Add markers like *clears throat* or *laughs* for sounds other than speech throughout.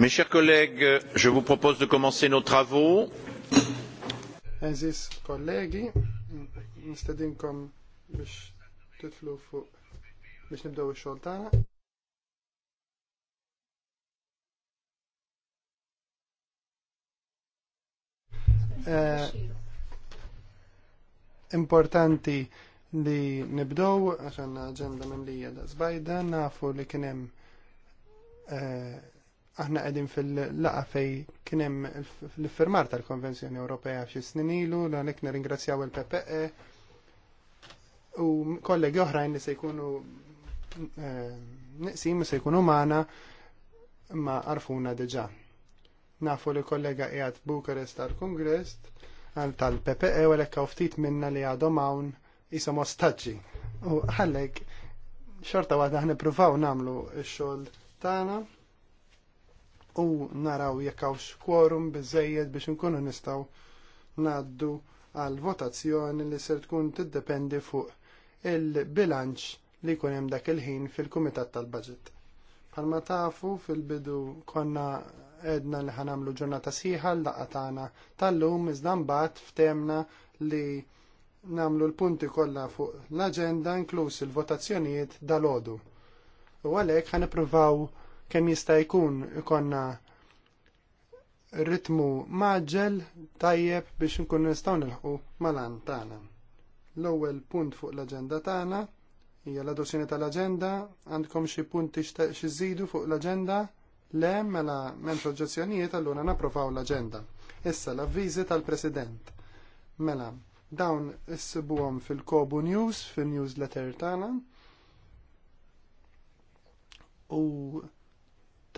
Mes chers collègues, je vous propose de commencer nos travaux. Aziz kollegi, nistedinkom biex titlu fuq biex nibdew ix-xogħol tagħna. Eh, importanti li nibdew għax għandna aġenda mimlija da' żbajda, nafu li kien hemm eh, aħna qegħdin fil-laqa fej kien hemm l-iffirmar tal-Konvenzjoni Ewropea f'xi snin ilu, l għalhekk nirringrazzjaw il-PPE u kollegi oħrajn li se jkunu eh, niqsim se jkunu magħna ma arfuna diġà. Nafu li kollega qiegħed Bukarest tal kongress tal-PPE u l-ekka ftit minna li għadhom hawn jisom ostaġi. U ħallek xorta waħda ħnippruvaw nagħmlu x-xogħol tagħna u naraw jekk hawnx quorum biżżejjed biex inkunu nistgħu ngħaddu għal votazzjoni li ser tkun tiddependi fuq il-bilanċ li jkun hemm dak il-ħin fil-Kumitat tal-Baġit. Palma tafu fil-bidu konna edna li ħanamlu ġurnata sħiħa l daqqa tagħna tal-lum iżda mbagħad ftemna li namlu l-punti kollha fuq l-aġenda inkluż il-votazzjonijiet dal-għodu. U għalhekk ħanipruvaw kemm jista' jkun ikonna ritmu maġġel tajjeb biex nkun nistgħu nilħqu malan tagħna. L-ewwel punt fuq l-aġenda tagħna hija l-adozzjoni tal-aġenda, għandkom xi punti xi żidu fuq l-aġenda le mela minn proġezzjonijiet allura napprovaw l-aġenda. Issa l-avviżi tal-President. Mela, dawn issibuhom fil-Kobu News, fil-newsletter tagħna. U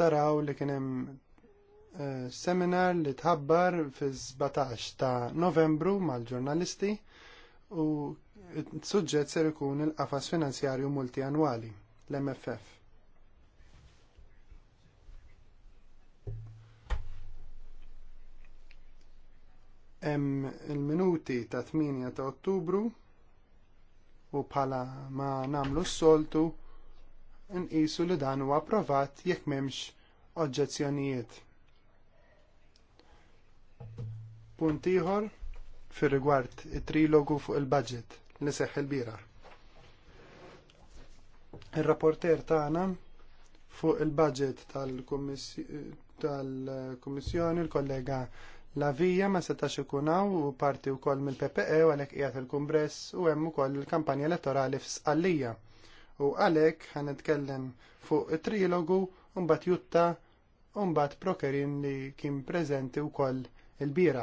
taraw li kien hemm eh, seminar li tħabbar fi 17 ta' novembru mal-ġurnalisti u t suġġett ser ikun il-qafas finanzjarju multianwali, l-MFF. Hemm il-minuti ta' 8 ta' Ottubru u bħala ma nagħmlu s-soltu nqisu li dan huwa approvat jekk m'hemmx oġġezzjonijiet. Punt ieħor fir rigward it-trilogu fuq il-budget li seħħ il-bira. Il-rapporter tagħna fuq il-budget tal-Kummissjoni l-kollega Lavija ma setax ikunaw u parti wkoll mill-PPE u għalhekk qiegħed il-Kumbress u hemm ukoll il-kampanja elettorali f'Sqallija. U għalhekk ħanitkellem fuq it-trilogu u mbagħad jutta Umbat Prokerin li kien preżenti wkoll il bira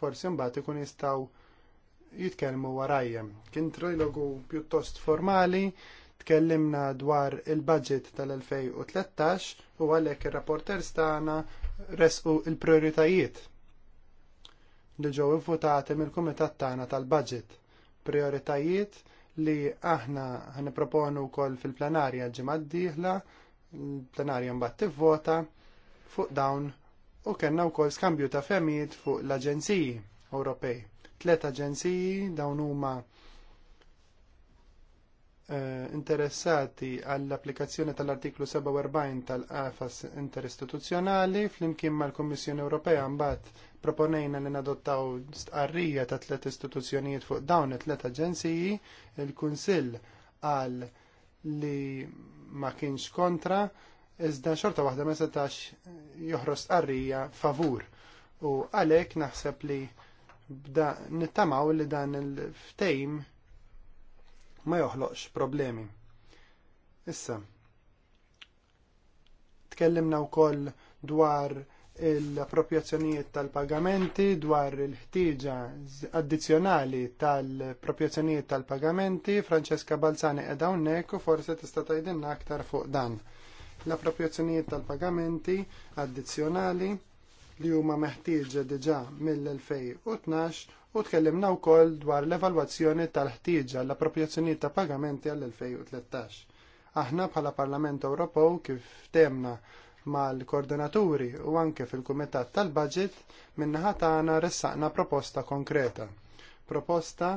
Forsi mbagħad ikun jistgħu jitkellmu warajem. Kien trilogu pjuttost formali, tkellimna dwar il-budget tal-2013 u għalhekk ir-rapporter stana resqu il-prioritajiet li ġew ivvutati mill-kumitat tagħna tal-budget. Prioritajiet li aħna ħniproponu wkoll fil-plenarja ġimgħa d-dieħla l-plenarja mbagħad tivvota fuq dawn u kellna wkoll skambju ta' femijiet fuq l-Aġenziji Ewropej. Tlet aġenziji dawn huma eh, interessati għall-applikazzjoni tal-artiklu 47 tal-AFAS interistituzzjonali flimkien mal-Kummissjoni Ewropea mbagħad proponejna li nadottaw stqarrija ta' tliet istituzzjonijiet fuq dawn it-tliet aġenziji, il-Kunsill qal li ma kienx kontra, iżda xorta waħda ma setax joħros qarrija favur. U għalhekk naħseb li bda nittamaw li dan il-ftejm ma joħloqx problemi. Issa, tkellimna wkoll dwar l-appropjazzjonijiet tal-pagamenti dwar il-ħtieġa addizzjonali tal-appropjazzjonijiet tal-pagamenti, Francesca Balzani qiegħda hawnhekk u forsi tista' tgħidilna aktar fuq dan. L-appropjazzjonijiet tal-pagamenti addizzjonali li huma meħtieġa diġà mill-2012 u tkellimna wkoll dwar l-evalwazzjoni tal-ħtieġa l-appropjazzjonijiet tal pagamenti għall-2013. Aħna bħala Parlament Ewropew kif temna mal-koordinaturi u anke fil-kumitat tal-budget minnaħa tagħna ressaqna proposta konkreta. Proposta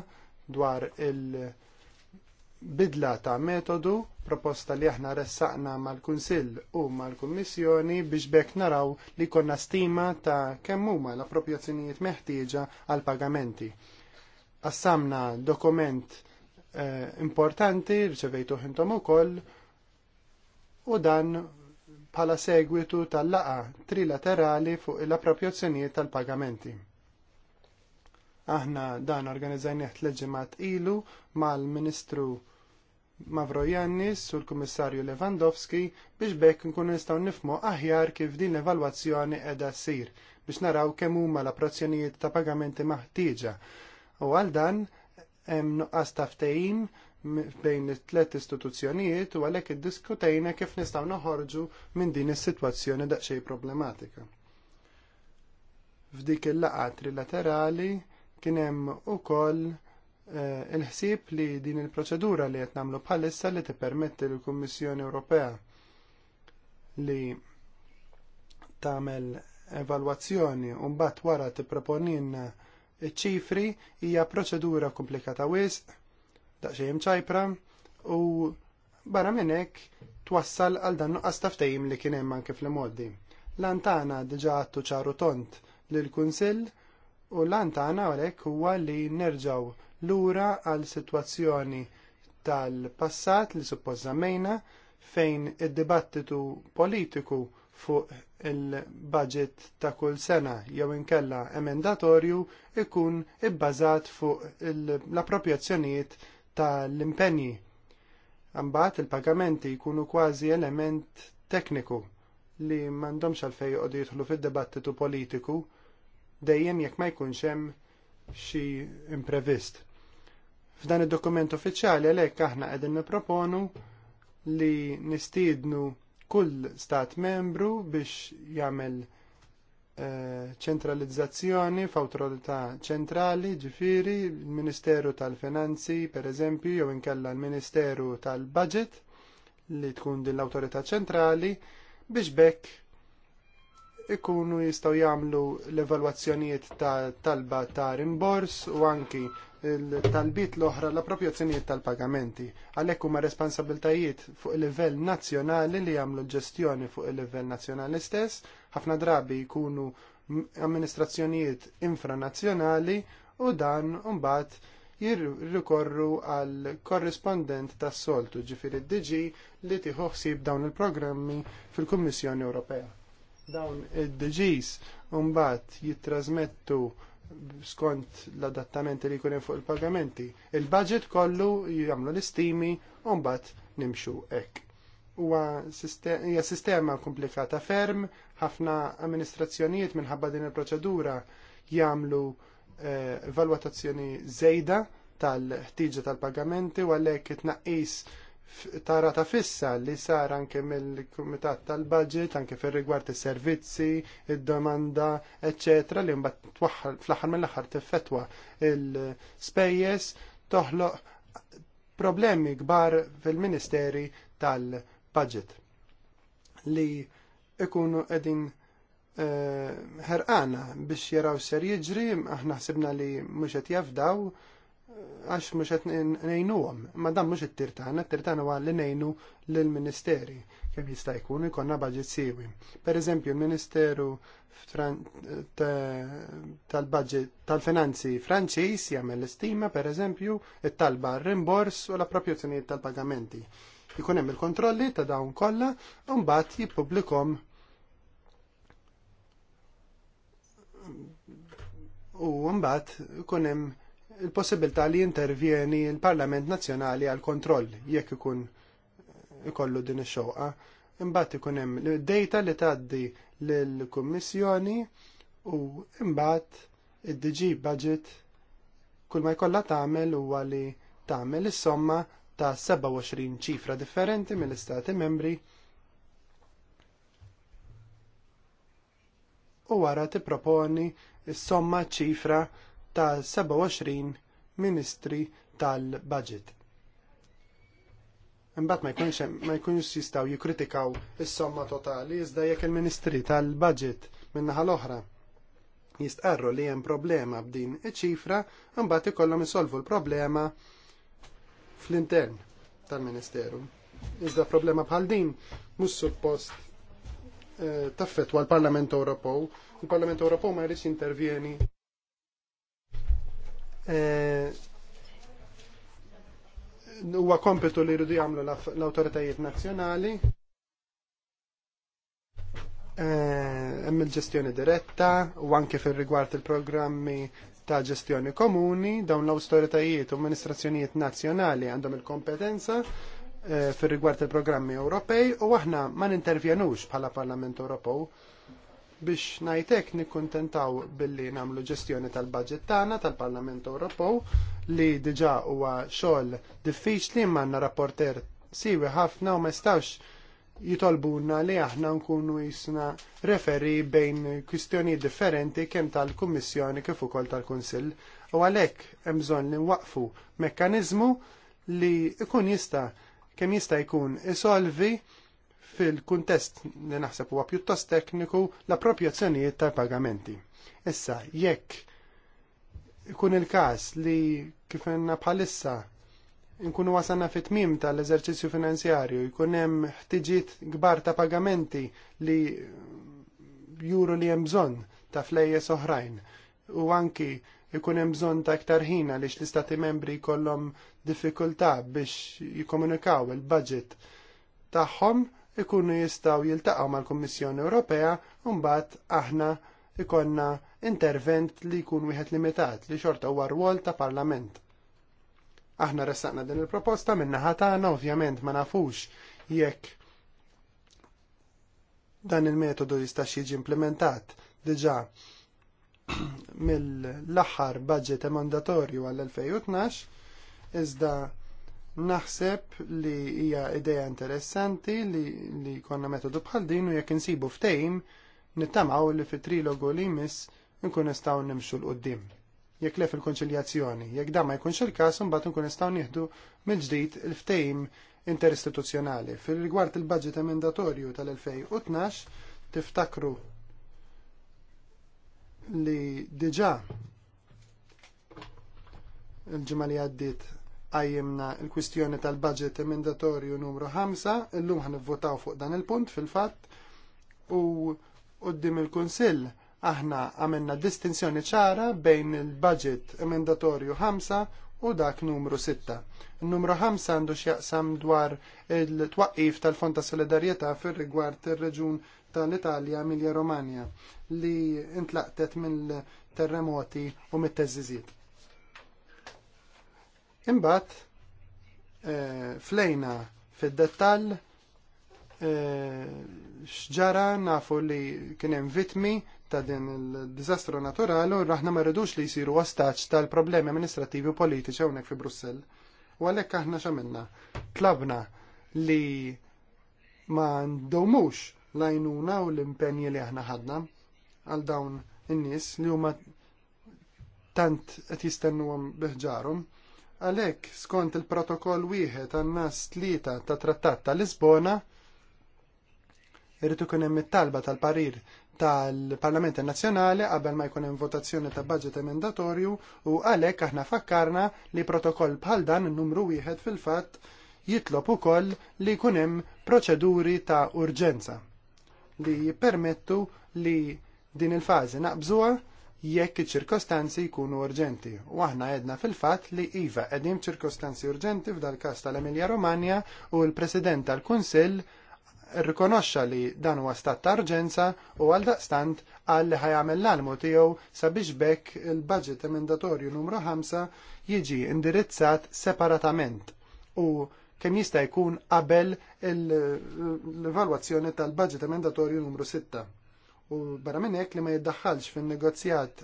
dwar il-bidla ta' metodu, proposta li aħna ressaqna mal-Kunsill u mal-Kummissjoni biex bekk naraw li konna stima ta' kemm huma l-appropjazzjonijiet meħtieġa għal pagamenti. Assamna dokument eh, importanti, rċevejtuħ intom ukoll, u dan bħala segwitu tal laqgħa trilaterali fuq l-appropjazzjonijiet tal-pagamenti. Aħna dan organizzajnieh tleġimat ilu mal-Ministru Mavrojannis u l-Kummissarju Lewandowski biex bekk nkun nistgħu nifmu aħjar kif din l-evalwazzjoni qiegħda ssir biex naraw kemm huma l-approzzjonijiet ta' pagamenti maħtieġa. U għal dan hemm nuqqas ta' ftehim bejn it-tlet istituzzjonijiet u għalhekk iddiskutejna kif nistgħu noħorġu minn din is-sitwazzjoni daqsxejn problematika. F'dik il laqgħa trilaterali kien hemm ukoll eh, il-ħsieb li din il-proċedura li qed nagħmlu bħalissa li tippermetti lill kummissjoni Ewropea li tagħmel evalwazzjoni u mbagħad wara tipproponilna iċ ċifri hija proċedura komplikata wisq daqsxejn ċajpra u barra minn hekk twassal għal dan nuqqas taftejim li kien hemm anke fl-modi. Lantana diġa għattu ċaru tont lill kunsill u lantana għalhekk huwa li nerġaw lura għal sitwazzjoni tal-passat li suppożammejna fejn id-dibattitu politiku fuq il-budget ta' kull sena jew inkella emendatorju ikun ibbażat fuq l-appropriazzjonijiet tal-impenji. Imbagħad il-pagamenti jkunu kważi element tekniku li m'għandhomx għalfejn joqogħdu jidħlu fid-dibattitu politiku dejjem jekk ma jkunx hemm xi imprevist. F'dan id-dokument uffiċjali għalhekk aħna qegħdin nipproponu li nistiednu kull stat membru biex jagħmel ċentralizzazzjoni f'awtorità ċentrali, ġifiri, il-Ministeru tal-Finanzi, per eżempju, jew inkella l-Ministeru tal-Budget, li tkun din l-awtorità ċentrali, biex bekk ikunu jistgħu jagħmlu l-evalwazzjonijiet ta' talba ta' rimbors u anki tal talbit l-oħra l-appropriazzjonijiet tal-pagamenti. Għalhekk huma responsabiltajiet fuq il-livell nazzjonali li jagħmlu l-ġestjoni fuq il-livell nazzjonali stess, ħafna drabi jkunu amministrazzjonijiet infranazzjonali u dan mbagħad jirrikorru għal korrispondent tas soltu ġifiri id dg li tieħu ħsieb dawn il-programmi fil-Kummissjoni Ewropea. Dawn id-DGs mbagħad jittrażmettu skont l-adattamenti li jkun hemm fuq il-pagamenti. Il-budget kollu jagħmlu l-istimi u mbagħad nimxu hekk. Huwa hija sistema komplikata ferm, ħafna amministrazzjonijiet minħabba din il-proċedura jagħmlu evalwatazzjoni eh, żejda tal-ħtiġa tal-pagamenti u għalhekk it-tnaqqis tara ta' fissa li sar anke mill-Kumitat tal-Budget, anke fir rigward is-servizzi, id-domanda, eccetera, li mbagħad fl-aħħar mill-aħħar tiffetwa il-spejjeż toħloq problemi kbar fil-Ministeri tal-Budget li ikunu qegħdin eh, ħerqana biex jaraw ser jiġri, aħna ħsibna li mhux qed jafdaw għax mux għet nejnu għom. Ma dan mux t tirtana taħna, t għal li nejnu l-ministeri kem jista' jkun ikonna budget siwi. Per eżempju, il-Ministeru tal-budget tal-finanzi Franċiż jagħmel l-istima, per eżempju, it-talba r-rimbors u l-appropjazzjonijiet tal-pagamenti. Ikun hemm il-kontrolli ta' dawn kollha u mbagħad jippubblikhom u mbagħad ikun hemm il-possibilità li intervjeni il-Parlament Nazzjonali għal kontroll jekk ikun ikollu din ix-xoqa. Imbagħad ikun hemm data li tgħaddi lill-Kummissjoni u imbagħad id-DG budget kull ma jkollha tagħmel huwa li tagħmel is-somma ta' 27 ċifra differenti mill-istati membri u wara tipproponi is-somma ċifra ta' 27 ministri tal-budget. Imbagħad ma jkunx ma jkunx jistgħu jikkritikaw is-somma totali iżda jekk il-Ministri tal-Budget min-naħa l-oħra jistqarru li hemm problema b'din iċ-ċifra, imbagħad ikollhom isolvu l-problema fl-intern tal-Ministeru. Iżda problema bħal din mhux suppost eh, taffetwa l-Parlament Ewropew. Il-Parlament Ewropew ma jridx intervjeni Eh, huwa kompetu li jridu jagħmlu l-awtoritajiet nazzjonali. Eh, hemm il-ġestjoni diretta u anke fir-rigward il-programmi ta' ġestjoni komuni dawn l-awtoritajiet u amministrazzjonijiet nazzjonali għandhom il-kompetenza eh, fir rigward il-programmi Ewropej u aħna ma nintervjenux bħala Parlament Ewropew biex najtek nikkuntentaw billi namlu ġestjoni tal-budget tagħna tal-Parlament Ewropew li diġà huwa xogħol diffiċli manna rapporter siwi ħafna u ma jistawx jitolbuna li aħna nkunu jisna referi bejn kwistjoni differenti kemm tal-Kummissjoni kif ukoll tal-Kunsill u għalhekk hemm bżonn li nwaqfu mekkaniżmu li ikun jista' kemm jista' jkun isolvi fil-kuntest li naħseb huwa pjuttost tekniku l-appropjazzjonijiet tal-pagamenti. Issa, jekk ikun il-każ li kif għandna bħalissa nkunu wasanna fit tmim tal-eżerċizzju finanzjarju, jkun hemm ħtiġiet kbar ta' pagamenti li juru li hemm bżonn ta' flejjes oħrajn u anki ikun hemm bżonn ta' iktar ħina lix l-istati membri jkollhom diffikultà biex jikkomunikaw il-budget tagħhom ikunu jistaw jiltaqgħu mal-Kummissjoni Ewropea mbagħad aħna ikonna intervent li jkun wieħed limitat li xorta huwa rwol ta' Parlament. Aħna ressaqna din il-proposta minna ħatana ovvjament ma nafux jekk dan il-metodu jistax jiġi implementat diġà *clears throat* mill-aħħar budget emandatorju għall-2012 iżda Naħseb li hija ideja interessanti li, li konna metodu bħal din u jekk insibu ftejm nittamaw li fit trilogu li jmiss nkun nistgħu nimxu l qudiem Jekk lef il-konċiljazzjoni, jekk da ma jkunx il-każ imbagħad nkun nistgħu nieħdu mill-ġdid il-ftejm interistituzzjonali. Fil-rigward il-budget emendatorju tal-2012 tiftakru li diġà il-ġimgħa li għaddiet għajjimna il-kwistjoni tal-budget emendatorju numru 5, illum ħan votaw fuq dan il-punt fil-fatt u għoddim il-Kunsill aħna għamilna distinzjoni ċara bejn il-budget emendatorju 5 u dak numru 6. Il-numru 5 għandu x'jaqsam dwar il-twaqqif tal-Fond ta' Solidarjetà fir-rigward ir-Reġun tal-Italja Emilia Romagna li intlaqtet mill-terremoti u mit teżiziet Imbagħad eh, flejna fid-dettall eh, xġara nafu li kien hemm vitmi ta' din il-dizastru naturali u raħna ma rridux li jsiru wastaċ tal-problemi amministrativi u politiċi hawnhekk fi Brussell. U għalhekk aħna x'għamilna? Tlabna li ma ndowmux lajnuna u l-impenji li aħna ħadna għal dawn in-nies li huma tant qed jistennuhom biħġarhom Għalhekk, skont il-protokoll wieħed għan-nas tlieta ta' trattat ta' Lisbona, irrid ikun hemm talba tal-parir tal-Parlament Nazzjonali qabel ma jkun hemm votazzjoni ta' budget emendatorju u għalhekk aħna fakkarna li protokoll bħal dan numru wieħed fil-fatt jitlob ukoll li jkun hemm proċeduri ta' urġenza li jippermettu li din il-fażi naqbżuha jekk iċ-ċirkostanzi jkunu urġenti. U aħna għedna fil-fatt li iva qegħdin ċirkostanzi urġenti f'dal-każ tal-Emilja Romagna u l-President tal-Kunsill rrikonoxxa li dan huwa stat ta' urġenza u għal daqstant għal li ħajamel l-almu tiegħu sabiex bekk il-budget emendatorju numru 5 jiġi indirizzat separatament u kemm jista' jkun qabel l-evalwazzjoni tal-budget emendatorju numru 6 u barra minn hekk li ma jiddaħħalx fin-negozjat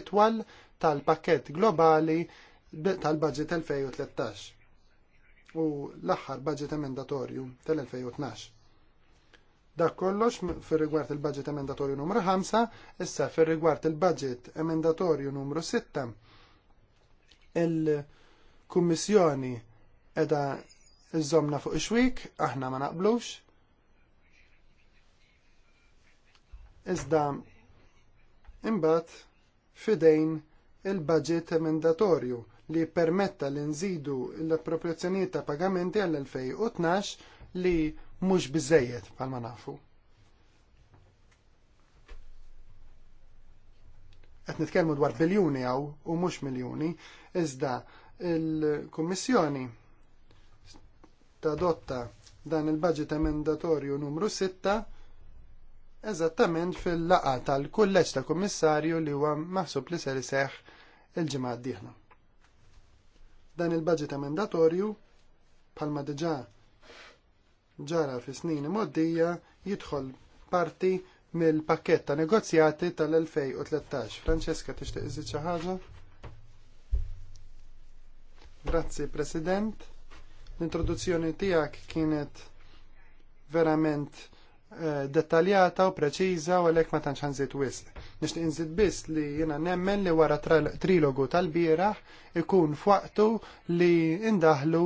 itwal tal-pakket globali tal-budget 2013 u l-aħħar budget emendatorju tal-2012. Dak kollox fir rigward il-budget emendatorju numru 5, issa fir rigward il-budget emendatorju numru 6, il-Kummissjoni edha iżomna fuq ixwik aħna ma naqblux, iżda imbagħad fidejn il-budget emendatorju li permetta li nżidu l-appropriazzjonijiet ta' pagamenti għall-2012 li mhux biżejjed bħalma nafu. Qed nitkellmu dwar biljuni hawn u mhux miljuni, iżda il-Kummissjoni tadotta dan il-budget emendatorju numru 6 eżattament fil laqgħa tal-kulleġġ tal-kummissarju li huwa maħsub li ser iseħħ il-ġimgħa d-dieħla. Dan il-budget emendatorju bħalma diġà ġara fi snin moddija jidħol parti mill-pakket ta' negozjati tal-2013. Franceska tixtieq iżid xi ħaġa? Grazzi President. L-introduzzjoni tiegħek kienet verament Eh, dettaljata u preċiża u għalhekk ma tantx ħanżid wisq. Nixtieq inżid biss li jiena nemmen li wara trilogu tal-bieraħ ikun fuqtu li indaħlu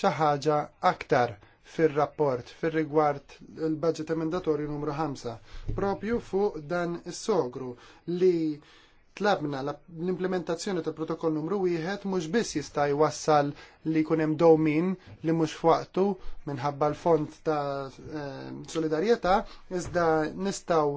xi ħaġa aktar fir-rapport fir-rigward il-budget emendatorju numru 5 propju fuq dan is-sogru li tlabna l-implementazzjoni tal protokoll numru wieħed mhux biss jista' jwassal li jkun hemm dowmin li mhux f'waqtu minħabba l-fond ta' eh, solidarjetà, iżda nistgħu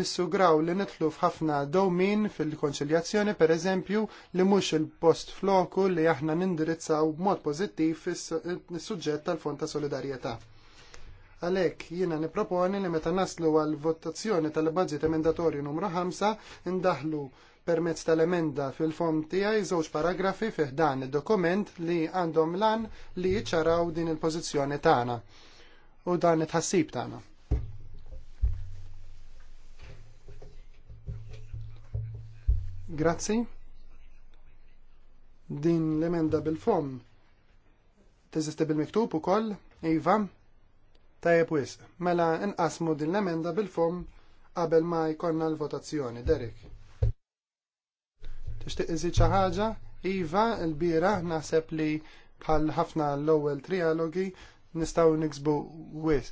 nissugraw li nitlu f'ħafna dowmin fil-konċiljazzjoni pereżempju li mhux il-post floku li aħna nindirizzaw b'mod pożittiv is-suġġett tal-fond ta' solidarjetà. Għalek, jiena niproponi li meta naslu għal votazzjoni tal-budget emendatorju numru 5 indaħlu permezz tal-emenda fil-fom tiegħi żewġ paragrafi fih dan id-dokument li għandhom lan li jiċċaraw din il-pożizzjoni tagħna u dan it-ħassib tagħna. Grazzi. Din l-emenda bil-fom teżisti bil-miktub ukoll, iva, tajjeb wisq. Mela inqasmu din l-emenda bil-fom qabel ma jkollna l-votazzjoni, Derek. Tixtieq iżid xi ħaġa? Iva, l-bira naħseb li bħal ħafna l-ewwel trialogi nistgħu niksbu wis.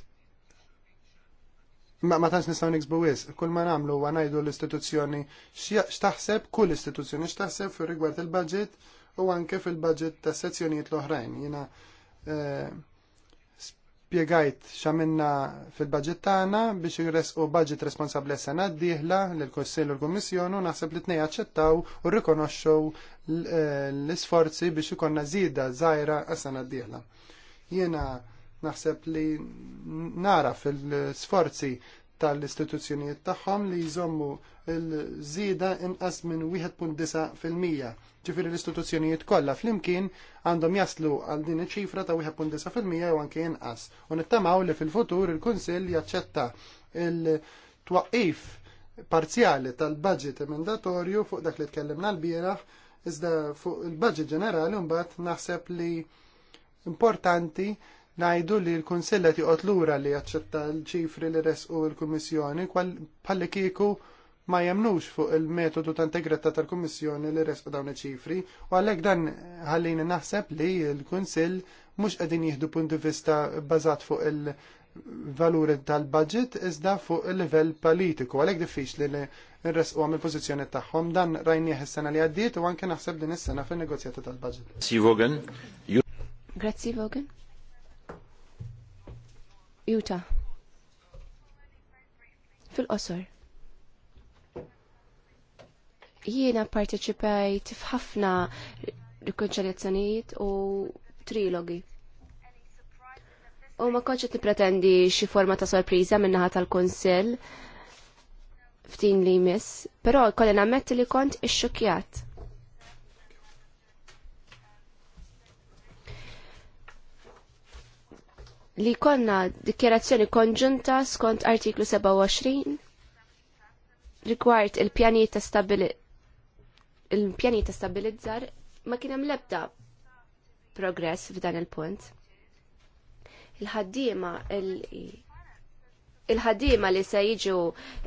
Ma, ma tantx nistgħu niksbu wis, kull ma nagħmlu wa ngħidu l-istituzzjoni x'taħseb kull istituzzjoni x'taħseb fir rigward il-budget u anke fil-budget tas sezzjonijiet l-oħrajn. Jiena eh, spiegajt xamenna fil-budget tagħna biex jresqu budget responsabbli sena d-dieħla lill u l-Kummissjonu naħseb li tnej aċċettaw u rrikonoxxew l-isforzi biex ikonna żieda żgħira għas-sena d-dieħla. Jiena naħseb li nara fil-sforzi tal-istituzzjonijiet tagħhom li jżommu l-żieda inqas minn 1.9%. Ġifieri l-istituzzjonijiet kollha flimkien għandhom jaslu għal din iċ-ċifra ta' 1.9% jew anke inqas. U nittamaw li fil-futur il-Kunsill jaċċetta il-twaqqif parzjali tal-budget emendatorju fuq dak li tkellimna l-bieraħ iżda fuq il-budget ġenerali mbagħad naħseb li importanti najdu li l-Kunsill qed joqgħod lura li jaċċetta l-ċifri li resqu l-Kummissjoni bħalli kieku ma jemnux fuq il-metodu ta' integrata tal-Kummissjoni li resqu dawn il ċifri u għalhekk dan ħallini naħseb li l-Kunsill mhux qegħdin jieħdu punti vista bbażat fuq il-valuri tal-budget iżda fuq il-livell politiku. Għalhekk diffiċli li resqu għam il-pożizzjoni tagħhom dan rajni is-sena li għaddiet u anke naħseb din is-sena fin negozjata tal-budget. Grazzi Vogan. Juta. Fil-qosor. Jiena parteċipajt f'ħafna rikonċaljazzjonijiet u trilogi. U ma konċet nipretendi xi forma ta' sorpriża minnaħa tal-Kunsill ftin li jmiss, però kolli nammetti li kont ixxukjat. li konna dikjerazzjoni konġunta skont artiklu 27 rigward il-pjanijiet ta' il ta' stabilizzar ma kien hemm l-ebda progress f'dan il-punt. Il-ħaddiema il-ħaddiema li se jiġu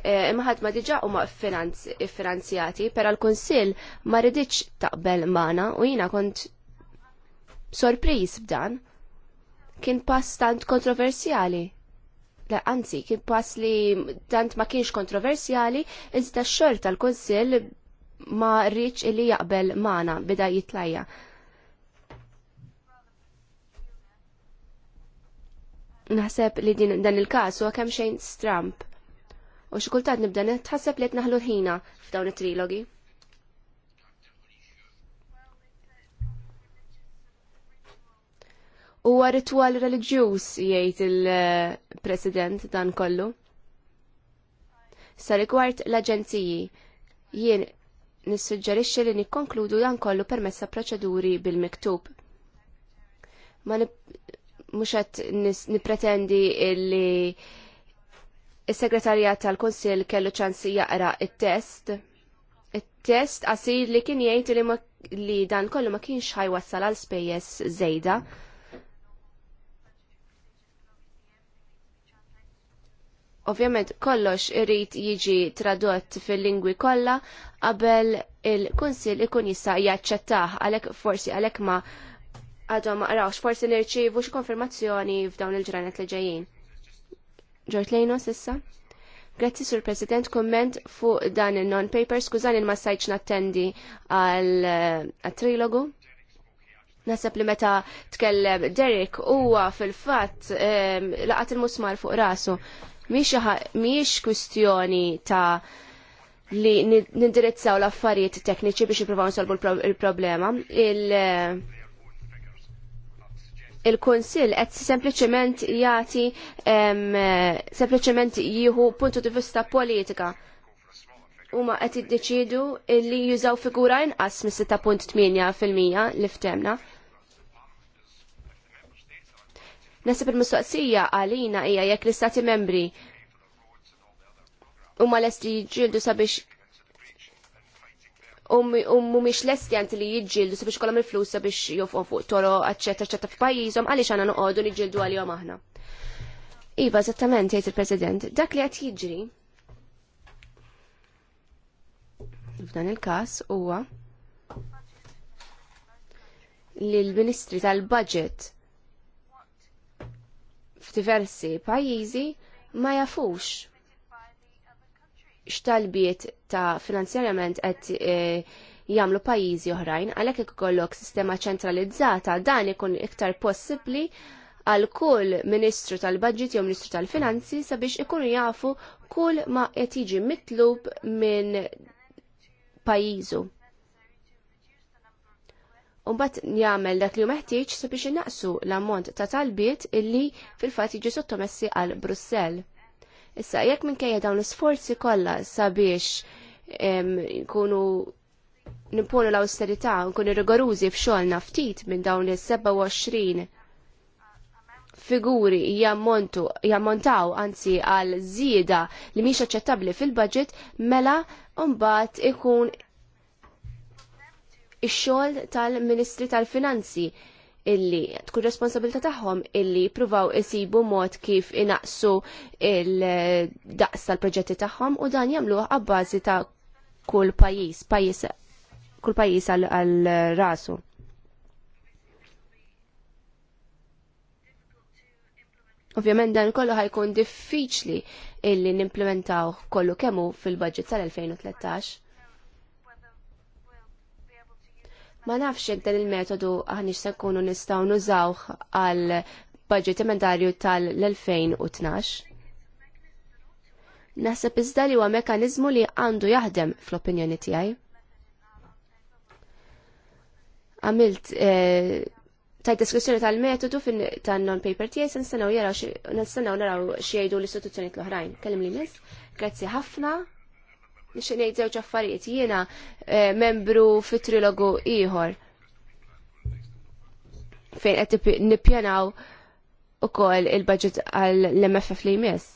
eh, imħadma diġa u ma finanzjati, pera l-Konsil ma ridiċ taqbel mana u jina kont sorpriż b'dan kien pass tant kontroversjali. La, anzi, kien pass li tant ma kienx kontroversjali, iżda xor tal-Konsil ma rridx li jaqbel mana bida jitlajja. Naħseb li din, dan il kasu huwa kemm xejn stramp. U xi nibda nitħasseb li qed naħlu ħina f'dawn it-trilogi. huwa ritwal reliġjuż jgħid il-President dan kollu. Sa rigward l-aġenziji, jien nissuġġerixxi li nikkonkludu dan kollu permessa proċeduri bil-miktub. Ma mhux qed nippretendi li s segretarjat tal-Kunsill kellu ċans jaqra it-test. It-test qasir li kien jgħid li, li dan kollu ma kienx ħajwassal għal spejjeż żejda. Ovvjament kollox irid jiġi tradott fil-lingwi kollha qabel il-kunsil ikun jista' jaċċettah għalhekk forsi għalhekk ma għadhom ma qrawx forsi nirċievu xi konfermazzjoni f'dawn il-ġranet li ġejjin. Ġort Lejnos issa? Grazzi sur President, komment fuq dan il-non-paper, skużani ma sajċ nattendi għal-trilogu. Nasab li meta tkellem Derek huwa fil-fatt laqat il-musmar fuq rasu miex kustjoni ta' li nindirizzaw l-affarijiet tekniċi biex jippruvaw nsolbu l-problema. Il- eh, il-Konsil qed sempliċement jagħti eh, sempliċement jieħu puntu di vista politika huma qed iddeċidu li jużaw figura inqas mis-6.8 fil-mija li ftemna. Nasib il-mistoqsija għalina hija jekk l-istati membri huma lesti jġildu sabiex u mumiex lesti għanti li jġildu sabiex kolom il-flus sabiex jofqom fuq toro għacċetta ċetta f'pajjiżhom għaliex għana noqogħdu li jġildu għalihom aħna. Iva, zattament, jgħid il-President, dak li qed jiġri f'dan il-każ huwa li l-Ministri tal-Budget f'diversi pajjiżi ma jafux x'talbiet ta' finanzjarjament qed e, jagħmlu pajjiżi oħrajn, għalhekk ikollok sistema ċentralizzata dan ikun iktar possibbli għal kull Ministru tal-Budget jew Ministru tal-Finanzi sabiex ikunu jafu kull ma qed jiġi mitlub minn pajjiżu. Umbat jagħmel dak li hu meħtieġ sabiex innaqsu l-ammont ta' talbiet illi fil-fatt jiġu sottomessi għal Brussell. Issa jekk minkejja dawn l-isforzi kollha sabiex nkunu nimponu l-austerità, nkunu rigorużi f'xogħolna ftit minn dawn is-27 figuri jammontu, jammontaw anzi għal zieda li mhix aċċettabbli fil-budget mela mbagħad ikun ix-xogħol tal-Ministri tal-Finanzi illi tkun responsabilità tagħhom illi pruvaw isibu mod kif inaqsu il-daqs tal-proġetti tagħhom u dan jagħmluh għabbażi ta' kull pajjiż, pajjiż kull pajjiż għal rasu. Ovvjament dan kollu ħajkun diffiċli illi nimplementaw kollu kemmu fil-budget tal-2013. Ma nafx jekk dan il-metodu aħniex se nkunu nistgħu nużawh għal budget emendarju tal-2012. Naħseb iżda li huwa mekkaniżmu li għandu jaħdem fl-opinjoni tiegħi. Għamilt eh, ta' diskussjoni tal-metodu fin tan non-paper tiegħi se nistgħu jaraw nistennew naraw xi jgħidu l-istituzzjoni l-oħrajn. Kellim li nis grazzi ħafna nix ngħid żewġ affarijiet. Jiena eh, membru fit-trilogu ieħor fejn qed nippjanaw ukoll il-budget għall-MFF li jmiss.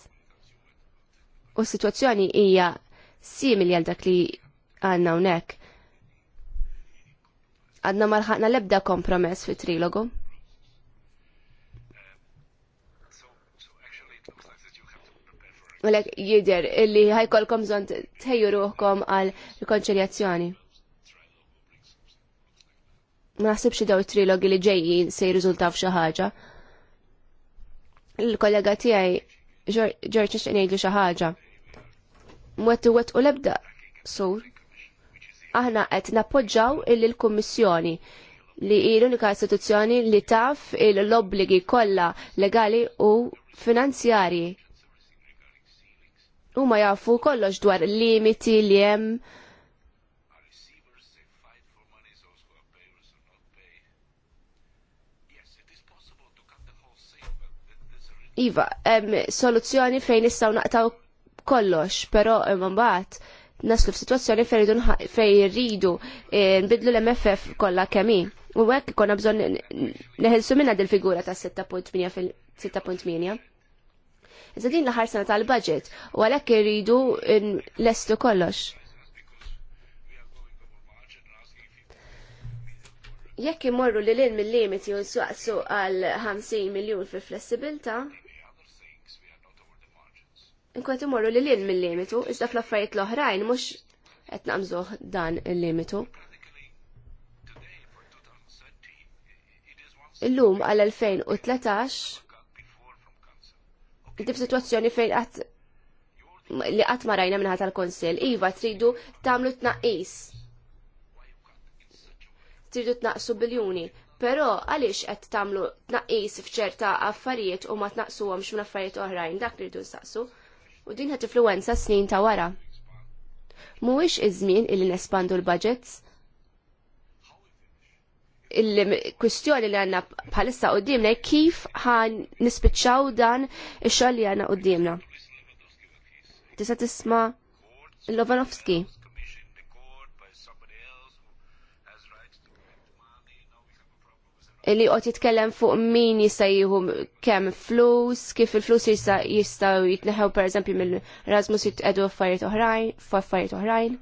U s-sitwazzjoni hija simili għal dak li għandna hawnhekk. Għadna marħaqna l-ebda kompromess fit-trilogu. għalek jider illi ħajkolkom zont tħejju ruħkom għal rikonċiljazzjoni. Ma naħsibx daw trilogi li ġejjin se jirriżultaw f'xi ħaġa. Il-kollega tiegħi Ġorġ nixtieq ngħidu xi ħaġa. Mwet wet u lebda sur. Aħna qed nappoġġaw illi l-Kummissjoni li hi l-unika istituzzjoni li taf il obbligi kollha legali u finanzjarji huma jafu kollox dwar limiti li jem. Iva, em, soluzzjoni fejn nistgħu naqtaw kollox, però mbagħad naslu f'sitwazzjoni fejn irridu eh, nbidlu l-MFF kollha kemm U hekk konna bżonn neħilsu minna dil-figura ta' 6.8 Iżda din l-aħħar sena tal-budget u għalhekk irridu lestu kollox. Jekk imorru li l-in mill-limiti u nsaqsu għal 50 miljun fi flessibilta, Inkwet imorru li l-in mill-limitu, iżda fl-affarijiet l-oħrajn mhux qed naqmżuh dan il-limitu. Illum għal-2013 Dib situazzjoni fejn għat li qatt ma rajna minħat tal-Konsil, iva tridu tagħmlu tnaqqis. Tridu t-naqsu biljoni. Pero għaliex qed tagħmlu tnaqqis f'ċerta affarijiet u ma tnaqsuhomx minn affarijiet oħrajn, dak li rridu saqsu U din qed influwenza snin ta' wara. Mhuwiex iż-żmien illi nespandu l-budgets, il-kwistjoni li għanna bħalissa dimna kif għan nispiċċaw dan il xogħol li għanna dimna. Tisa tisma Lovanovski. Illi għot jitkellem fuq min jista' jieħu kemm flus, kif il-flus jista' jistgħu jitneħew eżempju mill rasmus jitqedu affarijiet f f'affarijiet oħrajn.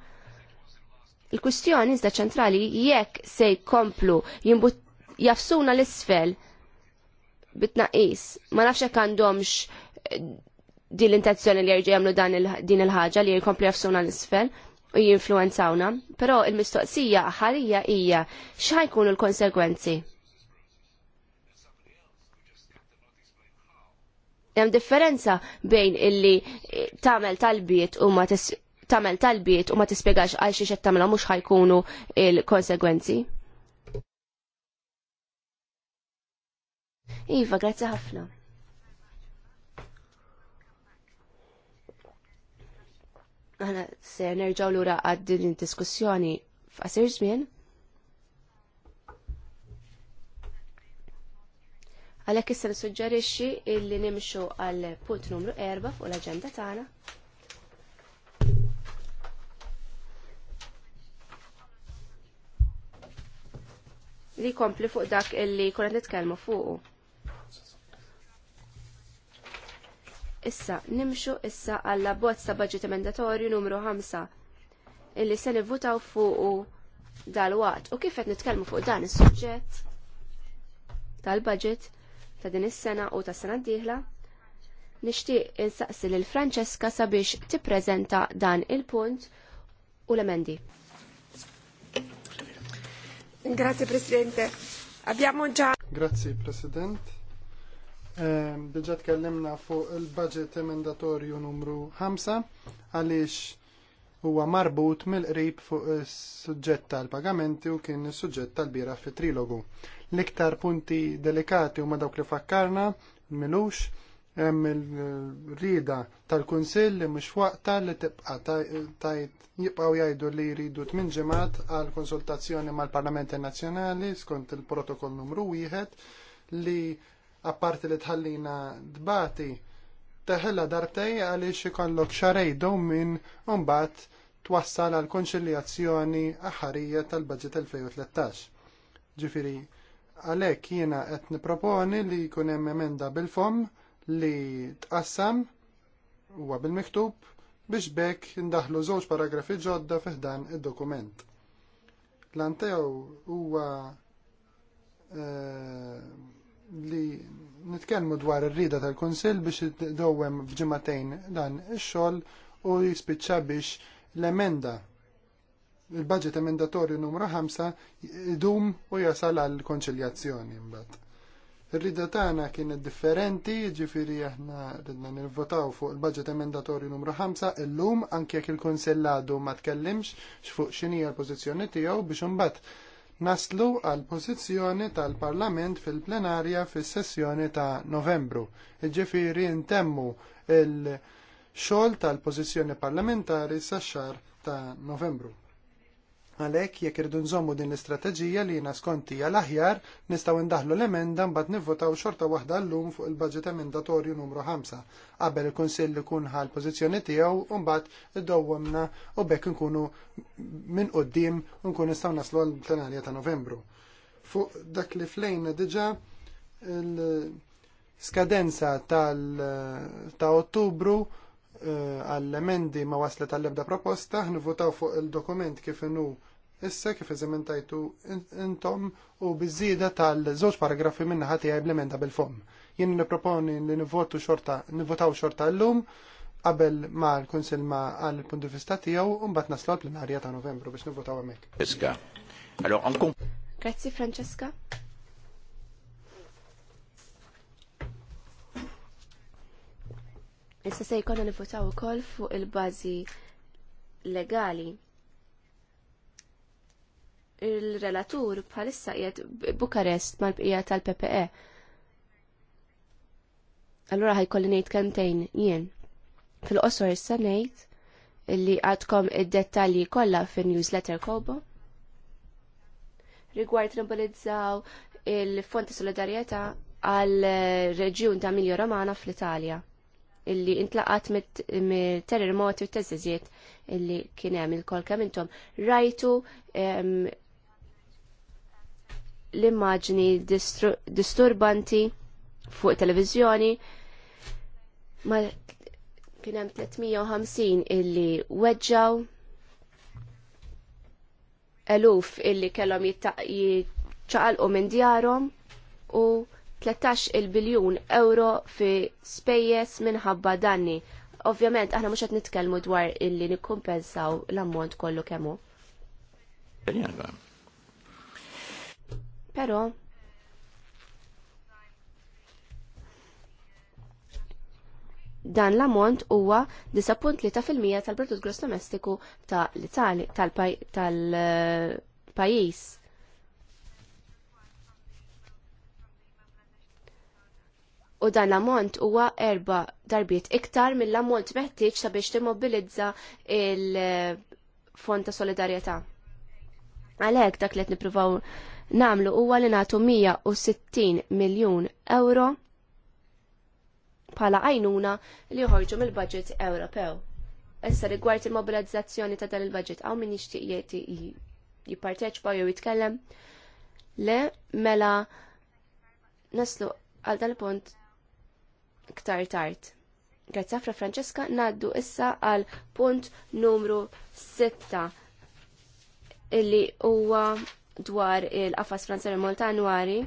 Il-kwistjoni iżda ċentrali jekk se jkomplu jimbut jafsuna l-isfel bitnaqis. Ma nafx jekk għandhomx eh, din l-intenzjoni li jerġgħu jagħmlu din il-ħaġa li jkomplu jafsuna l-isfel u jinfluenzawna, però il-mistoqsija ħarija hija x'ħajkunu l-konsegwenzi. Hemm differenza bejn illi eh, tagħmel talbiet u ma tagħmel talbiet u ma tispjegax għal xiex qed tagħmilha mhux ħajkunu il-konsegwenzi. Iva, grazzi ħafna. Għana se nerġaw lura għad din diskussjoni f'qasir żmien. Għalhekk issa nissuġġerixxi illi nimxu għal punt numru 4 fuq l-aġenda tagħna. li kompli fuq dak illi kuna titkellmu fuqu. Issa, nimxu issa għalla bozza budget emendatorju numru 5 illi se nivvutaw fuqu dal-waqt. U kif qed nitkellmu fuq dan is-suġġett tal-budget ta' din is-sena u tas sena d-dieħla, nixtieq insaqsi lil Franceska sabiex tippreżenta dan il-punt u l-emendi. Grazie Presidente. Abbiamo già... Grazie President. Ehm, Deġa tkellimna fuq il-budget emendatorju numru 5 għaliex huwa marbut mill-qrib fuq is-suġġett tal-pagamenti u kien is-suġġett tal-bira fit trilogu. L-iktar punti delikati huma dawk li fakkarna milux hemm il-rida tal-Kunsill li mhux waqta li tibqa' tajt jibqgħu jgħidu li jridu tmien ġimgħat għal konsultazzjoni mal-Parlamenti Nazzjonali skont il-protokoll numru wieħed li apparti li tħallina dbati teħella darbtej għaliex ikollok xarejdu minn mbagħad twassal għal konċiljazzjoni aħħarija tal-budget 2013. Ġifieri, għalhekk jiena qed niproponi li jkun hemm emenda bil-fom li tqassam huwa bil-miktub biex bekk indaħlu żewġ paragrafi ġodda fiħdan id-dokument. L-antew huwa eh, li nitkellmu dwar ir-rida tal-Kunsill biex dowwem f'ġimagħtejn dan ix-xogħol u jispiċċa biex l-emenda il-budget emendatorju numru 5 idum u jasal għal konċiljazzjoni mbagħad. Ir-rida tagħna kienet differenti, ġifieri aħna ridna nirvotaw fuq il-budget emendatorju numru 5 illum anke jekk il-Kunsell għadu ma tkellimx x'fuq x'inhi l-pożizzjoni tiegħu biex imbagħad naslu għal pożizzjoni tal-Parlament fil-plenarja fis-sessjoni ta' Novembru. Ġifieri ntemmu il-xogħol tal-pożizzjoni parlamentari sa' xar ta' Novembru. Għalhekk jekk irdu nżommu din l-istrateġija li jiena skonti għal aħjar nistgħu ndaħlu l-emenda mbagħad nivvotaw xorta waħda llum fuq il budget emendatorju numru 5 qabel il-Kunsill ikun ħal pożizzjoni tiegħu u mbagħad iddowwemna u bekk nkunu minn quddiem u nkun nistgħu naslu għal plenarja ta' Novembru. Fuq dak li flejna diġà il-skadenza ta' Ottubru eh, għall-emendi ma waslet għall-ebda proposta, nivutaw fuq il-dokument kif inhu Issa kif eżamentajtu intom u biżieda tal-żewġ paragrafi minna ħati implementa bil-fom. Jien niproponi li nivvotu xorta, nivvotaw xorta l-lum qabel ma l-Kunsil ma għal il vista tiegħu u mbagħad naslu l-plenarja ta' Novembru biex nivvotaw hemmhekk. Iska. Grazzi Francesca. Issa se jkollna nivvotaw ukoll fuq il-bażi legali il-relatur bħalissa qiegħed Bukarest mal-bqija tal-PPE. Allura ħajkolli ngħid kemmtejn jien. Fil-qosor issa ngħid illi għadkom id-dettalji kollha fin-newsletter Kobo. Rigward nimbolizzaw il-Fonti solidarieta għal reġjun ta' Miljo Romana fl-Italja illi intlaqat mit-terremoti u t-teżiziet illi kienem il-kol kemm intom rajtu l-immaġni disturbanti fuq televizjoni ma kien hemm 350 illi weġġaw eluf illi kellhom jiċċaqalqu minn djarhom u 13 il-biljun euro fi spejjeż minħabba danni. Ovvjament aħna mhux qed nitkellmu dwar illi nikkumpensaw l-ammont kollu kemm hu. Però dan l-ammont huwa 9.3% tal-prodott gross domestiku tal-Itali tal-pajjiż. U dan l-ammont huwa erba darbiet iktar mill-ammont meħtieġ sabiex timmobilizza il-Fond ta' Solidarjetà. Għalhekk dak li qed nippruvaw namlu huwa li nagħtu 160 miljun euro bħala għajnuna li joħorġu mill-budget Ewropew. Issa rigward il-mobilizzazzjoni ta' dan il-budget għaw min jixtieq jipparteċpa jew jitkellem le mela naslu għal dal-punt ktar tard. Grazzi ħafna Franċeska, naddu issa għal punt numru 6 illi huwa dwar il-qafas Franzer Molta Anwari.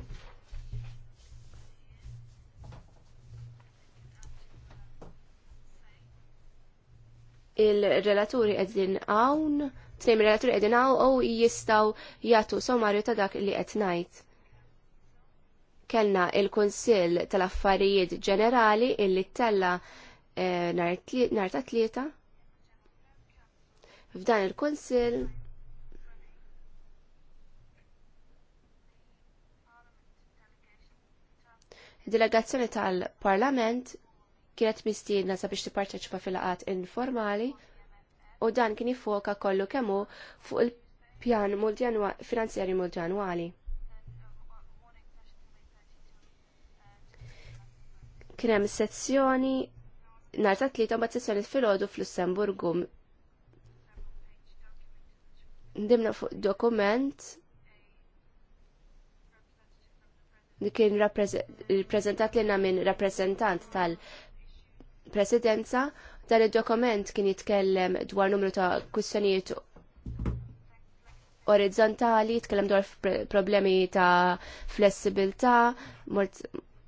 Il-relaturi għedin għawn, il relaturi għedin għaw u jistaw jgħatu sommarju ta' dak li qed ngħid. Kellna il-Kunsill tal-Affarijiet Ġenerali illi tella eh, nar ta' tlieta. F'dan il-Kunsill Delegazzjoni tal-Parlament kienet mistiedna sabiex tipparteċipa fil-laqat informali u dan kien jifoka kollu kemmu fuq il-pjan finanzjari multjanwali. Kien hemm sezzjoni nhar tlieta mbagħad sessjoni filgħodu fl-Lussemburgu. Ndimna fuq dokument kien rappresentat lilna minn rappresentant tal-presidenza dan id-dokument kien jitkellem dwar numru ta' kwistjonijiet orizzontali, jitkellem dwar problemi ta' flessibilità,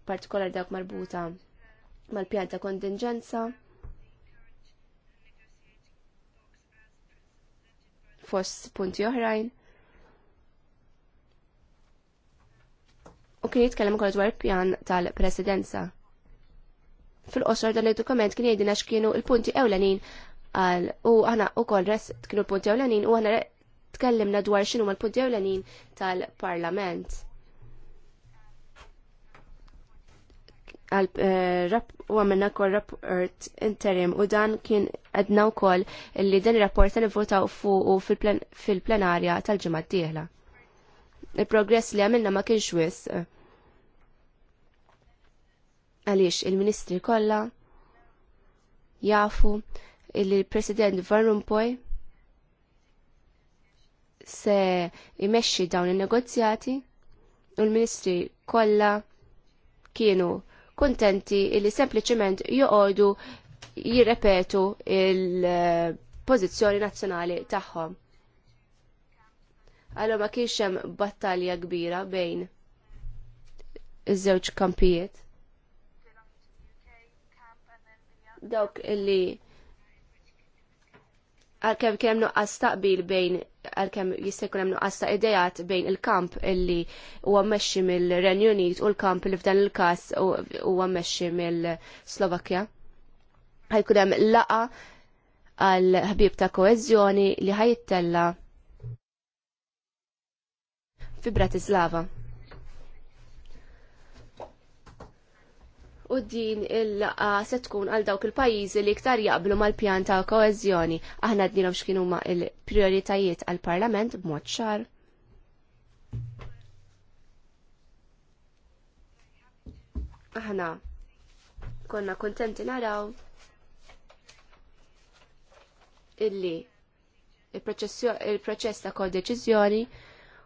partikolar dawk marbuta mal-pjan ta' kontingenza. Fost punti oħrajn. u kien jitkellem ukoll dwar pjan tal-presidenza. Fil-qosor dan id-dokument kien jgħidina x'kienu l-punti ewlenin għal u aħna wkoll res kienu l-punti ewlenin u aħna tkellimna dwar x'inhuma l-punti ewlenin tal-Parlament. Eh, u għamilna kol rapport interim u dan kien għedna u kol li dan il-rapport se nivvotaw fuq fil-plenarja tal-ġimgħa d-dieħla. Il-progress li għamilna ma kienx wisq eh, għaliex il-ministri kollha jafu li l-President Van Rompuy se imesċi dawn in-negozjati u l-ministri kollha kienu kuntenti li sempliċement joqogħdu jirrepetu il-pożizzjoni nazzjonali tagħhom. Allora ma kienx hemm battalja kbira bejn iż-żewġ kampijiet. dawk illi għal-kem kem nuqqas taqbil bejn għal-kem jistekun hemm nuqqas ta' idejat bejn il-kamp illi huwa mexxi mill-Renju Unit u l-kamp li f'dan il-każ huwa mmexxi mill-Slovakkja. Ħajkun hemm laqa għal ħbib ta' koeżjoni li ħajittella fi Bratislava. u din il se tkun għal dawk il-pajjiżi li iktar jaqblu mal-pjan ta' koeżjoni. Aħna dnilhom x'kienu ma' il-prioritajiet għal parlament b'mod ċar. Aħna konna kontenti naraw illi il-proċess ta' kodeċizjoni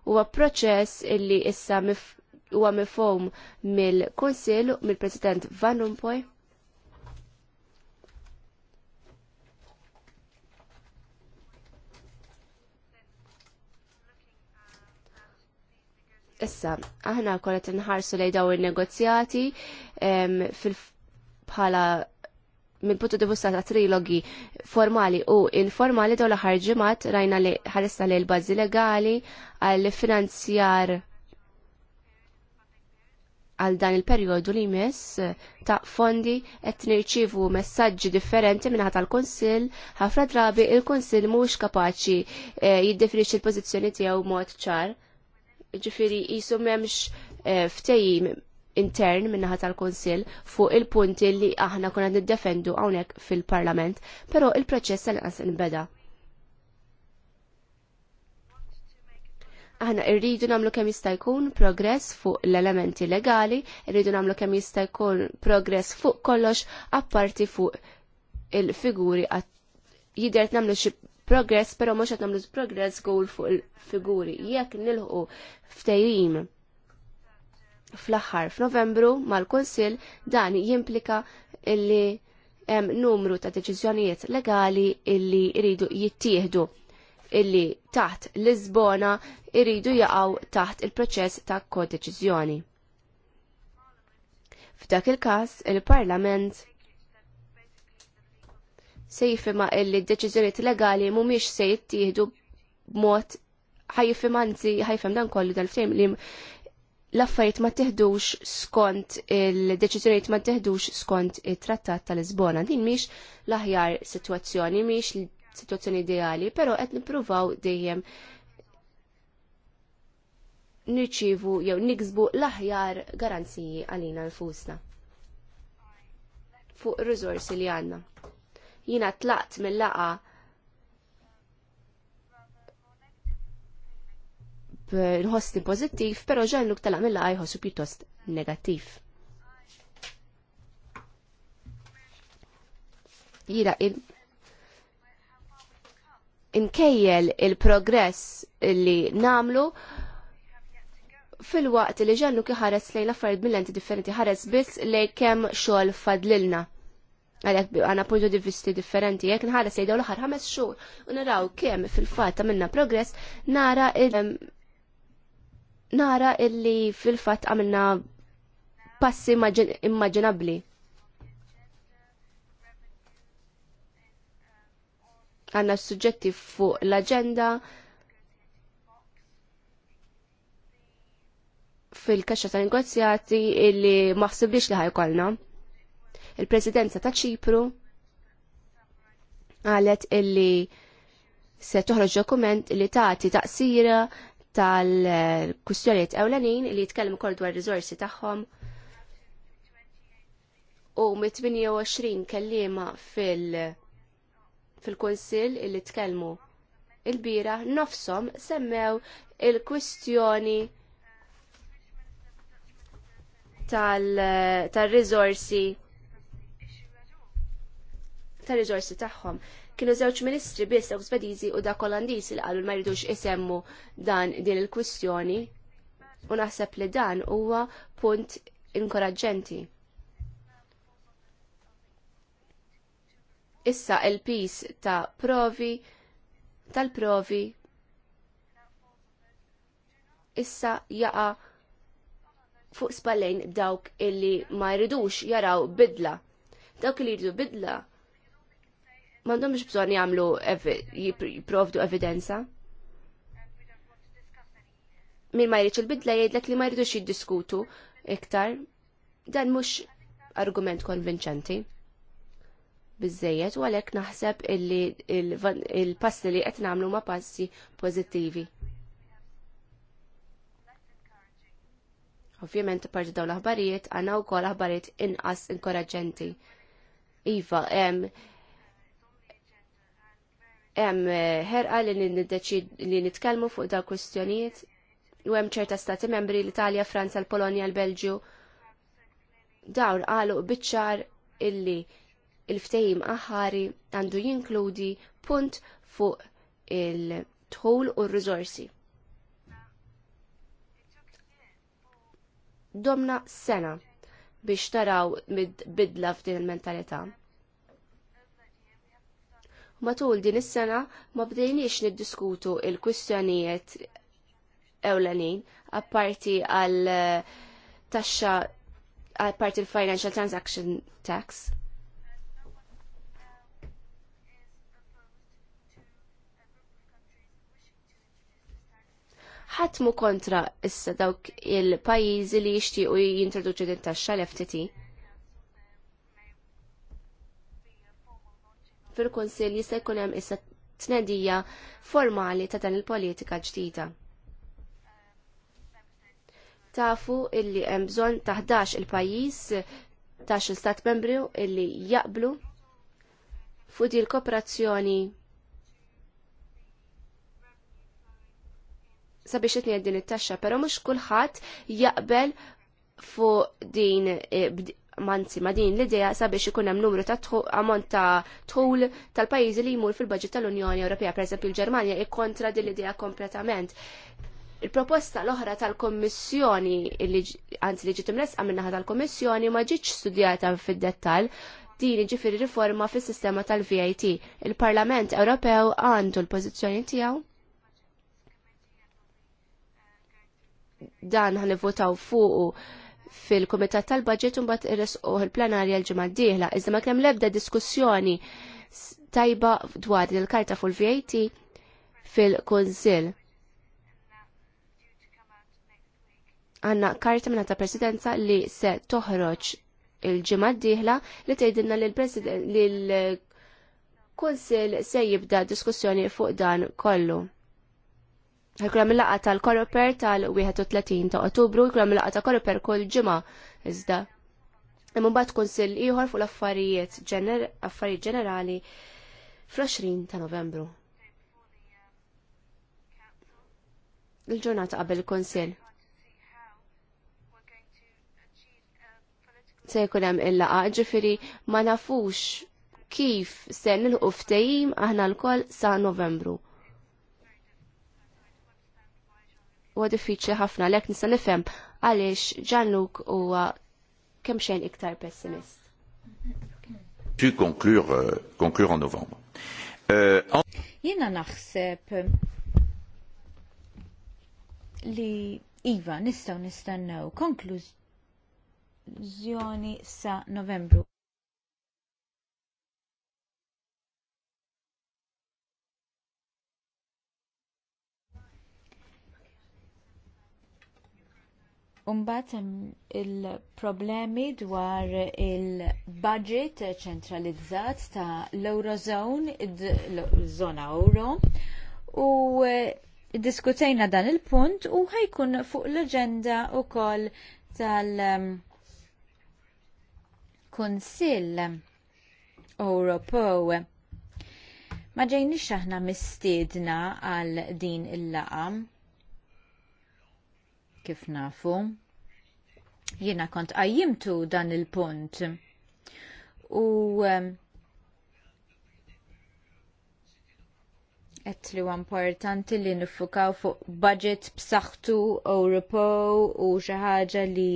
huwa proċess illi issa mif huwa għamifom mill-Kunsill mill-President Van Rompuy. Issa, aħna kollet nħarsu lej daw il-negozjati bħala minn puntu di ta' trilogi formali u informali daw l-ħarġimat rajna li ħarissa li l-bazzi legali għal finanzjar għal dan il-perjodu li jmiss eh, ta' fondi qed nirċivu messaġġi differenti minn tal konsil ħafna drabi il-Konsil mhux kapaċi eh, jiddefinixxi l-pożizzjoni tiegħu mod ċar. Ġifieri qisu m'hemmx eh, ftehim intern min-naħa tal-Konsil fuq il-punti li aħna kuna niddefendu hawnhekk fil-Parlament, però il-proċess tal-inqas inbeda. aħna irridu namlu kemm jista' jkun progress fuq l-elementi legali, irridu namlu kemm jista' jkun progress fuq kollox apparti fuq il-figuri jidher namlu xi progress, però mhux qed nagħmlu progress gowl fuq il-figuri. Jekk nilħu ftehim fl-aħħar f'Novembru mal-Kunsill dan jimplika illi hemm numru ta' deċiżjonijiet legali illi jridu jittieħdu illi taħt Lisbona iridu jaqgħu taħt il-proċess ta' kodeċiżjoni. F'dak il-każ il-Parlament se jifhimha illi d-deċiżjonijiet legali mhumiex se jittieħdu b'mod ħajfim anzi ħajfim dan kollu dal-frame li l-affarijiet ma teħdux skont il-deċiżjonijiet ma teħdux skont it-trattat tal-Lisbona. Din mhix l-aħjar situazzjoni, mhix situazzjoni ideali, pero qed nippruvaw dejjem niċivu jew niksbu l-aħjar garanziji għalina nfusna. Fuq rizorsi li għandna. Jina tlaqt mill-laqa b'nħossni pozittiv, pero ġan luk tal mill-laqa jħossu pjuttost negattiv. Jira inkejjel il-progress li namlu fil-waqt li ġannu ħares lejn l-affarijiet mill enti differenti ħares biss lej kemm xogħol fadlilna. Għalhekk għandna puntu di visti differenti, jekk nħares lejn dawla l ħames xur, u naraw kemm fil-fatt għamilna progress nara il- nara illi fil-fatt għamilna passi immaġinabbli. għanna suġġetti fuq l-agenda fil-kaxxa ta' negozjati illi maħsib li ħajkolna. Il-Presidenza ta' Ċipru għalet illi se toħroġ dokument li tagħti taqsira tal kustjoniet ewlenin li jitkellem kol dwar riżorsi tagħhom u mit-28 kellima fil- fil-Kunsill illi tkellmu. Il-bira nofsom semmew il-kwistjoni tal-rizorsi tal-rizorsi tagħhom. Kienu żewġ ministri biss zbedizi u dak Olandiż li għallu ma jridux isemmu dan din il-kwistjoni u naħseb li dan huwa punt inkoraġġenti. issa il-pis ta' provi tal-provi issa jaqa fuq spallejn dawk illi ma jridux jaraw bidla. Dawk li jridu bidla m'għandhomx bżonn jagħmlu jipprovdu evidenza. Min ma jridx il-bidla jgħidlek li ma jridux jiddiskutu iktar, dan mhux argument konvinċenti bizzejiet u għalhekk naħseb il-passi li qed nagħmlu ma' passi pożittivi. Ovvjament parġi dawn l-aħbarijiet għandna wkoll aħbarijiet inqas inkoraġġenti. Iva, hemm em, herqa li nitkellmu fuq dawn kwistjonijiet u hemm ċerta stati membri l-Italja, Franza, l-Polonja, l-Belġju dawn qalu biċċar illi il-ftehim aħari għandu jinkludi punt fuq il-tħol u r-riżorsi. Domna sena biex taraw bidla f'din il-mentalità. Matul din is-sena ma bdejniex niddiskutu il-kwistjonijiet ewlenin apparti għal eh, taxxa għal parti l-Financial Transaction Tax ħatmu kontra issa dawk il-pajjiżi li jixtiequ jintroduċu din taxxa l-FTT. Fil-Kunsill jista' jkun hemm issa tnedija formali ta' dan il-politika ġdida. Tafu illi hemm bżonn ta' 11 il-pajjiż ta' il-Stat Membru illi jaqblu fuq il-kooperazzjoni sabiex itniet din it-taxxa, però mhux kulħadd jaqbel fuq din eh, manzi ma din l-idea sabiex ikun hemm numru ta' ammont ta' tħul tal-pajjiżi li jmur fil budget tal-Unjoni Ewropea, pereżempju l-Ġermanja ikkontra din l-idea kompletament. Il-proposta l-oħra tal-Kommissjoni, anzi li ġiet imresqa minnaħa tal-Kommissjoni ma ġietx studjata fid-dettall, din ġifiri riforma fis-sistema tal-VIT. Il-Parlament Ewropew għandu l-pożizzjoni tiegħu dan ħan votaw fuqu fil-Komitat tal-Budget un bat irresqu il-plenarja l-ġimgħa d-dieħla. Iżda ma kemm lebda diskussjoni tajba dwar il-karta fuq l vat fil-Kunsill. Għanna karta minna ta' presidenza li se toħroġ il-ġimgħa d-dieħla li tgħidilna li l-President kunsil se jibda diskussjoni fuq dan kollu. Hekkram il-laqa tal-Koroper tal-31 ta' Ottubru, hekkram il-laqa ta' Koroper kull ġimgħa iżda. Imma mbagħad konsil ieħor fuq l-affarijiet ġenerali fl-20 ta' Novembru. Il-ġurnata qabel konsil. kunsill Se jkun hemm il-laqa, ġifieri ma nafux kif se nilħu ftehim aħna lkoll sa' Novembru huwa diffiċli ħafna lek nista' nifhem għaliex Gianluc huwa kemm xejn iktar pessimist. Tu konklur euh, en novembre. Euh, Jiena naħseb li Iva nistgħu nistennew konklużjoni sa novembru. Umbat il-problemi dwar il-budget ċentralizzat ta' l-Eurozone, l-zona euro, u eh, diskutejna dan il-punt u ħajkun fuq l-agenda u koll tal-Konsil ehm, Ewropew. Ma ġejni xaħna mistiedna għal din il-laqam kif nafu. Jiena kont qajjimtu dan il-punt. U għet um, li huwa importanti li nifukaw fuq budget b'saħħtu Ewropew u xi ħaġa li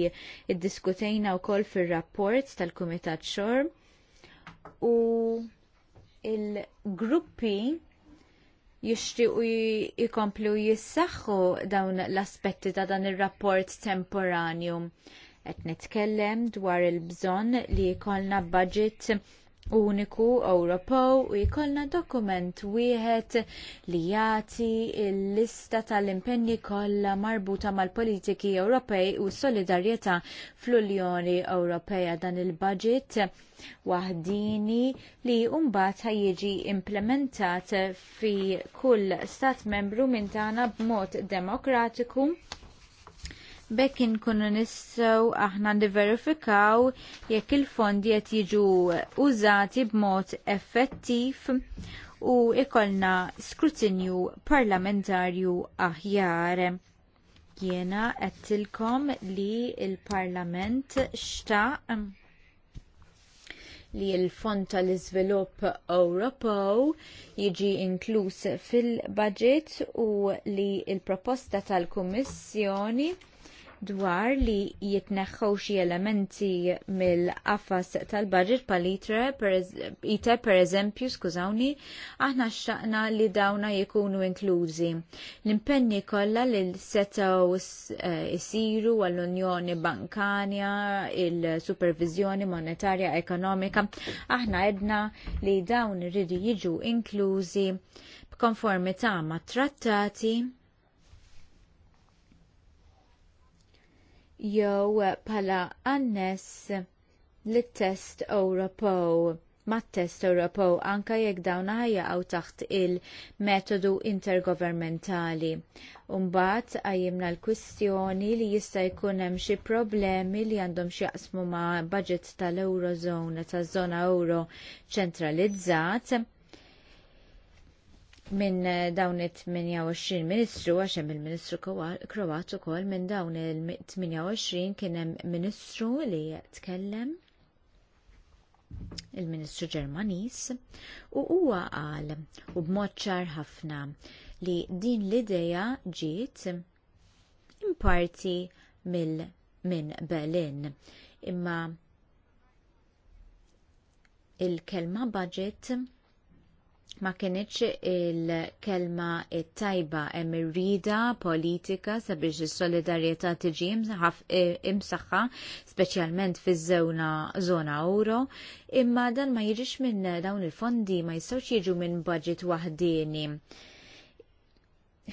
iddiskutejna wkoll fir-rapport tal-Kumitat Xor. u il-gruppi u jikomplu jissaħħu dawn l-aspetti ta' dan ir-rapport temporanju. Qed nitkellem dwar il-bżonn li jkollna budget uniku Ewropew u jkollna dokument wieħed li jagħti l-lista tal-impenni kollha marbuta mal-politiki Ewropej u solidarjetà fl-Unjoni Ewropea dan il-budget waħdini li mbagħad ħajjiġi implementat fi kull stat membru minn tagħna b'mod demokratiku Bekk inkunu nistgħu aħna niverifikaw jekk il-fondi qed jiġu użati b'mod effettiv u jkollna skrutinju parlamentarju aħjar. Jiena qedtilkom li l parlament xtaq li l-Fond tal-Iżvilupp Ewropew jiġi inkluż fil-budget u li l proposta tal-Kummissjoni dwar li jitneħħu xi elementi mill-qafas tal-barrir pal ite e, per eżempju, skużawni, aħna xtaqna li dawna jikunu inklużi. L-impenni kollha li setaw e, isiru għall-Unjoni Bankanja, il-Supervizjoni Monetarja Ekonomika, aħna edna li dawn iridu jiġu inklużi b'konformità mat trattati jew bħala annes lit-test Ewropew mat-test Ewropew anke jekk dawn ħajjaqgħu taħt il-metodu intergovernmentali. Imbagħad għajjimna l-kwistjoni li jista' jkun hemm xi problemi li għandhom x'jaqsmu ma' budget tal-Eurozona taż-żona euro ċentralizzat minn eh, dawn it-28 ministru għax hemm il-Ministru Kroat ukoll minn dawn il-28 kien hemm Ministru li tkellem il-Ministru Ġermaniż u huwa qal u b'mod ċar ħafna li din l-idea ġiet imparti mill minn Berlin. Imma il-kelma budget ma kienieċ il-kelma tajba hemm ir-rida politika sabiex is-solidarjetà tiġi e, imsaħħa speċjalment fiż-żewna żona euro, imma dan ma jiġix minn dawn il-fondi ma jistgħux jiġu minn budget wahdini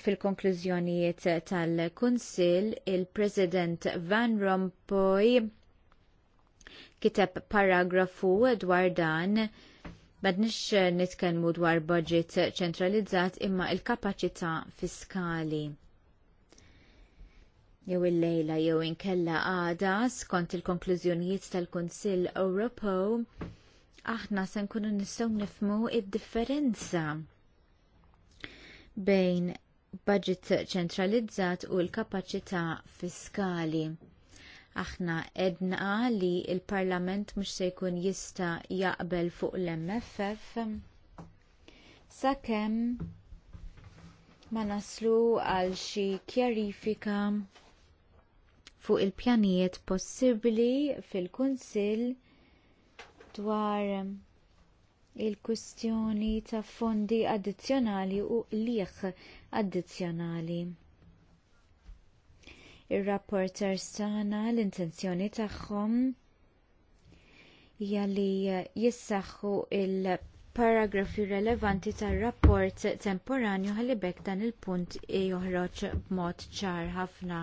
Fil-konklużjonijiet tal-Kunsil, il-President Van Rompuy kiteb paragrafu dwar dan Badnix eh, nitkellmu dwar budget ċentralizzat imma il-kapacità fiskali. Jew il-lejla jew inkella għada skont il-konklużjonijiet tal-Kunsill Ewropo aħna se nkunu nistgħu nifmu id-differenza bejn budget ċentralizzat u l-kapaċità fiskali aħna edna li l parlament mhux se jkun jista jaqbel fuq l-MFF sakemm ma naslu għal xi kjarifika fuq il-pjanijiet possibbli fil-Kunsill dwar il-kustjoni ta' fondi addizzjonali u liħ addizzjonali ir-rapporters tagħna l-intenzjoni tagħhom hija li jissaħħu il- paragrafi relevanti tar-rapport temporanju ħalibek dan il-punt joħroġ b'mod ċar ħafna.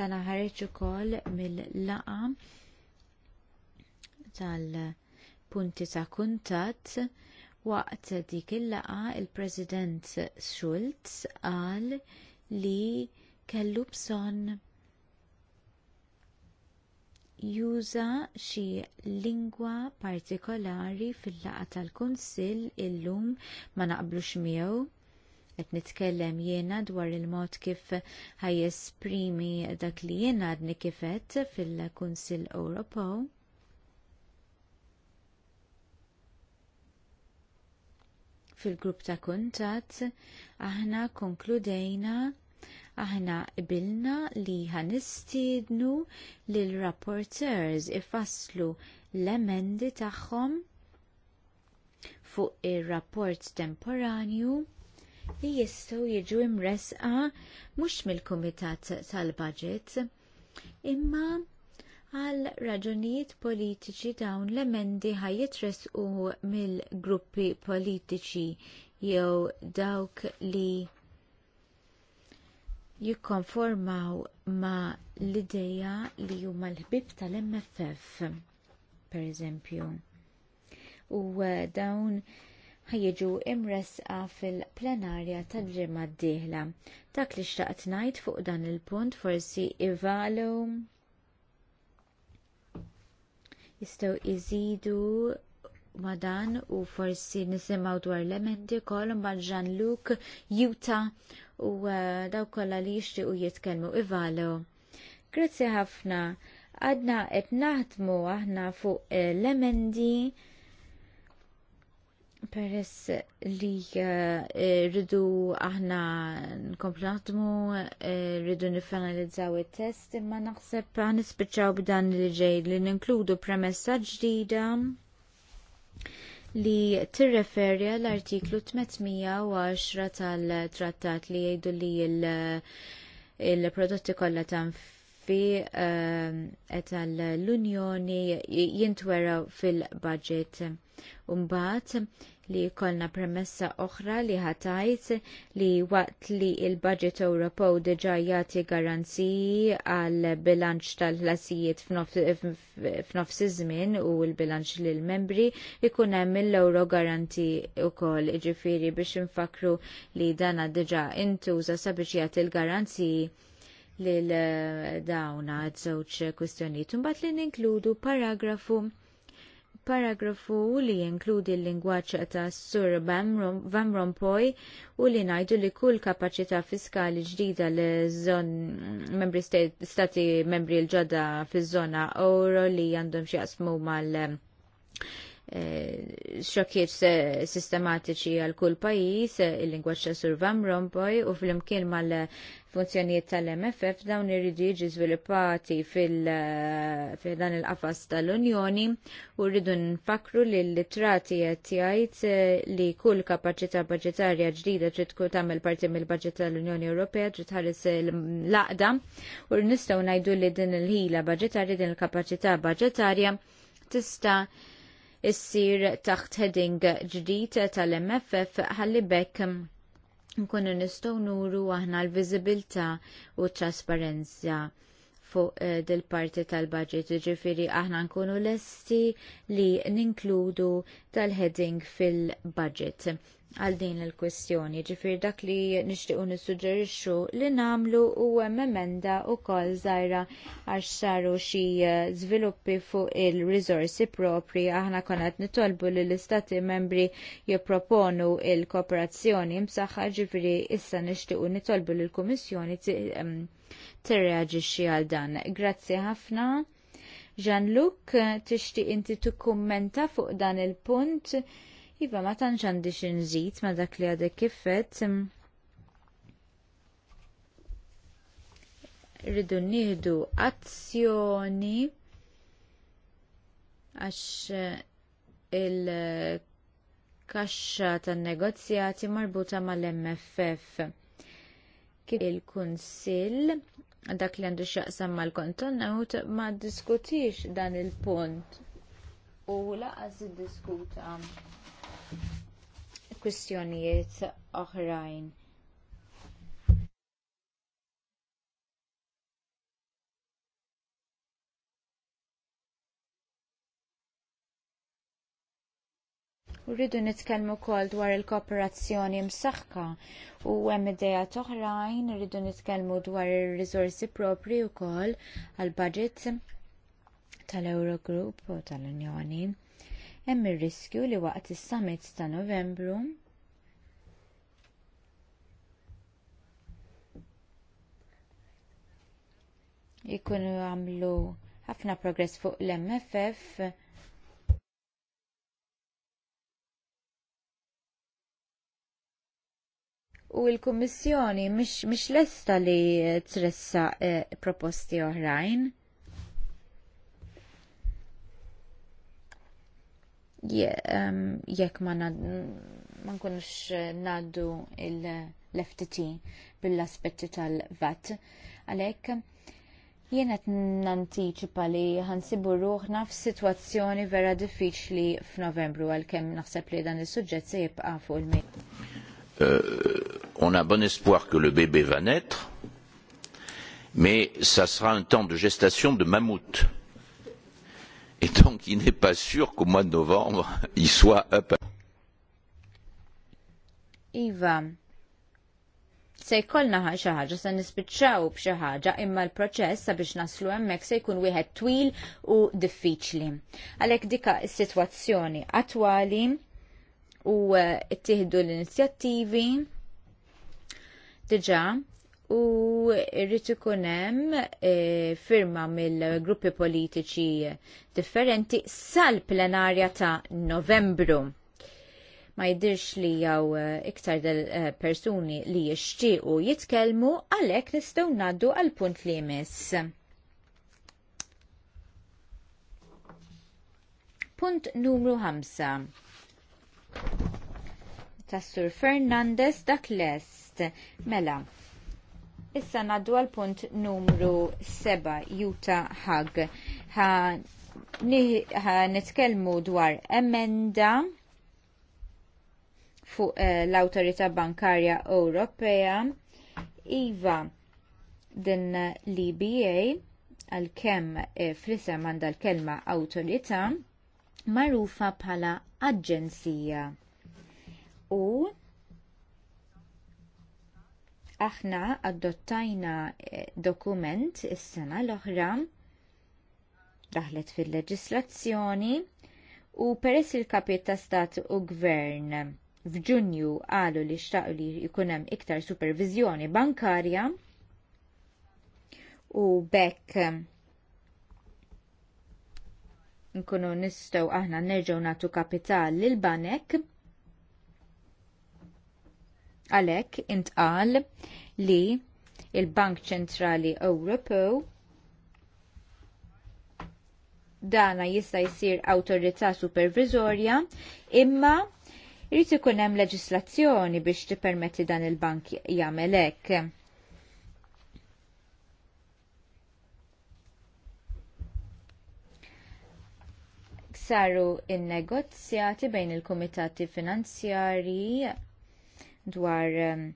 Dan ħareġ ukoll mill laqgħa tal-punti ta' kuntatt waqt dik il laqgħa il-President Schultz qal li kellu bżonn juża xi lingwa partikolari fil laqgħa tal-Kunsill illum ma naqblux miegħu qed nitkellem jiena dwar il-mod kif ħajjesprimi dak li jiena għadni kifet fil-Kunsill Ewropew. fil-grupp ta' kuntatt aħna konkludejna Aħna qbilna li ħanistiednu lil rapporteurs ifasslu l-emendi tagħhom fuq ir-rapport temporanju li jistgħu jiġu imresqa mhux mill-Kumitat tal-Budget imma għal raġunijiet politiċi dawn l-emendi ħajjitresqu mill-gruppi politiċi jew dawk li jikkonformaw ma l-ideja li huma l-ħbib tal-MFF, pereżempju. U eh, dawn ħajġu imresqa fil-plenarja tal ġimgħa d-dieħla. Dak li xtaqt ngħid fuq dan il-punt forsi ivalu jistgħu iżidu ma dan u forsi nisimgħu dwar l-emendi kolum ma Jean-Luc Juta u uh, daw kollha li jixtiequ jitkellmu ivalu. Grazzi ħafna. Għadna qed naħdmu aħna fuq eh, l-emendi peress li eh, rridu aħna nkomplu naħdmu, eh, rridu nifanalizzaw it-test, imma naħseb ħanispiċċaw b'dan li ġej li ninkludu premessa ġdida li tirreferja l-artiklu 810 tal-trattat li jgħidu li l-prodotti kollha tan fi tal-Unjoni jintwera fil-budget. Umbat li kolna premessa oħra li ħatajt li waqt li il-budget Ewropew diġa jagħti garanziji għal bilanċ tal-ħlasijiet f'nofs iż-żmien u l-bilanċ lil membri ikun hemm l-euro garanti wkoll ġifieri biex infakru li dana deġa intuża sabiex jagħti l-garanziji lil eh, dawna żewġ kwistjonijiet. Imbagħad li ninkludu paragrafu paragrafu li jinkludi l-lingwaċ ta' Sur Van Rompuy u li ngħidu li kull kapaċità fiskali ġdida l zon membri stati membri l-ġodda fiż-żona euro li għandhom xjaqsmu mal eh, xokkiet sistematiċi għal kull pajis il-lingwaċ ta' Sur Van Rompuy u fl-imkien mal funzjonijiet tal-MFF dawn irridu jiġi żviluppati fil-dan eh, il-qafas tal-Unjoni u rridu nfakru li l-litrati qed jgħid eh, li kull kapaċità budġetarja ġdida trid tkun tagħmel parti mill-baġġett tal-Unjoni Ewropea trid tħares l-laqda u nistgħu ngħidu li din il-ħila budġetarja din il-kapaċità budġetarja tista' issir taħt heading ġdid tal-MFF ħalli bekk nkunu nistgħu nuru aħna l-viżibilità u t-trasparenza fuq eh, dil-parti tal-budget, ġifiri aħna nkunu lesti li ninkludu tal-heading fil-budget għal din il-kwestjoni, ġifir dak li nixtiequ nissuġġerixxu li nagħmlu u emenda u koll zaħira għax saru xi eh, żviluppi fuq il-rizorsi propri aħna konna qed nitolbu li l-istati membri jipproponu il-kooperazzjoni msaħħa ġifiri issa nixtiequ nitolbu lill-Kummissjoni tirreaġixxi għal dan. Grazzi ħafna. Jean-Luc, tixtieq inti tikkummenta fuq dan il-punt. Iva, ma tantx għandi xinżit ma dak li għadek kifet. Ridu nihdu azzjoni għax il-kaxxa tan-negozjati marbuta mal-MFF. Kif il-Kunsill dak li għandu xaqsam mal-kontonut ma diskutix dan il-punt u laqas diskuta kwistjonijiet oħrajn. Rridu nitkellmu wkoll dwar il-kooperazzjoni msaħħa u hemm idea toħrajn rridu nitkellmu dwar ir-riżorsi propri wkoll għall budget tal-Eurogroup u tal-Unjoni. Hemm ir-riskju li waqt is-summit ta' Novembru jikunu għamlu ħafna progress fuq l-MFF u l-Kummissjoni mhix lesta li tressa eh, proposti oħrajn. Ehm, jekk ma ma nkunux eh, naddu l-FTT bil-aspetti tal-VAT. Għalek, jiena t-nantiċipa li ħansibu ruħna f-situazzjoni vera diffiċli f'Novembru għal-kem naħseb li dan il-sujġet se jibqa fuq il-mejda on a bon espoir que le bébé va naître, mais ça sera un temps de gestation de mammouth. Et donc, il n'est pas sûr qu'au mois de novembre, *laughs* il soit up. Iva, se jkollna xi ħaġa se nispiċċaw b'xi ħaġa imma l-proċess sabiex naslu hemmhekk se jkun wieħed twil u diffiċli. Għalhekk dika s-sitwazzjoni attwali u eh, ttieħdu l-inizjattivi diġa u rrit ikun hemm e, firma mill-gruppi politiċi differenti sal-plenarja ta' Novembru. Ma jidirx li jew iktar e, persuni li jixtiequ jitkellmu għalhekk nistgħu ngħaddu għal punt li jmiss. Punt numru 5. Tassur Fernandez Dakles test. Mela, issa naddu għal punt numru 7, Juta Hag. Ha, nitkelmu dwar emenda fuq eh, l awtorità Bankarja Ewropea. Iva, din l-IBA għal-kem eh, għanda l-kelma Awtorità magħrufa bħala aġenzija. U aħna adottajna eh, dokument is-sena l-oħra daħlet fil-leġislazzjoni u peress il-kapiet ta' stat u gvern f'Ġunju qalu li xtaqu li jkun hemm iktar supervizjoni bankarja u bekk nkunu nistgħu aħna nerġgħu nagħtu kapital lil banek Għalhekk intqal li il-Bank Ċentrali Ewropew dana jista' jsir awtorità supervizorja imma jrid ikun hemm leġislazzjoni biex tippermetti dan il-bank jagħmel hekk. saru in-negozjati bejn il-kumitati finanzjarji dwar ehm,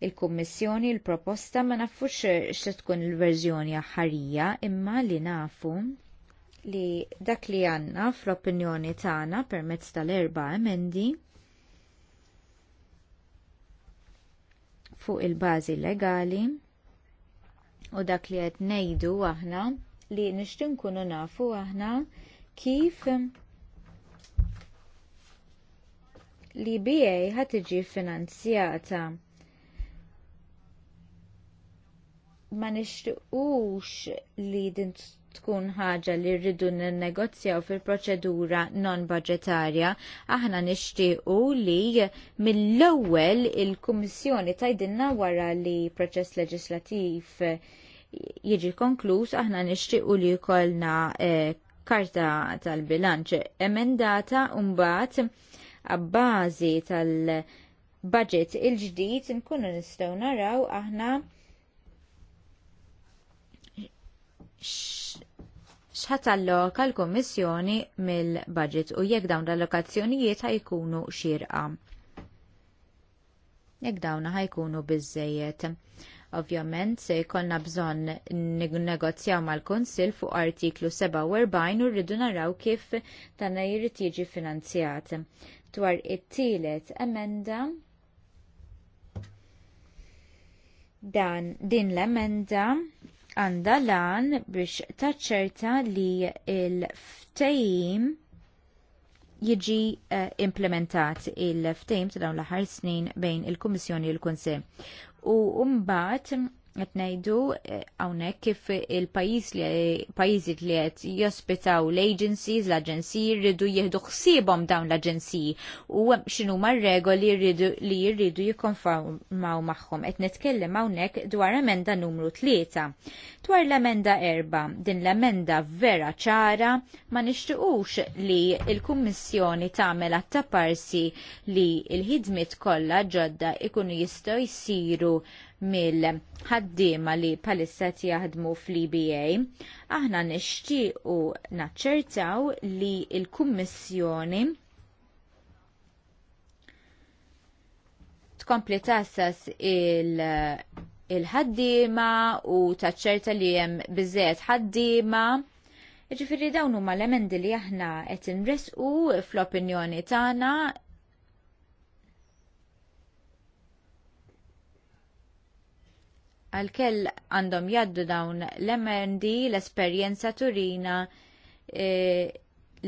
il-Kummissjoni il-proposta ma nafux eh, xe tkun il-verżjoni ħarija imma li nafu li dak li għanna fl-opinjoni tagħna permezz tal-erba' emendi fuq il-bażi legali u dak li qed ngħidu aħna li nixtin nkunu nafu aħna kif li BA ħat iġi finanzjata. Ma nixtiequx li din tkun ħaġa li rridu n fil-proċedura non-budgetarja, aħna nixtiequ li mill-ewwel il-Kummissjoni tajdinna wara li proċess leġislattiv jiġi konkluż, aħna nixtiequ li jkollna eh, karta tal-bilanċ emendata u mbagħad għabbażi tal-budget il-ġdid nkunu nistgħu naraw aħna alloka l komissjoni mill-budget u jekk dawn l-allokazzjonijiet ħajkunu xirqa. Jekk dawn ħajkunu biżejjed. Ovvjament se jkollna bżonn negozjaw mal-Kunsill fuq artiklu 47 u rridu naraw kif dan jrid jiġi finanzjat. Dwar it-tielet emenda dan din l-emenda għandha lan biex taċċerta li l ftejim jiġi eh, implementat il-ftejm ta' dawn l-aħħar snin bejn il-Kummissjoni u l-Kunsill u mbagħad qed ngħidu eh, hawnhekk kif il-pajjiż li pajjiżiet li qed jospitaw l-agencies, l-aġenziji rridu jieħdu ħsiebhom dawn l-aġenziji u xinu mar-regoli li jridu jikkonformaw magħhom. Qed nitkellem hawnhekk dwar emenda numru tlieta. Dwar l-emenda erba, din l-emenda vera ċara ma nixtiequx li l-Kummissjoni tagħmel attaparsi li l-ħidmiet kollha ġodda ikunu jistgħu jsiru mill-ħaddiema li palissa jaħdmu fl-EBA, aħna nixtiequ naċċertaw li l-Kummissjoni tkompli tassas il- il-ħaddima u taċċerta li hemm biżżejjed ħaddiema. Ġifiri dawn huma l-emendi li aħna qed inresqu fl-opinjoni tagħna għal-kell għandhom jaddu dawn l-MND l-esperjenza turina e,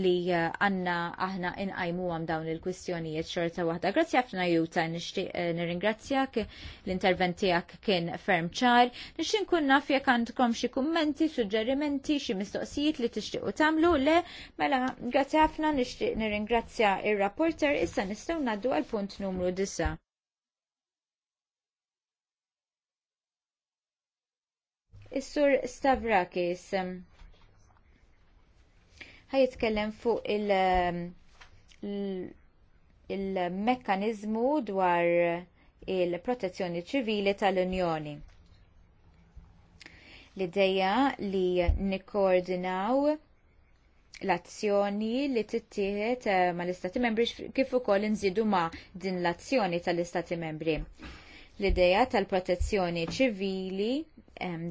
li għanna aħna inqajmu għam dawn il-kwistjonijiet xorta waħda. Grazzi għafna juta e, nirringrazzjak l-interventijak kien ferm ċar. Nixin kunna naf jek għandkom xie kummenti, suġġerimenti, xie mistoqsijiet li tixtiqu tamlu. Le, mela, grazzi għafna nirringrazzja il-rapporter, issa nistaw naddu għal-punt numru disa'. Is-sur Stavrakis um, ħajitkellem fuq il- um, il-mekkanizmu dwar il-protezzjoni ċivili tal-Unjoni. L-ideja li nikkoordinaw l-azzjoni li tittieħed uh, mal-Istati Membri kif ukoll inżidu ma' din l-azzjoni tal-Istati Membri. L-ideja tal-protezzjoni ċivili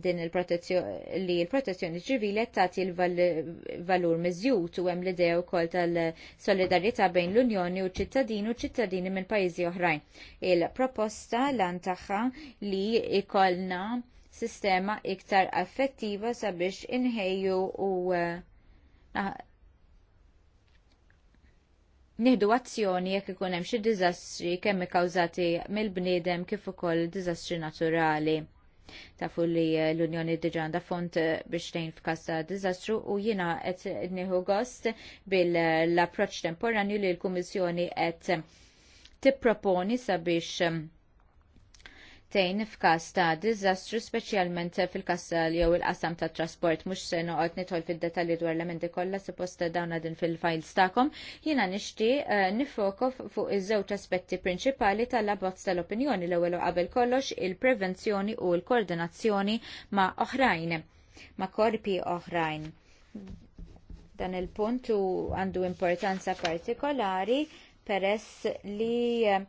din il-protezzjoni li l-protezzjoni ċivili tagħti l-valur miżjud u hemm l-idea wkoll tal-solidarjetà bejn l-Unjoni u ċittadini u ċittadini minn pajjiżi oħrajn. Il-proposta lan tagħha li jkollna sistema iktar affettiva sabiex inħejju u eh, Nieħdu azzjoni jekk ikun hemm xi diżastri kemm ikkawżati mill-bniedem kif ukoll diżastri naturali. Tafu li eh, l-Unjoni diġa għandha font eh, biex tgħin f'każ ta' diżastru u jiena qed nieħu gost bil-approċċ temporanju li l-Kummissjoni qed tipproponi sabiex eh, tejn f'każ ta' diżastru speċjalment fil-każ jew il-qasam tat trasport mhux se noqgħod nidħol fid-detalji dwar l-emendi kollha suppost dawn din fil-files tagħkom. Jiena nixtieq eh, nifoko fuq iż-żewġ aspetti prinċipali tal-abbozz tal-opinjoni l-ewwel qabel kollox il-prevenzjoni u l-koordinazzjoni ma' oħrajn ma' korpi oħrajn. Dan il-punt għandu importanza partikolari peress li eh,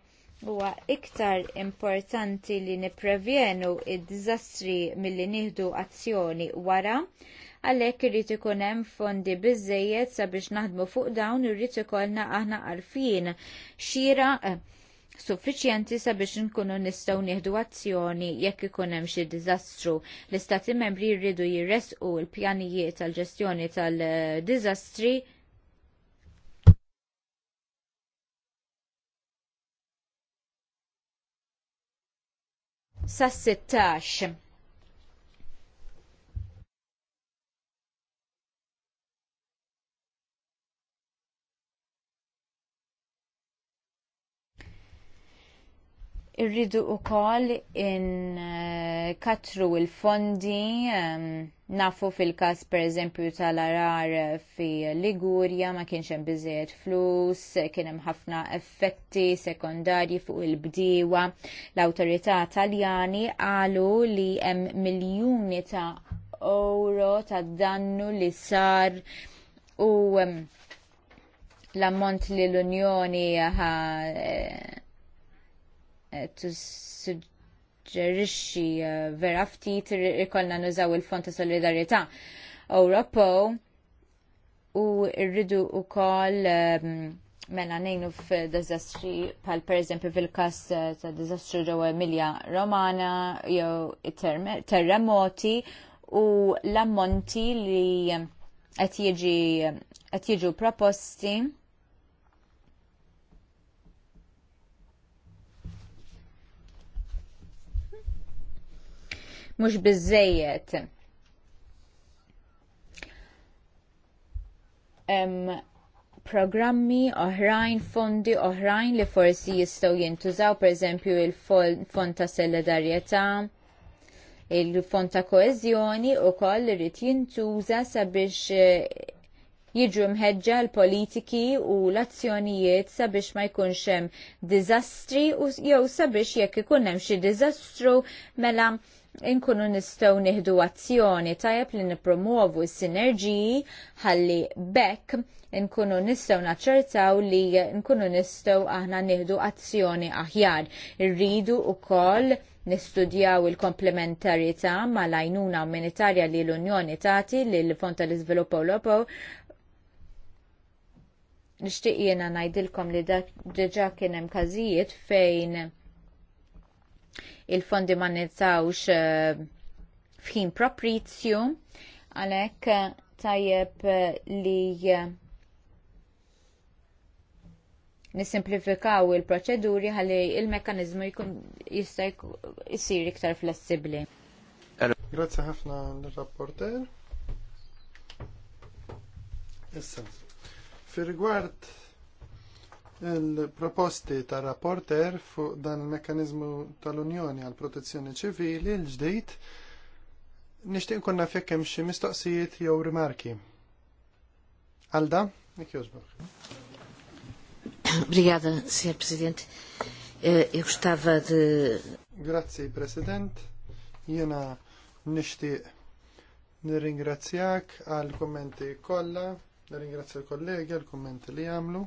huwa iktar importanti li nipprevjenu id-diżastri milli nieħdu azzjoni wara, għalhekk irid ikun hemm fondi biżżejjed sabiex naħdmu fuq dawn irrid ikollna aħna għarfien xira eh, suffiċjenti sabiex nkunu nistgħu nieħdu azzjoni jekk ikun hemm xi diżastru. L-istati membri jridu jirresqu l-pjanijiet tal-ġestjoni tal-diżastri sas 16. Irridu wkoll in eh, katru il-fondi ehm, nafu fil każ eżempju tal-arar fi Ligurja ma kienx hemm biżejjed flus, kien hemm ħafna effetti sekondarji fuq il-bdiewa. L-awtorità Taljani qalu li hemm miljuni ta' euro ta' dannu li sar u ehm, l-ammont li l-Unjoni eh, tissuġġerixxi eh, vera ftit ikollna nużaw il-Fond ta' Solidarjetà Europo u rridu wkoll ehm, mela nejnu pal bħal pereżempju fil-każ eh, ta' diżastru ġewwa Emilja Romana jew terremoti u l-ammonti li qed jiġu proposti mhux biżejjed. Um, programmi oħrajn, fondi oħrajn li forsi jistgħu jintużaw, pereżempju il-fond ta' solidarjetà, il-fond ta' koeżjoni wkoll koll irid jintuża sabiex eh, jiġu mħeġġa l-politiki u l-azzjonijiet sabiex ma jkunx hemm diżastri u jew sabiex jekk ikun hemm xi diżastru mela inkunu nistgħu nieħdu azzjoni tajjeb li nippromuovu s-sinerġiji ħalli bekk inkunu nistgħu naċċertaw li nkunu nistgħu aħna nieħdu azzjoni aħjar. Irridu wkoll nistudjaw il-komplementarjetà mal-għajnuna umanitarja li l-Unjoni tagħti lill fond tal-Iżvilupp Ewropew nixtieq jiena ngħidilkom li deġa kien hemm każijiet fejn il-fondi ma nizzawx eh, fħin proprizju, għalek eh, tajjeb eh, li nisimplifikaw il-proċeduri għalli il-mekanizmu jista' jsir iktar flessibbli. Grazzi ħafna l-rapporter. Issa, fir rigward il-proposti ta' rapporter fuq dan il-mekkanizmu tal-Unjoni għal protezzjoni ċivili l-ġdejt nishtiq kunna fekkem xi mistoqsijiet jew rimarki. Alda, jek jużbok. Brigada, sir President. Jek eh, xtava Grazzi, President. Jena nishtiq nirringrazzjak għal kommenti kolla, nirringrazzja l-kollega, għal kommenti li għamlu.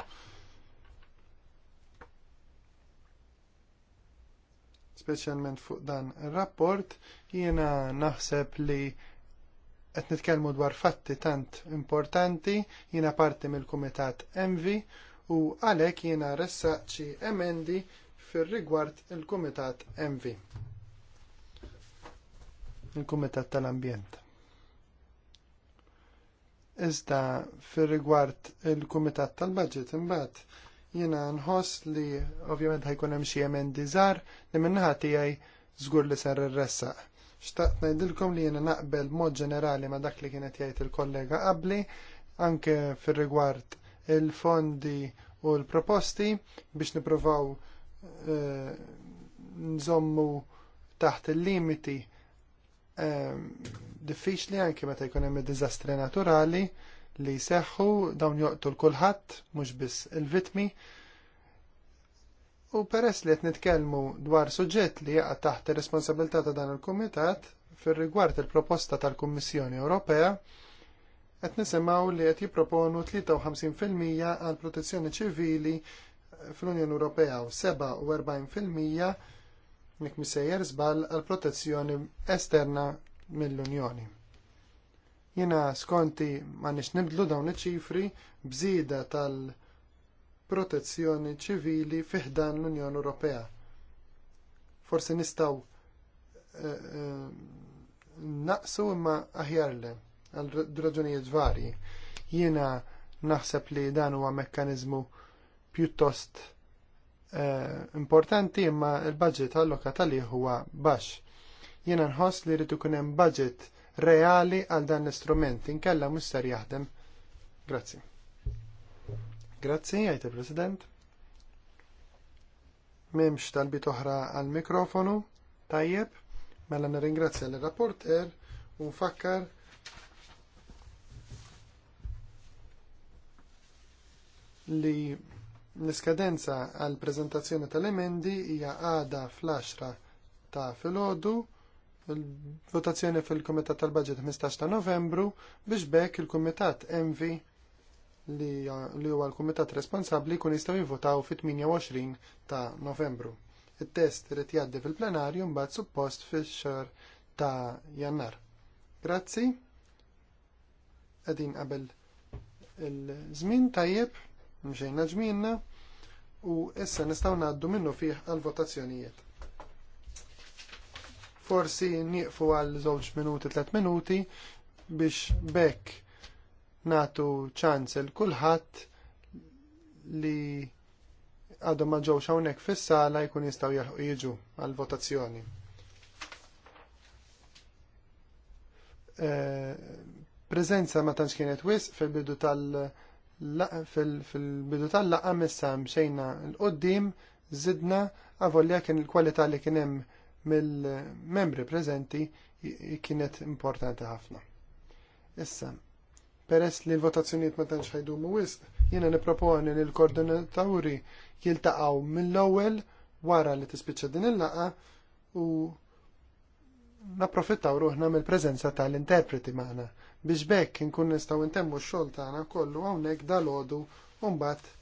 speċjalment fuq dan ir-rapport, jiena naħseb li qed nitkellmu dwar fatti tant importanti, jiena parti mill-Kumitat Envi u għalhekk jiena ressaqċi emendi fir-rigward il-Kumitat Envi. Il-Kumitat tal-Ambjent. Iżda fir-rigward il-Kumitat tal-Budget imbagħad Jena nħoss li ovvjament ħajkun hemm xi emendi żgħar li minnaħa tiegħi żgur li ser irressa. Xtaqt ngħidilkom li jiena naqbel mod ġenerali ma' dak li kienet jgħid il-kollega qabli anke fir-rigward il-fondi u l-proposti biex nippruvaw eh, nżommu taħt il-limiti eh, diffiċli anke meta jkun hemm id-diżastri naturali li seħħu dawn joqtu l-kulħadd mhux biss il-vitmi. U peress li qed nitkellmu dwar suġġett li jaqa' taħt ir-responsabilità ta' dan il-Kumitat fir-rigward il-proposta tal-Kummissjoni Ewropea, qed nisimgħu li qed jipproponu 53% għal protezzjoni ċivili fl-Unjoni Ewropea u 47% nik misejjer żball għal protezzjoni esterna mill-Unjoni. Jiena skonti ma nix nibdlu dawn iċ-ċifri bżida tal-protezzjoni ċivili fiħdan l-Unjoni Ewropea. Forsi nistgħu eh, eh, naqsu imma aħjarle għal raġunijiet varji. Jiena naħseb li dan huwa mekkaniżmu pjuttost eh, importanti imma l budget allokat għalih huwa baxx. Jiena nħoss li rrid ikun hemm budget reali għal dan l-istrument, inkella mister jaħdem. Grazzi. Grazzi, għajt il-President. Memx talbit oħra għal mikrofonu, tajjeb, mela nirringrazzja l-rapporter un fakkar li l-iskadenza għal prezentazzjoni tal-emendi hija għada fl-10 ta' filgħodu il-votazzjoni fil-Kumitat tal-Budget 15 ta' Novembru biex bekk il-Kumitat MV li huwa l-Kumitat responsabbli kun jistgħu jivvotaw fit-28 ta' Novembru. It-test rrit jgħaddi fil-plenarju mbagħad suppost fix xar ta' Jannar. Grazzi. Qegħdin qabel il-żmien tajjeb mxejna ġminna u issa nistgħu ngħaddu minnu fih għal votazzjonijiet. Forsi nieqfu għal żewġ minuti, tliet minuti biex bekk natu ċans il kulħadd li għadhom ma ġewx hawnhekk fis-sala jkun jistgħu jiġu għall votazzjoni. Eh, preżenza ma tantx kienet wisq fil-bidu tal- fil-bidu tal-laqqa missa mxejna l-qoddim zidna għavolja kien il-kwalità li kien hemm mill-membri preżenti kienet importanti ħafna. Issa, peress li l-votazzjonijiet ma tantx ħajdumu wisq, jiena nipproponi li l koordinatori jiltaqgħu mill-ewwel wara li tispiċċa din il laqgħa u napprofittaw ruħna mill-preżenza tal-interpreti magħna biex bekk inkun nistgħu ntemmu x-xogħol tagħna kollu hawnhekk dalodu u mbagħad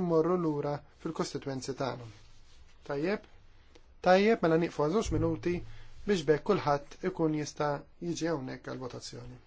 immorru lura fil-kostitwenzi tagħna. Tajjeb, Tajjeb mela niqfu għal minuti biex bekk kulħadd ikun jista' jiġi hawnhekk għall-votazzjoni.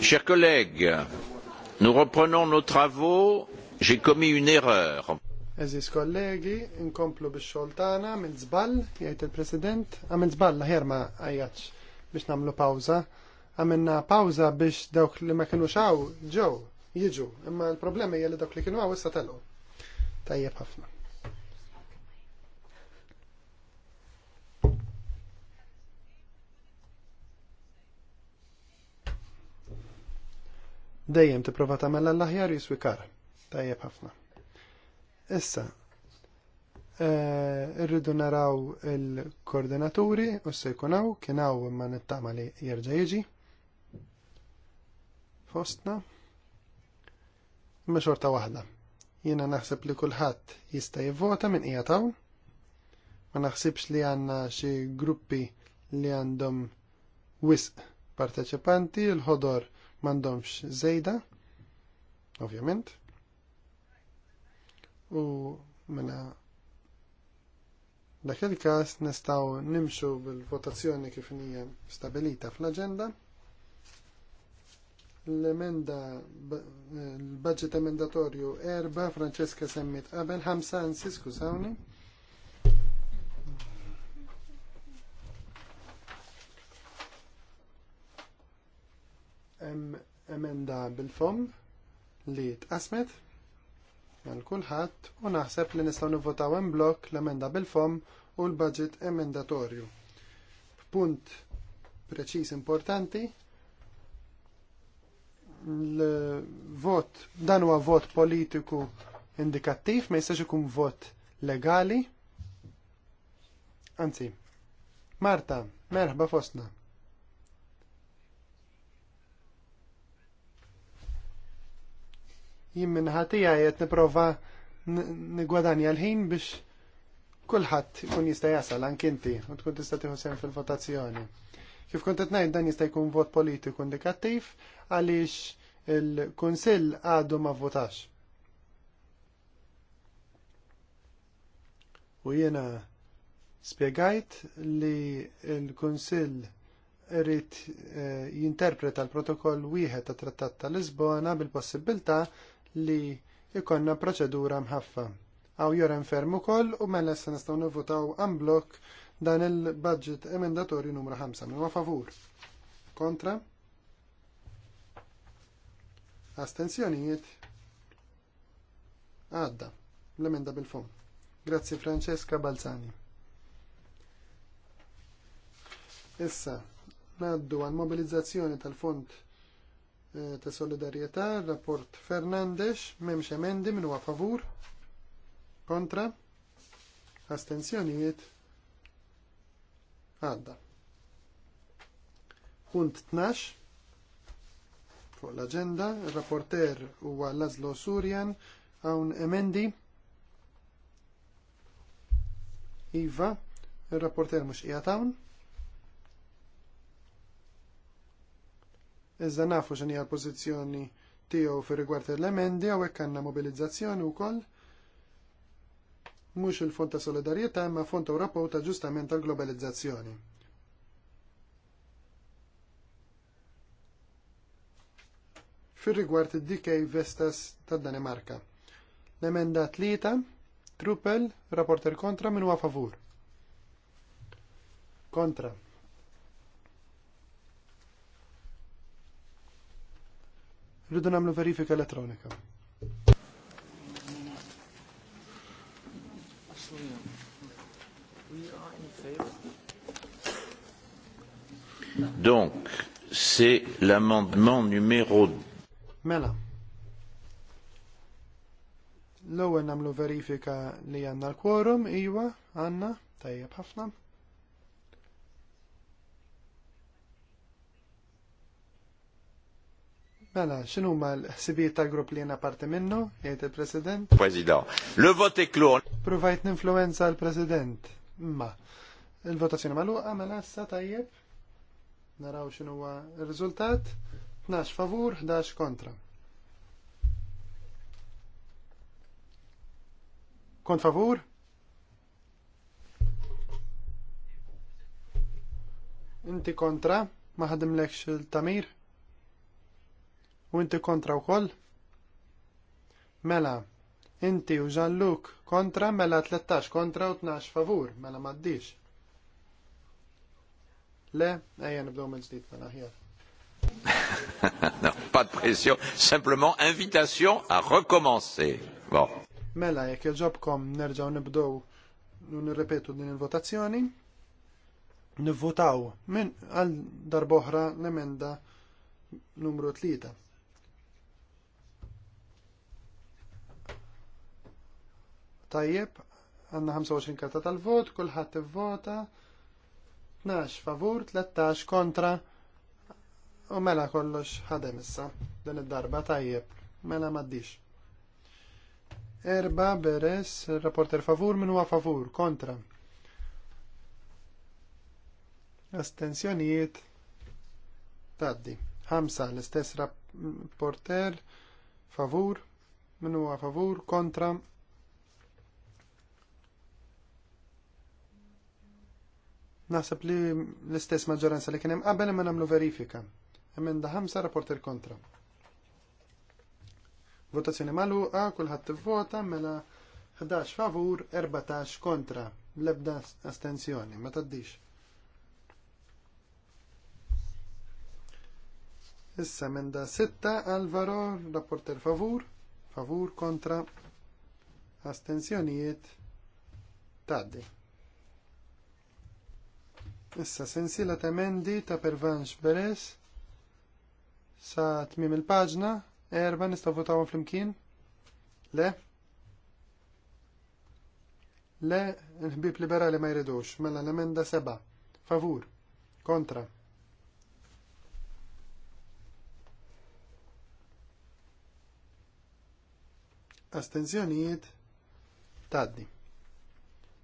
Chers collègues, nous reprenons nos travaux. J'ai commis une erreur. Eżis kollegi, inkomplu bix xoltana, mill zball, jgħajt il-president, għamil ah, zball, ħerma għajjaċ biex namlu pawza. Għamilna pawza biex dawk li ma kienu xaw, ġew, jiġu, imma l-problemi jgħalli dawk li kienu għaw, issa telu. Tajjeb ħafna. dejjem tipprova tagħmel l-aħjar jiswikar. Tajjeb ħafna. Issa, eh, irridu naraw il-koordinaturi u se jkun kien hawn imma nittama li jerġa' jiġi. Fostna. Imma xorta waħda. Jiena naħseb li kulħadd jista' jivvota minn qiegħed hawn. Ma naħsibx li għandna xi gruppi li għandhom wisq parteċipanti, l-ħodor m'għandhomx żejda, ovvjament. U mela dak il-każ nistgħu nimxu bil-votazzjoni kif hija stabilita fl-aġenda. L-emenda l-budget emendatorju erba' Franceska semmit qabel ħamsa ansi skużawni. emenda bil-fom li tqasmet għal kulħadd u naħseb li nistgħu nivvotaw hemm blok l-emenda bil-fom u l-budget emendatorju. Punt preċis importanti l-vot dan huwa vot politiku indikattiv ma jistax ikun vot legali. Anzi, Marta, merħba fostna. jien minnħatija qed nipprova nigwadanja l-ħin biex kulħadd ikun jista' jasal anke u tkun tista' tiħu sehem fil-votazzjoni. Kif kont t ngħid dan jista' jkun vot politiku indikattiv għaliex il-Kunsill għadu ma votax. U jiena spiegajt li l-Kunsill rrit eh, jinterpreta l-protokoll wieħed ta' trattat ta' Lisbona bil-possibilità li ikonna proċedura mħaffa. Għaw joren fermu kol u mela se nistaw nivutaw unblock dan il-budget emendatorju numru 5. Minu favur. Kontra. Astenzjonijiet. Għadda. L-emenda bil-fum. Grazzi Francesca Balzani. Issa, naddu għal mobilizzazzjoni tal-fond Eh, ta' solidarieta, rapport Fernandez, memx emendi minn huwa favur, kontra, astenzjonijiet, għadda. Punt 12, fuq l-agenda, rapporter huwa Lazlo Surjan, hawn emendi, Iva, il-rapporter mux qiegħed Iżda nafu x'inhi l-pożizzjoni tiegħu fi rigward l-emendi hawnhekk għandna mobilizzazzjoni koll. mhux il-Fond ta' Solidarjetà imma Fond Ewropew ta' Ġustament tal-Globalizzazzjoni. Fir-rigward id-DK Vestas tad Danimarka. L-emenda tlieta, Truppel, rapporter kontra minn huwa favur. Kontra. Rridu namlu verifika elettronika. Donc, c'est l'amendement numéro Mela. L-ewwel nagħmlu verifika li għandna l-quorum, iwa, għandna, tajjeb ħafna. Mela, xinu ma l-ħsibijiet tal-grupp li jena parti minnu, jgħid il-President? President, le vote klon. Provajt ninfluenza l-President. Ma, il-votazzjoni maluqa, mela, sa tajjeb. Naraw xinu huwa il-rizultat. 12 favur, 11 kontra. Kont favur? Inti kontra? Ma l-ekx il-tamir? U inti kontra wkoll? Mela, inti u Jean-Luc kontra mela 13 kontra u 12 favur, mela maddix. Le, ejja nibdew mill ġdid mela ħjar. *laughs* non, pas de pression, simplement invitation à recommencer. Bon. Mela, jekk il-ġobkom nerġaw nibdow u nirrepetu din il-votazzjoni, nivvotaw min għal darboħra l-emenda numru 3. Tajjeb, għanna 25 karta tal-vot, kullħat vota 12 favur, 13 kontra, u mela kollox ħadem issa, din id-darba tajjeb, mela maddix. Erba beres, rapporter favur, minn huwa favur, kontra. Astenzjonijiet, taddi. 5, l-istess rapporter, favur, minn huwa favur, kontra, Nasab li l-istess maġġoranza li kien hemm qabel imma nagħmlu verifika. Emenda ħamsa rapporter kontra Votazzjoni magħluqa, kulħadd tivvota mela 11 favur, 14 kontra, l-ebda astenzjoni, ma taddix. Issa menda 6 Alvaro, rapporter favur, favur kontra, astenzjonijiet, taddi. Issa sensila ta' emendi ta' pervanx beres sa' tmim il-paġna, erba nistaw votaw fl-imkien? Le? Le, l-ħbib liberali ma jridux, mela l-emenda seba, favur, kontra. Astenzjonijiet, taddi.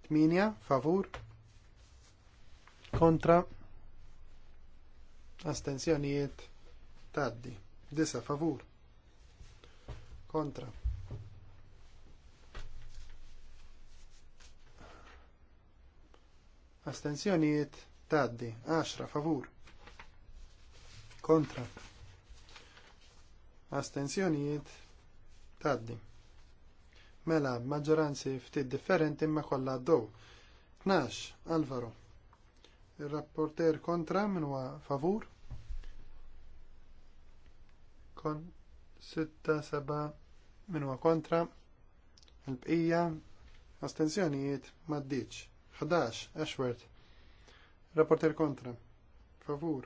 Tminja, favur, kontra astensjonijiet taddi disa favur kontra astensjonijiet taddi 10 favur kontra astensjonijiet taddi mela maġġoranzi ftit differenti ma kollha ddow 12 Alvaro Il-rapporter kontra minn huwa favur. Kon 6-7 minn huwa kontra. Il-bqija astensjonijiet maddiċ. 11 Ashworth. Rapporter kontra. Favur.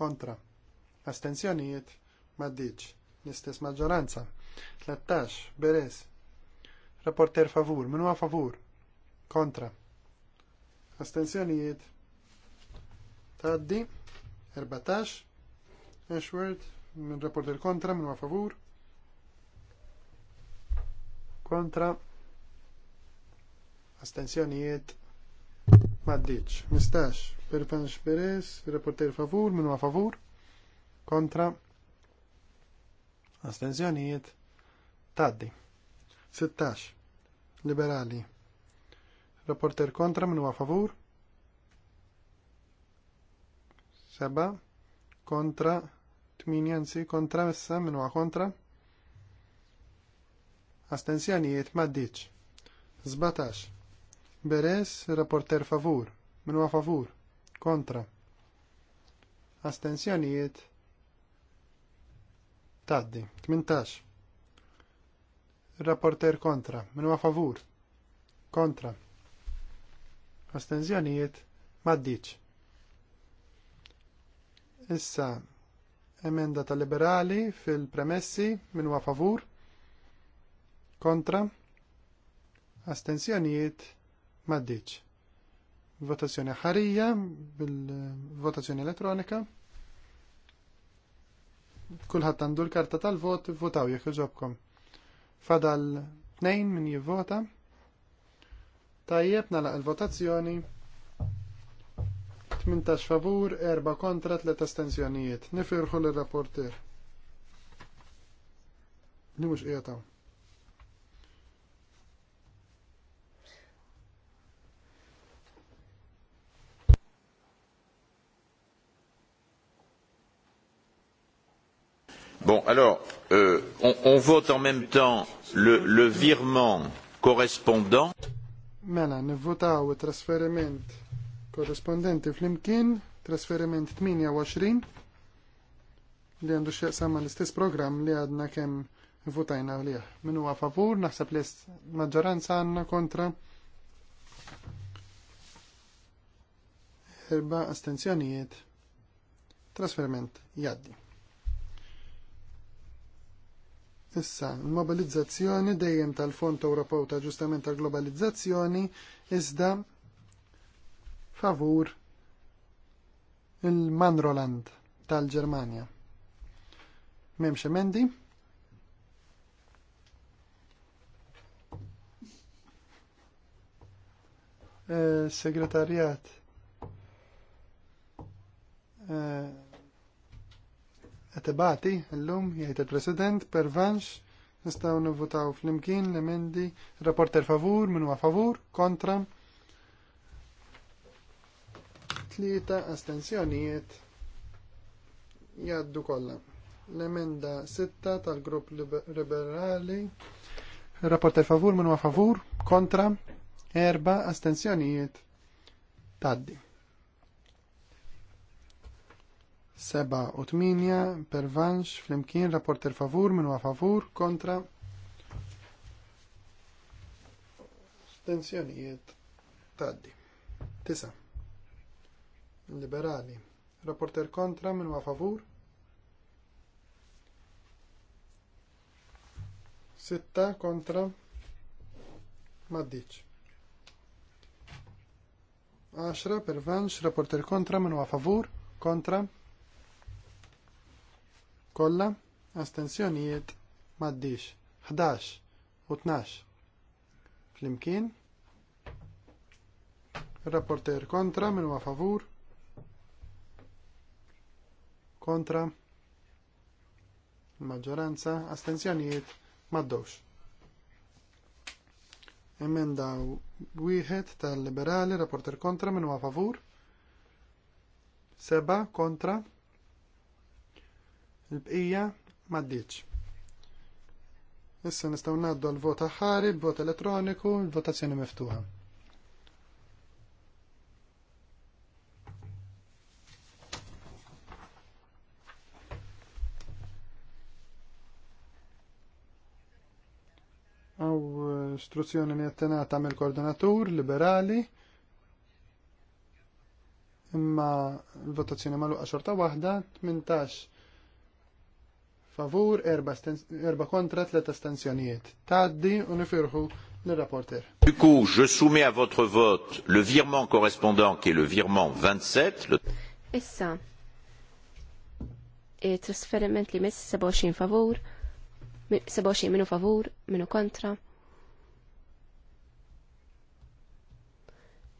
Kontra. Astenzjonijiet maddiċ. Nistess istess maġġoranza. 13 Beres. Rapporter favur. Minu favur. Kontra. Astenzjonijiet Taddi. 14. Ashworth. minn rapport il-kontra. minn ma favur. Kontra. Astenzjonijiet. Maddiċ. Mistax. Perpanx rapport il favur. minn ma favur. Kontra. Astenzjonijiet. Taddi. 16. Liberali. Rapporter kontra. Min ma favur. seba kontra 8 nsi kontra issa minn huwa kontra astensjonijiet m'għaddiċ. 17. Beres rapporter favur minn huwa favur kontra astensjonijiet taddi tmintax. Rapporter kontra minn huwa favur kontra Astenzjonijiet m'għaddiċ. Issa, emenda ta' liberali fil-premessi minn huwa favur, kontra, astensjonijiet maddiċ. Votazzjoni ħarija bil-votazzjoni elettronika. Kulħadd għandu l-karta tal-vot, votaw jekk iġobkom. Fadal tnejn min jivvota. Tajjeb nalaq il-votazzjoni. 18 favur, 4 kontra, 3 astenzjonijiet. Nifirħu l-rapporter. Nimux ijataw. Bon, alors, euh, on, on vote en même temps le, le virement correspondant. Mela, nivvotaw it-trasferiment korrespondenti flimkien trasferiment 28 li għandu xieqsam l-istess program li għadna kem votajna għah. Min huwa favur, naħseb li maġġoranza għanna kontra. Erba astenzjonijiet. Trasferiment jaddi. Issa, mobilizzazzjoni dejjem tal-Fond Ewropew ta' Ġustament tal-Globalizzazzjoni iżda favur il-Manroland tal-Germania. Memxie emendi? Eh, segretarjat eh, l-lum jgħid il-President per vanx nistaw nivvotaw fl-imkien l-emendi rapporter favur minua favur kontra tlieta astensjonijiet jaddu kollha. L-emenda 6 tal-grupp liberali. Rapporter favur minn favur, kontra, erba astensjonijiet taddi. Seba u tminja per vanx flimkien rapporter favur minn favur, kontra, astensjonijiet taddi. Tisa' liberali. Rapporter kontra minn ma favur. Sitta kontra maddiċ. 10 per vanx, rapporter kontra minn ma favur, kontra. Kolla, astensjonijiet maddiċ. 11 u 12. Flimkien. Rapporter kontra minn ma favur, kontra, maġġoranza, astenzjonijiet, maddowx. Emenda wieħed tal-liberali, rapporter kontra, min huwa favur. Seba kontra. Il-bqija maddiċ. Issa nistgħu ngħaddu l vot aħħari, vot elettroniku, votazzjoni miftuħa. istruzzjoni li jattenata mill koordinatur liberali imma l-votazzjoni magħluqa xorta wahda 18 favur 4 kontra 3 astensjonijiet. Taddi unifirħu l-rapporter. Du coup, je soumets à votre vote le virement correspondant qui est le virement 27. Le... Issa, trasferiment li mis 27 favur, 27 minu favur, minu kontra,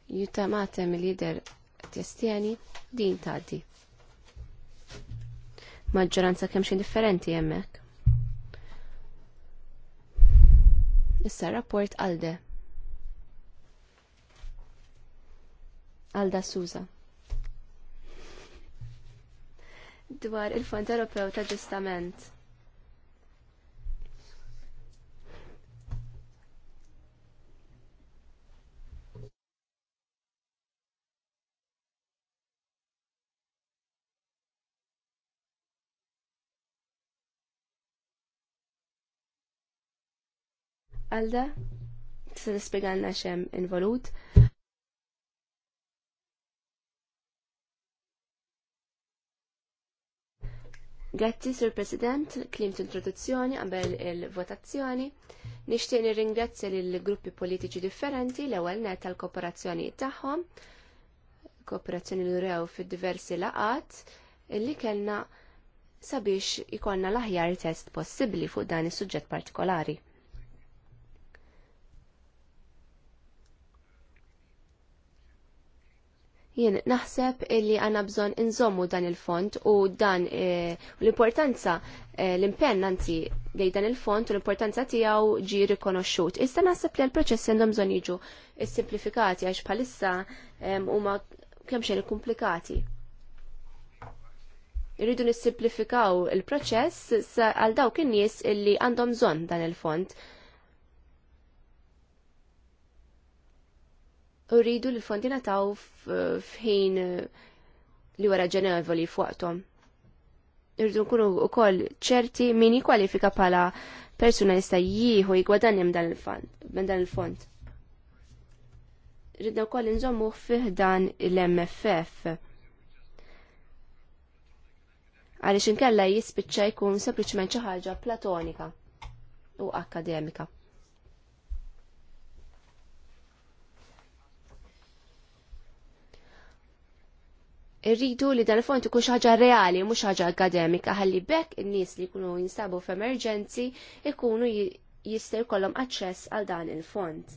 Jutta matem lider tjestjani din taddi. Maġġoranza kemm xi differenti hemmhekk. Issa rapport għalde. Alda Suza. Dwar il-Fond Ewropew ta' Ġustament Alda, tista' tispjegalna xem involut. Grazzi, Sur President, klim introduzzjoni qabel il-votazzjoni. Nixtieq nirringrazzja lill gruppi politiċi differenti l-ewwel net tal-kooperazzjoni tagħhom, kooperazzjoni l rew fid-diversi laqat illi kellna sabiex ikollna l-aħjar test possibbli fuq dan is-suġġett partikolari. Jien naħseb illi għanna bżon inżommu dan il-font u dan e, l-importanza e, l-impenn nanti lej dan il-font u l-importanza tiegħu ġi rikonoxxut. Issa naħseb li l proċess għandhom bżon jiġu simplifikati għax bħalissa e, huma kemm xejn komplikati irridu nissimplifikaw il-proċess għal dawk in-nies illi għandhom bżonn dan il-font u rridu li l-fondi nataw fħin eh, li wara ġenevoli fuqtom. Irridu nkunu u koll ċerti min kwalifika pala persuna jista jieħu jgwadanjem dan il-fond. Ridna u koll nżommu fiħdan l-MFF. Għalix inkella jispicċa jkun sempliċement xi ħaġa platonika u akademika. irridu li dan il-fond ikun ħaġa reali, mhux ħaġa akademika, ħalli bekk in-nies li jkunu jinsabu f'emerġenzi ikunu jista' jkollhom aċċess għal dan il-fond.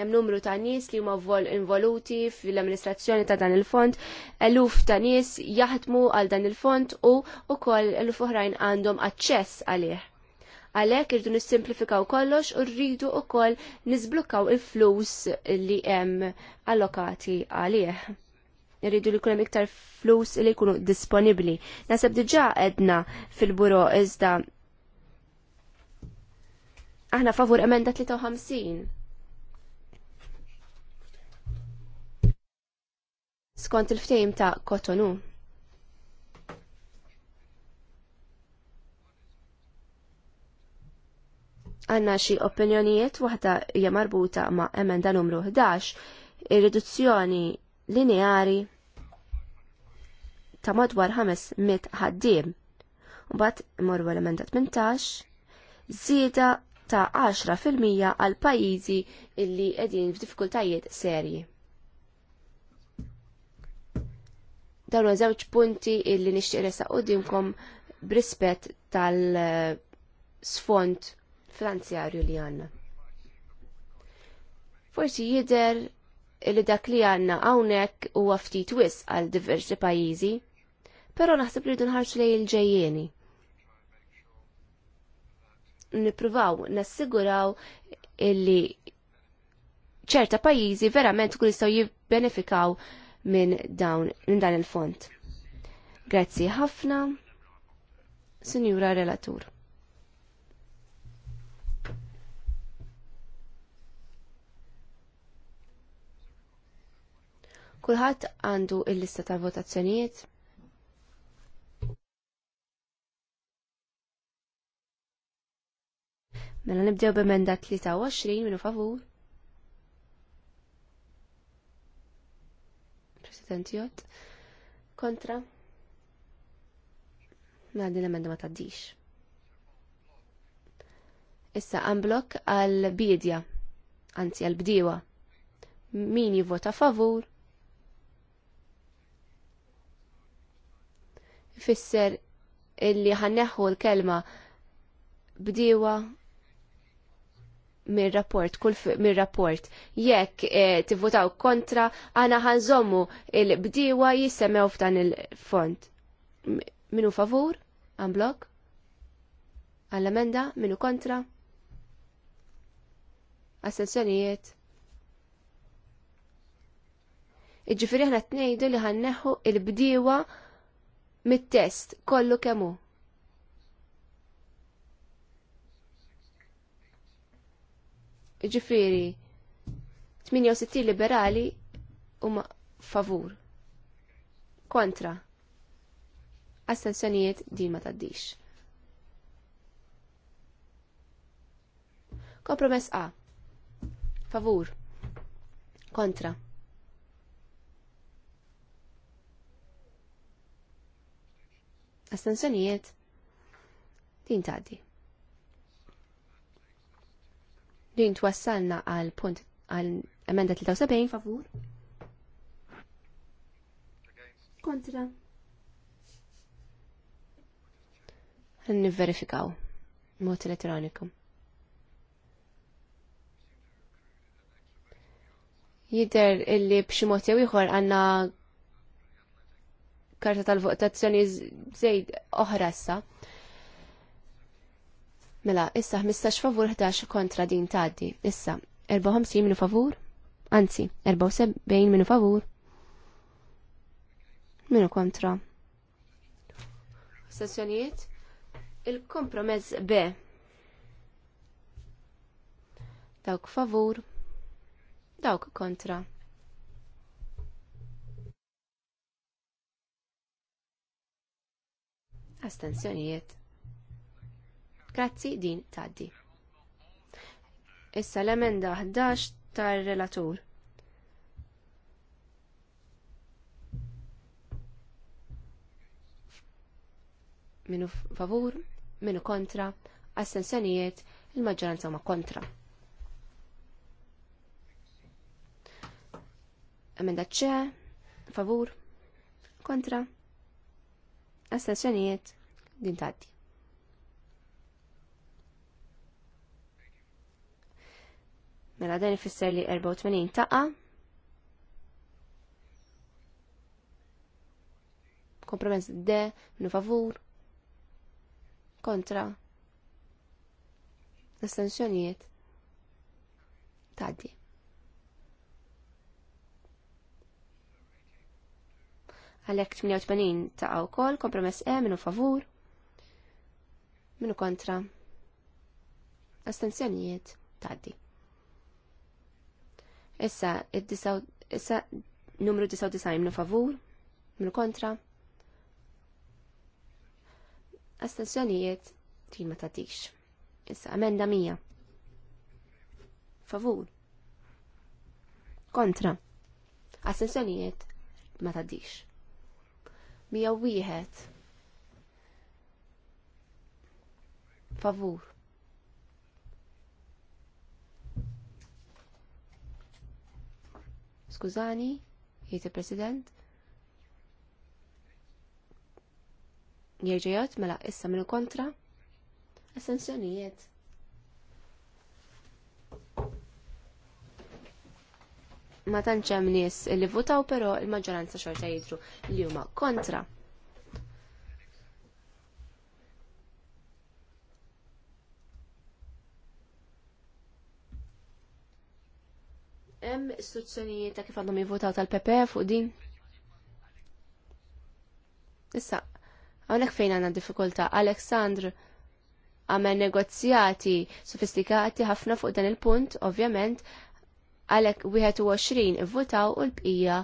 Hemm numru ta' nies li huma involuti fil-amministrazzjoni ta' dan il-fond, eluf ta' nies jaħdmu għal dan il-fond u wkoll eluf oħrajn għandhom aċċess għalih. Għalhekk irridu nissimplifikaw kollox u rridu wkoll niżblukkaw il-flus li hemm allokati għalih. Irridu li kunem iktar flus li jkunu disponibbli. Nasab diġà edna fil-buro iżda aħna favur emenda 53. Skont il-ftejm ta' Kotonu. għanna xi opinjonijiet waħda hija marbuta ma' emenda numru 11 ir-riduzzjoni lineari ta' madwar 500 ħaddiem. Mbagħad imorru l-emenda 18 żieda ta' 10% għal pajjiżi illi qegħdin f'diffikultajiet serji. Dawn żewġ punti illi nixtieq resaq qudiemkom b'rispett tal-sfond finanzjarju li għanna. Forsi jider li dak li għanna għawnek u għaftit wis għal diversi pajizi, pero naħseb li dunħarx li il-ġejjeni. Nipruvaw, nassiguraw illi ċerta pajizi verament kull jistgħu jibbenefikaw minn dawn minn dan il-font. Grazzi ħafna, Sinjura Relatur. Kulħadd għandu il-lista tal-votazzjonijiet. Mela nibdew b'emenda 23 minu favur. President Jot. Kontra. Mela din l-emenda ma taddix. Issa unblock għal bidja, anzi għal bdiewa. Min jivvota favur, fisser illi ħanneħu l-kelma bdiewa mir-rapport, kull mir-rapport. Jekk eh, tivvotaw kontra, għana ħanżommu il-bdiewa jissemew f'dan il-font. Minu favur? blok? l emenda Minu kontra? Assenzjonijiet? Iġifiri ħna t-nejdu li ħanneħu il-bdiewa mit-test kollu kemmu. Ġifiri, 68 liberali huma favur. Kontra. Astenzjonijiet din ma taddix. Kompromess A. Favur. Kontra. astensjonijiet din tgħaddi. Din twassalna għal punt għal emenda 73 favur. Kontra. Nivverifikaw mod elettroniku. Jider illi bximot mod jew ieħor għandna karta tal-votazzjoni zejd oħra issa. Mela, issa 15 favur 11 kontra din taddi. Issa, 54 minu favur? Anzi, 74 minu favur? Minu kontra? Sessjonijiet? Il-kompromess B. Dawk favur? Dawk kontra? astensjonijiet. Grazzi din taddi. Issa l-emenda 11 tar-relatur. Minu favur, minu kontra, astensjonijiet, il-maġġoranza ma kontra. Emenda ċe, favur, kontra, astensjonijiet, din tati. Mela dan ifisser li 84 taqa. Kompromess D minu favur. Kontra. Estensjonijiet. Taddi. Għalek 88 taqa u kol, kompromess E minu favur. Minu kontra? Astenzjonijiet taddi. Issa, issa numru 99 minu favur, minu kontra. Astenzjonijiet din ma taddix. Issa, amenda mija. Favur. Kontra. Astenzjonijiet ma taddix. Mija wieħed favur. Skużani, jgħid president Jerġajot mela issa minu kontra. Assenzjonijiet. Ma tantx hemm nies li votaw però il-maġġoranza xorta jidru li huma kontra. l-istituzzjonijiet ta' kif għandhom jivvotaw tal-PP e fuq din. Issa, għonek fejn għanna diffikulta. Aleksandr għamel negozjati sofistikati ħafna fuq dan il-punt, ovvjament, għalek 21 ivvotaw u l-bqija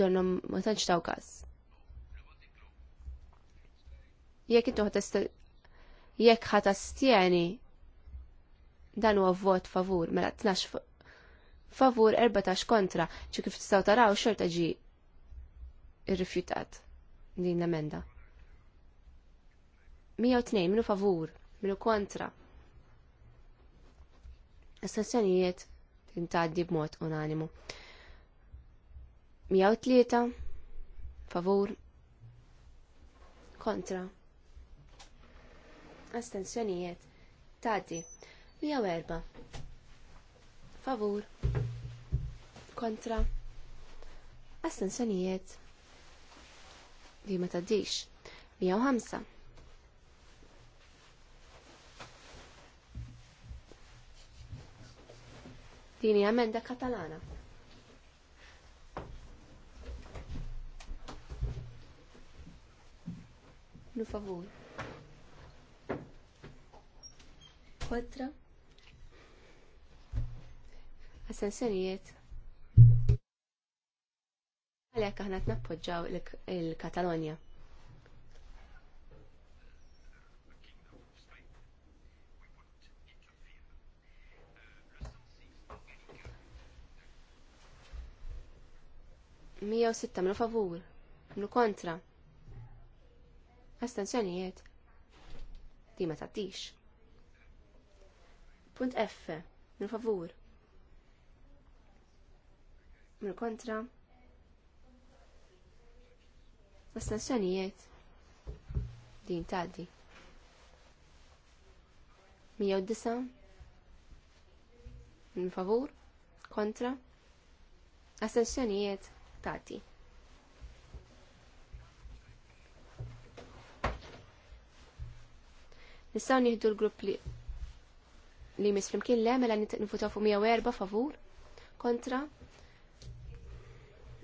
donnom ma tantx taw każ. Jekk intu jekk ħatastjeni dan huwa vot favur, mela 12 favur 14 kontra, ċi kif tistaw taraw xorta ġi irrifjutat din l-emenda. 102 minu favur, minu kontra. Estensjonijiet tintaddi b'mod unanimu. 103 favur kontra. Astensjonijiet taddi. 104. Favur. Kontra. Astensjonijiet. Li ma taddix. 105. Dini amenda katalana. Nu favur. Quattro. Assenzjonijiet. Għalhekk aħna nappoġġaw il-Katalonja. Mija u sitta mlu favur, mlu kontra. Astenzjonijiet. Di ma tattix. Punt F, mlu favur, mill-kontra. Astensjonijiet din tgħaddi. 109 min favur kontra astensjonijiet tati. Nistgħu nieħdu l-grupp li li misflim kien le mela nifutaw fuq 104 favur kontra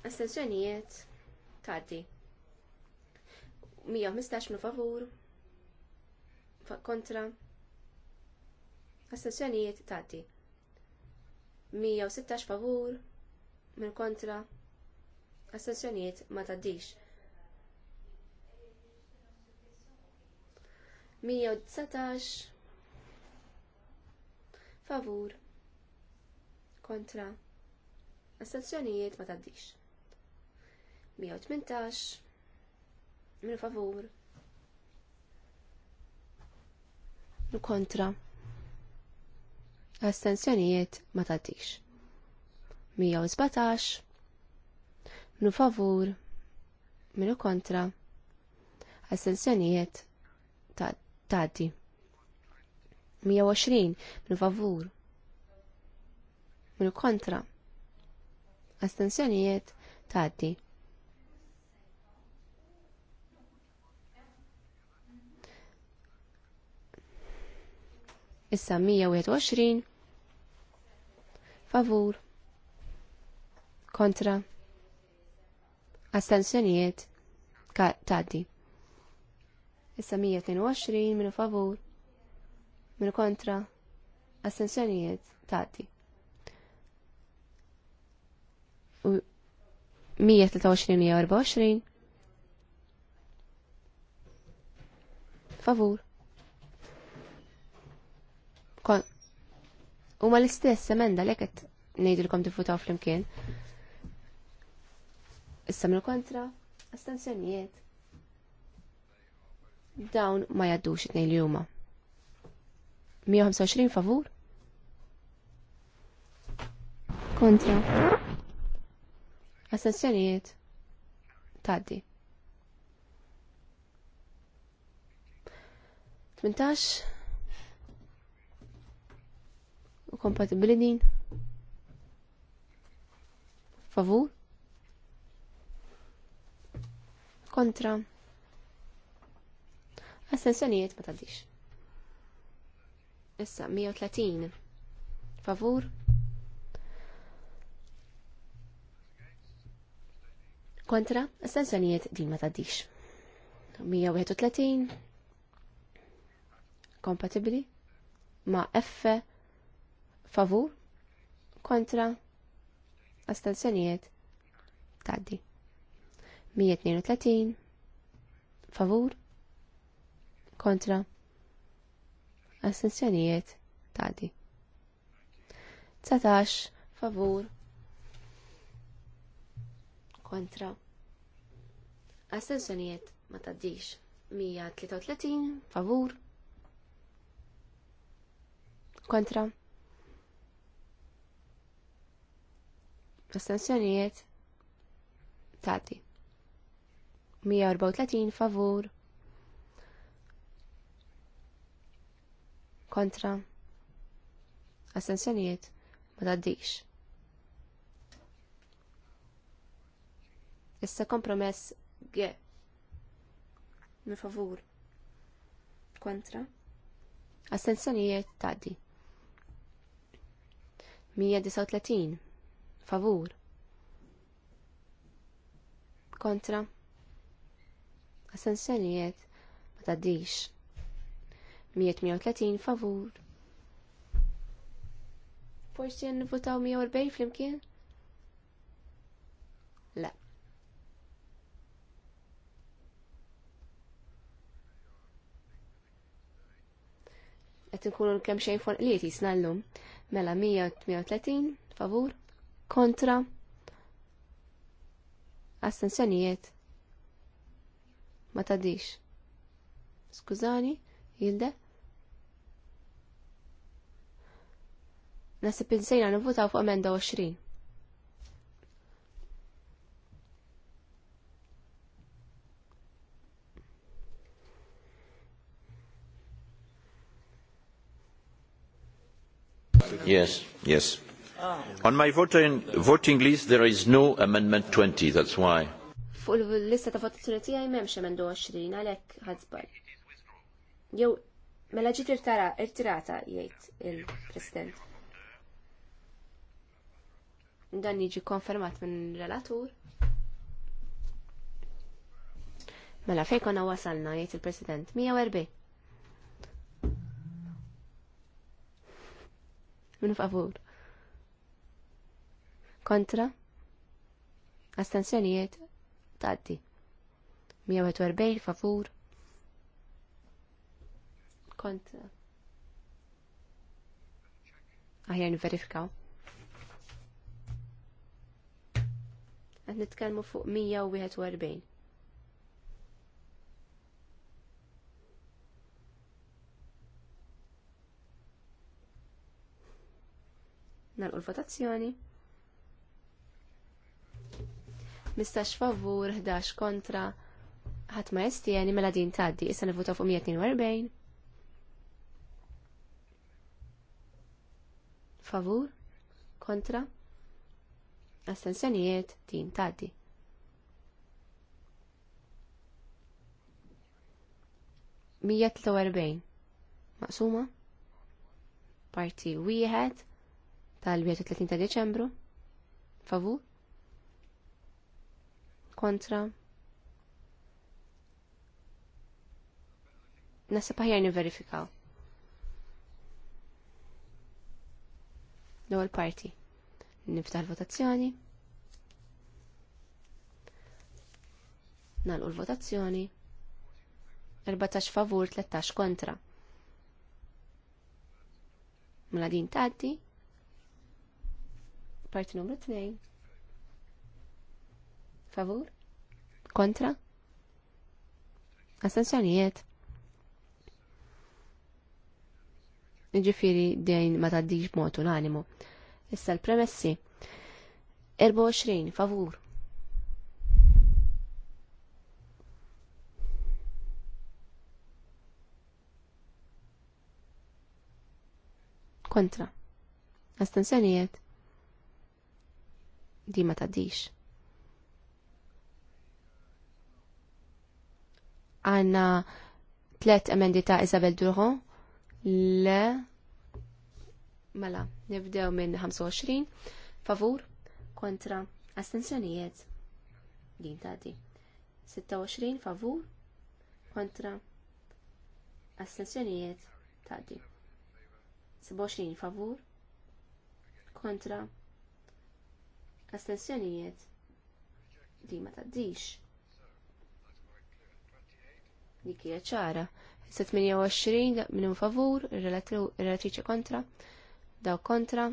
Astenzjonijiet tardi. 115 minn favur kontra Astenzjonijiet tardi. 116 favur minn kontra Astenzjonijiet ma taddix. 119 favur kontra Astenzjonijiet ma taddix. 118 minn favur kontra astensjonijiet ma tatix 117 Nu favur minn kontra astensjonijiet tati 120 minn favur minn kontra astensjonijiet tati issa 121 favur kontra astensjonijiet taddi. Issa 122 minu favur minu kontra astensjonijiet taddi. 123-124 favur U ma l-istess emenda li għet nejdilkom tifutaw fl-imkien. Issa kontra astensjonijiet. Dawn ma jaddux it-nej li juma. 125 favur? Kontra. Astensjonijiet. Taddi. 18 kompatibli din? Favur? Kontra? Assenzjonijiet ma tadix. Issa, 130. Favur? Kontra? Assenzjonijiet din ma tadix. 131. Kompatibli? ma' effe? favur, kontra, għastal senijiet, taddi. 132, favur, kontra, astensjonijiet, taddi. 19, favur, kontra, astensjonijiet, ma taddix. 133, favur, kontra, astensjonijiet tati 134 favur kontra astensjonijiet ma taddix issa kompromess g. mi favur kontra astensjonijiet tati 139 favur kontra assenzjonijiet ma taddix 130 favur forsi jen votaw 140 flimkien? Le. Qed nkunu kemm xejn fuq li jisna llum. Mela 130 favur kontra astensjonijiet ma tadix. Skużani, jilde? Nasib insejna nivutaw fuq emenda 20. Yes, yes. On my voting, voting list there is no amendment 20, that's why. Fuq il-lista ta' votazzjoni tiegħi m'hemmx emendu 20 għalhekk ħadżbar. Jew mela ġiet irtara irtirata jgħid il-President. Dan jiġi konfermat minn relatur. Mela fejn konna wasalna jgħid il-President 140. Minu favur kontra astensjonijiet taddi 140 favur kontra aħjar niverifikaw għad nitkellmu fuq 141 nalqu l-votazzjoni 15 favur, 11 kontra, ħadd ma jestieni mela din taddi issa nivvutaw fuq 142. Favur, kontra, astensjonijiet din tgħaddi. Mija erbejn maqsuma parti wieħed tal-31 ta' Deċembru favur kontra. Nasib ħajar niverifikaw. L-ewwel parti. Niftaħ l-votazzjoni. Nalqu l-votazzjoni. 14 favur, 13 kontra. Mela din tgħaddi. Parti numru 2. Favur? Kontra? Astenzjonijiet? Ġifiri dejn ma taddix l-animu. Issa l-premessi. 24 favur. Kontra. Astensjonijiet. Di ma taddix. għanna tlet emendi ta' Isabel Duron, le mela nibdew minn 25 favur kontra astensjonijiet din di 26 favur kontra astensjonijiet di 27 favur kontra astensjonijiet di ma taddix dik hija ċara. 28 minn favur, relatriċi kontra, daw kontra,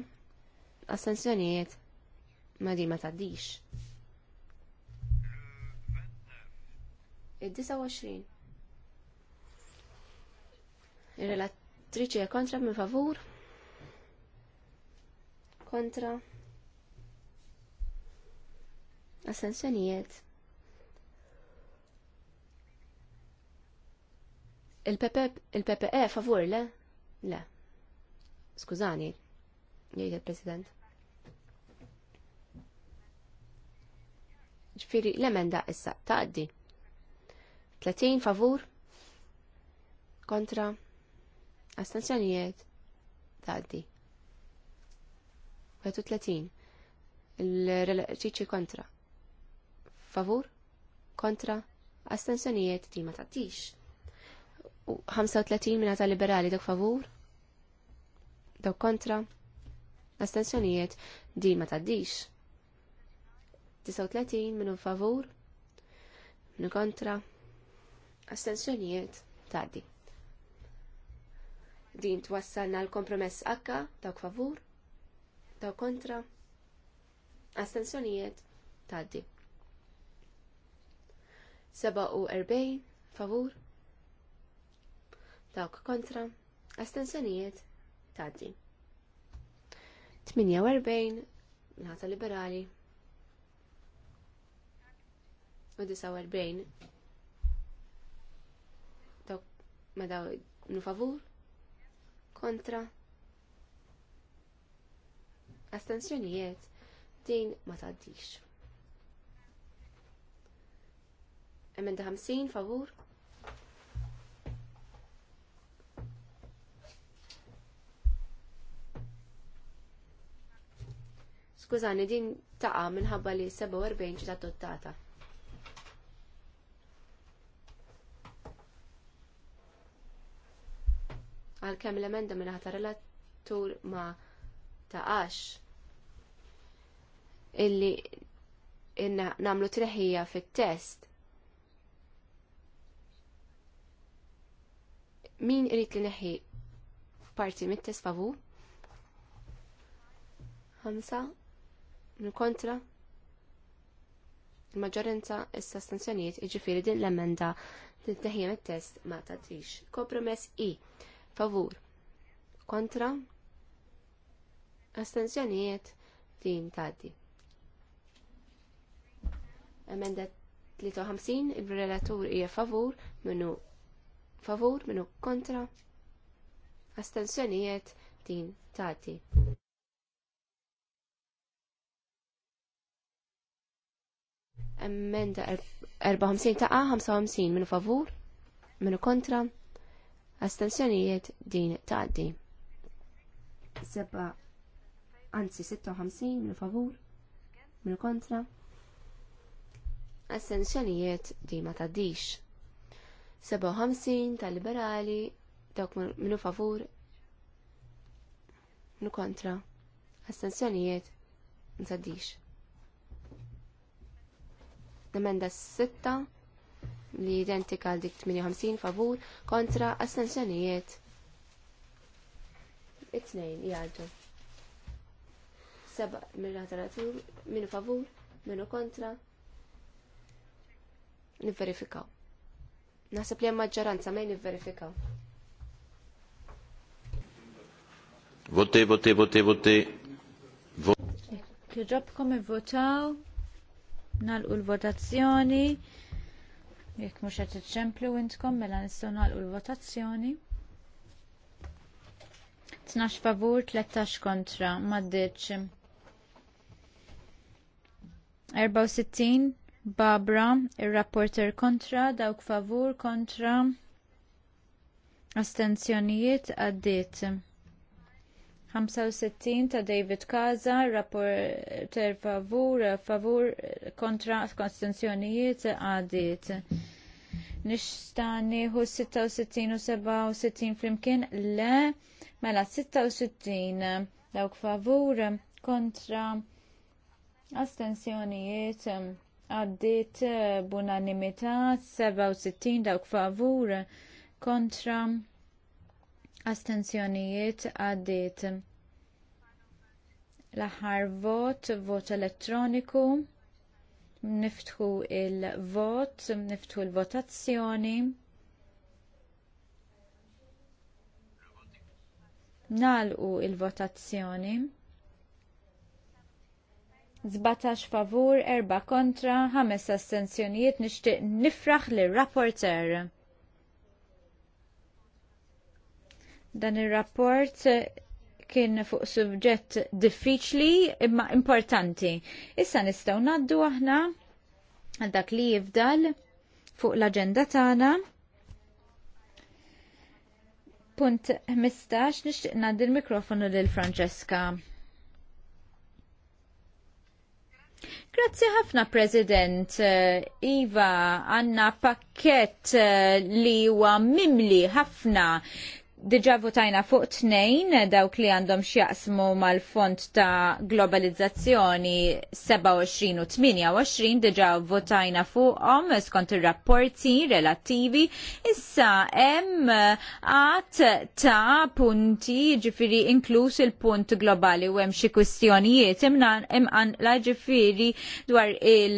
astensjonijiet ma di ma taddix. Id-29. Il-relatriċi kontra minn favur, kontra, astensjonijiet Il-PPE favur, le? Le. Skużani, jgħid il-President. Ġifiri, l-emenda issa, taqdi. 30 favur, kontra, astenzjonijiet, taqdi. 30 il-relaċiċi kontra, favur, kontra, astanzjonijiet ti ma taqdix. 35 minna ta' liberali dok favur, dak kontra, astensjonijiet din ma taddix. 39 minnu favur, minnu kontra, astensjonijiet taddi. Din twassalna l-kompromess akka dak favur, dak kontra, astensjonijiet taddi. 47 favur, dawk kontra, astensjonijiet taddi. 48 nata liberali u 49 dawk ma daw favur kontra astensjonijiet din ma taddix. Emenda 50 favur skużani din taqa minħabba li 47 ġiet adottata. Għalkemm l-emenda minn ħata relatur ma taqax illi inna namlu treħija fit-test. Min irrit li neħi parti mit-test favu? Hamsa, kontra il-maġġoranza issa stanzjonijiet iġifieri din l-emenda tinteħjem it-test ma tadix. Kompromess i. Favur. Kontra. Astenzjonijiet din tgħaddi. Emenda 53 il-relatur hija favur minnu favur minnu kontra. Astenzjonijiet din tgħaddi. Emenda 54 ta' 55 minu favur, minu kontra, astensjonijiet din ta' għaddi. Seba, anzi 56 minu favur, minu kontra, astensjonijiet din ma ta' Seba 57 ta' liberali, dok minu favur, minu kontra, astensjonijiet ma ta' Emenda 6 li identika għal dik 58 favur kontra astensjonijiet. It-tnejn jgħaddu. Seba mir-rataratur minu favur, minu kontra. Nivverifikaw. Naħseb li hemm maġġoranza ma nivverifikaw. Voti, voti, voti, voti. Kirrabkom e votaw Nalqu l-votazzjoni. Jekk mhux qed iċċemplu intkom mela nistgħu nalqu l-votazzjoni. 12 favur, 13 kontra, maddiċ. 64 Babra, ir-rapporter kontra, dawk favur kontra, astenzjonijiet għaddiet. 65 ta' David Kaza, rapporter favur, favur kontra konstenzjonijiet għadiet. Nishtani hu 66 u 67 flimkien le, mela 66 dawk favur kontra astensjonijiet għaddit b'unanimità 67 dawk favur kontra astenzjonijiet għaddiet. L-aħħar vot, vot elettroniku, niftħu il-vot, niftħu l votazzjoni Nalqu il-votazzjoni. 17 favur, 4 kontra, 5 astenzjonijiet nixtieq nifraħ lir rapporter Dan ir-rapport eh, kien fuq suġġett diffiċli imma importanti. Issa nistgħu ngħaddu aħna għal dak li jifdal fuq l-aġenda tagħna. Punt 15 nixtieq ngħaddi l-mikrofonu lil Franceska. Grazzi ħafna, President. Eh, iva, għanna pakket eh, li huwa mimli ħafna Diġa votajna fuq tnejn dawk li għandhom xjaqsmu mal-fond ta' globalizzazzjoni 27 u 28 diġa votajna fuqhom skont ir-rapporti relattivi issa hemm għat ta' punti ġifiri inkluż il-punt globali u hemm xi kwistjonijiet la ġifiri dwar il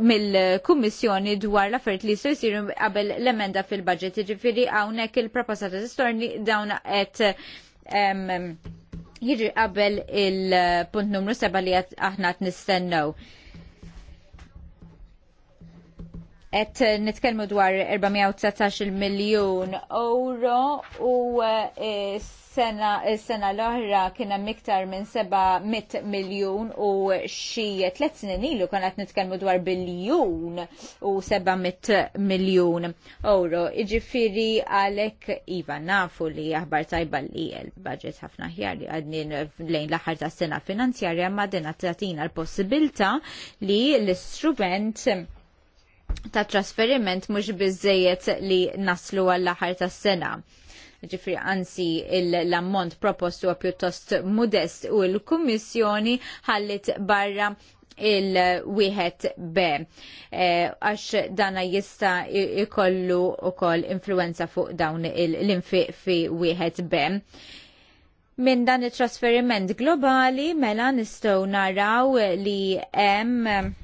mill-Kummissjoni dwar l-affarijiet li jsiru qabel l-emenda fil-budget ġifiri hawnhekk il-proposta ta' il dawn qed jirri qabel il-punt numru 7 li aħna t-nistennow. et nitkelmu dwar 413 miljon euro u e, sena, e, sena l-oħra hemm miktar minn 700 miljon u xie tlet snin ilu qed nitkelmu dwar biljun u 700 miljon euro. Iġifiri għalek Iva nafu li aħbar tajba li l-budget ħafna ħjar li għadni lejn l aħħar ta' sena finanzjarja ma' dena tatina l-possibilta li l-istrument ta' trasferiment mhux biżejjed li naslu għall-aħar tas-sena. Ġifri għansi l-ammont propost huwa pjuttost modest u l-Kummissjoni ħallit barra il-wieħed B eh, għax dana jista ikollu u koll influenza fuq dawn l-infiq fi wieħed B. Minn dan it trasferiment globali mela nistgħu naraw li hemm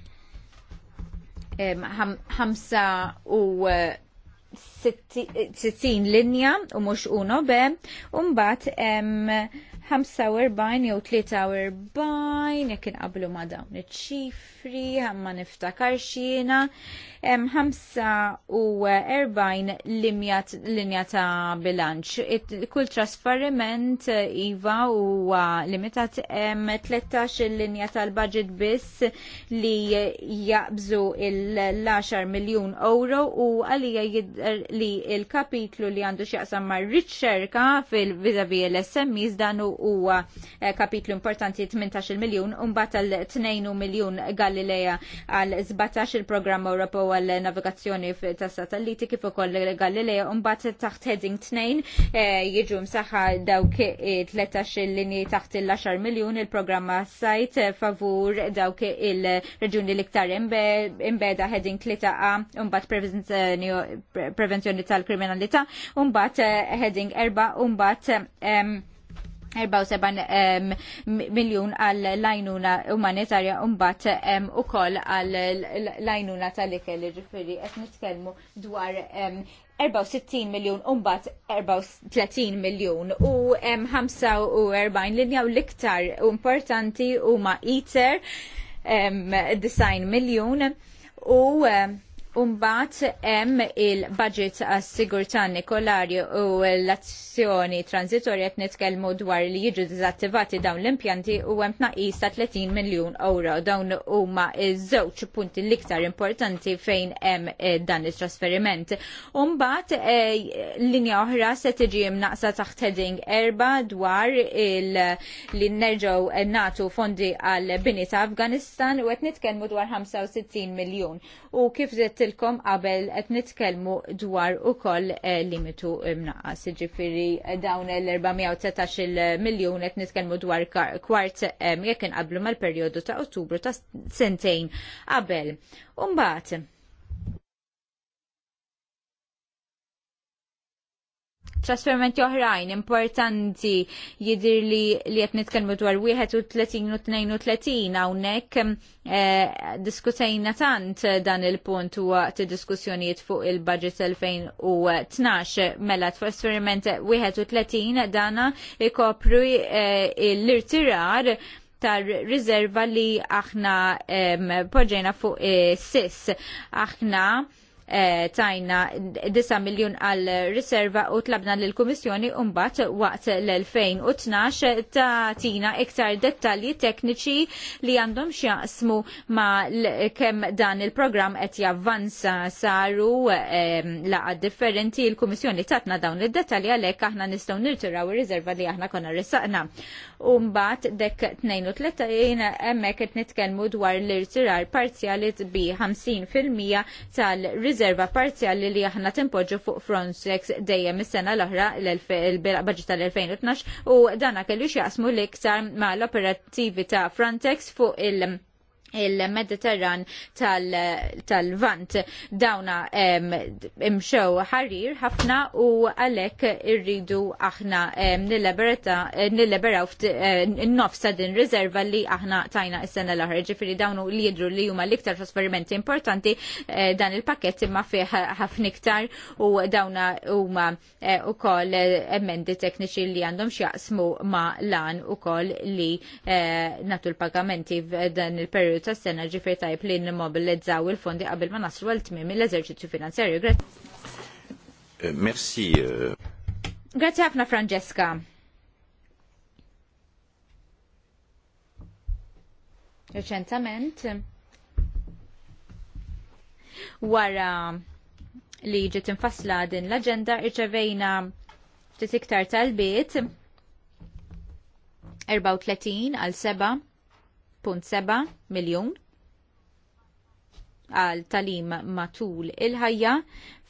ħamsa u 60 eh, eh, linja u mhux uno be, u mbagħad 45 jew 43 jekk inqablu ma' dawn iċ-ċifri ma niftakar xina 45 limjat linja ta' bilanċ. Kull trasferiment iva huwa limitat 13 linja tal-budget biss li jaqbżu il-10 miljun euro u għalija jidder li l kapitlu li għandu x'jaqsam mar riċerka fil-vizavi l-SMIs danu huwa eh, kapitlu importanti 18 miljun u mbagħad għal 2 miljun Galilea għal 17 il-programm Ewropew għal navigazzjoni tas satelliti kif ukoll Galilea u mbagħad taħt heading 2 eh, jiġu msaħħa dawk 13 linji taħt il-10 miljun il-programm sajt eh, favur dawk il-reġuni l-iktar imbeda heading 3A u prevenzjoni tal-kriminalità u heading 4 u mbagħad 74 miljon għal lajnuna umanitarja umbat u koll għal lajnuna tal-ikel ġifiri għet nitkelmu dwar 64 miljon umbat 34 miljon u 45 linja u liktar u importanti u ma' ITER 9 miljon u Umbat hemm il-budget għas sigurtà nikolari u l-azzjoni transitorja qed nitkellmu dwar li jiġu diżattivati dawn l-impjanti u hemm tnaqqis ta' 30 miljun euro. Dawn huma ż-żewġ punti l-iktar importanti fejn hemm eh, dan it-trasferiment. Umbat eh, linja oħra se tiġi mnaqsa taħt heading erba dwar li nerġgħu natu fondi għal bini ta' Afganistan u qed nitkellmu dwar 65 miljun. U kif Tilkom qabel qed nitkellmu dwar ukoll eh, limitu imnaqqas. Ġifieri eh, dawn l-413 miljun qed nitkellmu dwar kwart eh, jekk inqablu mal-perjodu ta' Ottubru ta' sentejn qabel. Umbagħad trasferimenti oħrajn importanti jidir li li qed nitkellmu dwar 31 u 32 hawnhekk eh, diskutejna tant dan il-punt u id-diskussjonijiet fuq il-budget 2012 mela trasferiment 31 dana ikopru eh, l-irtirar tar riserva li aħna poġġejna fuq eh, sis aħna Eh, tajna 9 miljon għal riserva u tlabna l-Komissjoni umbat waqt l-2012 ta' tina iktar dettalji tekniċi li għandhom xjaqsmu ma' kem dan il-program qed javvanza saru laqad differenti l-Komissjoni tatna dawn id-dettalji għalhekk aħna nistgħu nirtiraw ir-riserva li aħna konna ressaqna. Umbat dek 32 hemmhekk qed nitkellmu dwar l-irtirar parzjali bi 50% tal-riserva rizerva parzjali li aħna timpoġġu fuq Frontex dejjem is-sena l-oħra l-budget tal-2012 u dan kellu x'jaqsmu l-iktar ma l-operattivi ta' Frontex fuq il- il-Mediterran tal-Vant dawna imxew ħarir ħafna u għalek irridu aħna eh, nilliberaw eh, n-nofsa din riserva li aħna tajna is-sena l-aħħar. Ġifieri dawnu li jidru li huma l-iktar trasferimenti importanti eh, dan il-pakket imma fih ħafna iktar u dawna huma kol emendi tekniċi li għandhom x'jaqsmu ma' lan ukoll li natu l-pagamenti f'dan il-periodu fil-bidu tas sena ġifir tajb li nimmobilizzaw il-fondi qabel ma naslu għal tmiem l-eżerċizzju finanzjarju. Eh, merci. Eh. Grazie ħafna Francesca. reċentament wara li ġiet infasla din l-agenda irċevejna ftit iktar tal-bit 34 għal 7 7 miljun għal talim matul il-ħajja,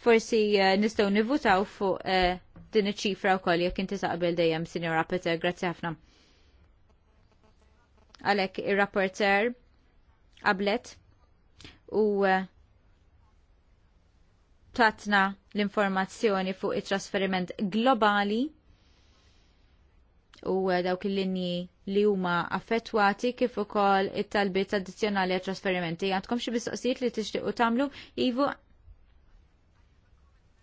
forsi eh, nistgħu nivutaw fuq eh, din iċ-ċifra wkoll jekk inti saqbel dejjem Sinjora Peter, grazzi ħafna. Għalhekk ir-rapporter qablet u eh, tatna l-informazzjoni fuq it-trasferiment globali u eh, dawk il-linji li huma affettwati kif ukoll it-talbiet addizzjonali għat trasferimenti. Għandkom xi mistoqsijiet li tixtiequ tagħmlu ivu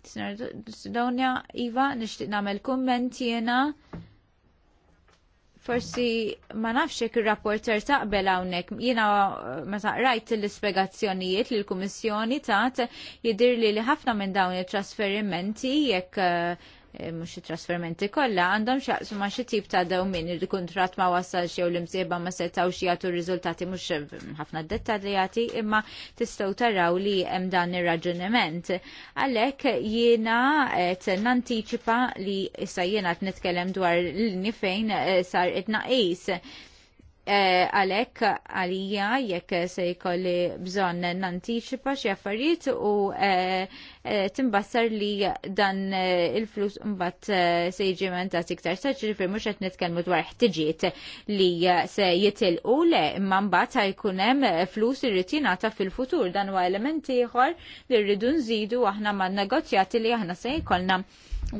Sidonia Iva, nixtieq nagħmel kumment jiena. Forsi ma nafx jekk ir-rapporter taqbel hawnhekk. Jiena eh, meta rajt l-ispjegazzjonijiet li l-Kummissjoni tat jidhirli li ħafna minn dawn it-trasferimenti jekk eh, Eh, mux trasfermenti kolla, għandhom xaqsu ma xie tip ta' dawmin, il-kontrat ma wasal xie u l-imsieba ma setaw xie għatu rizultati mux eh, ħafna dettaljati, imma tistaw taraw li hemm dan ir-raġuniment. Għalek jiena t nantiċipa li issa jiena t-nitkellem dwar l-nifejn eh, sar itnaqis Eh, għalek għalija jekk se jkolli bżon nantiċipa xi affarijiet u eh, eh, timbassar li dan il-flus mbatt se jiġi mentat iktar se ġifieri mhux qed nitkellmu dwar ħtiġiet li se jitilqu le imma mbagħad ħajkun hemm flus irrid jingħata fil-futur dan huwa elementi ieħor li rridu nżidu aħna man negozjati li aħna se jkollna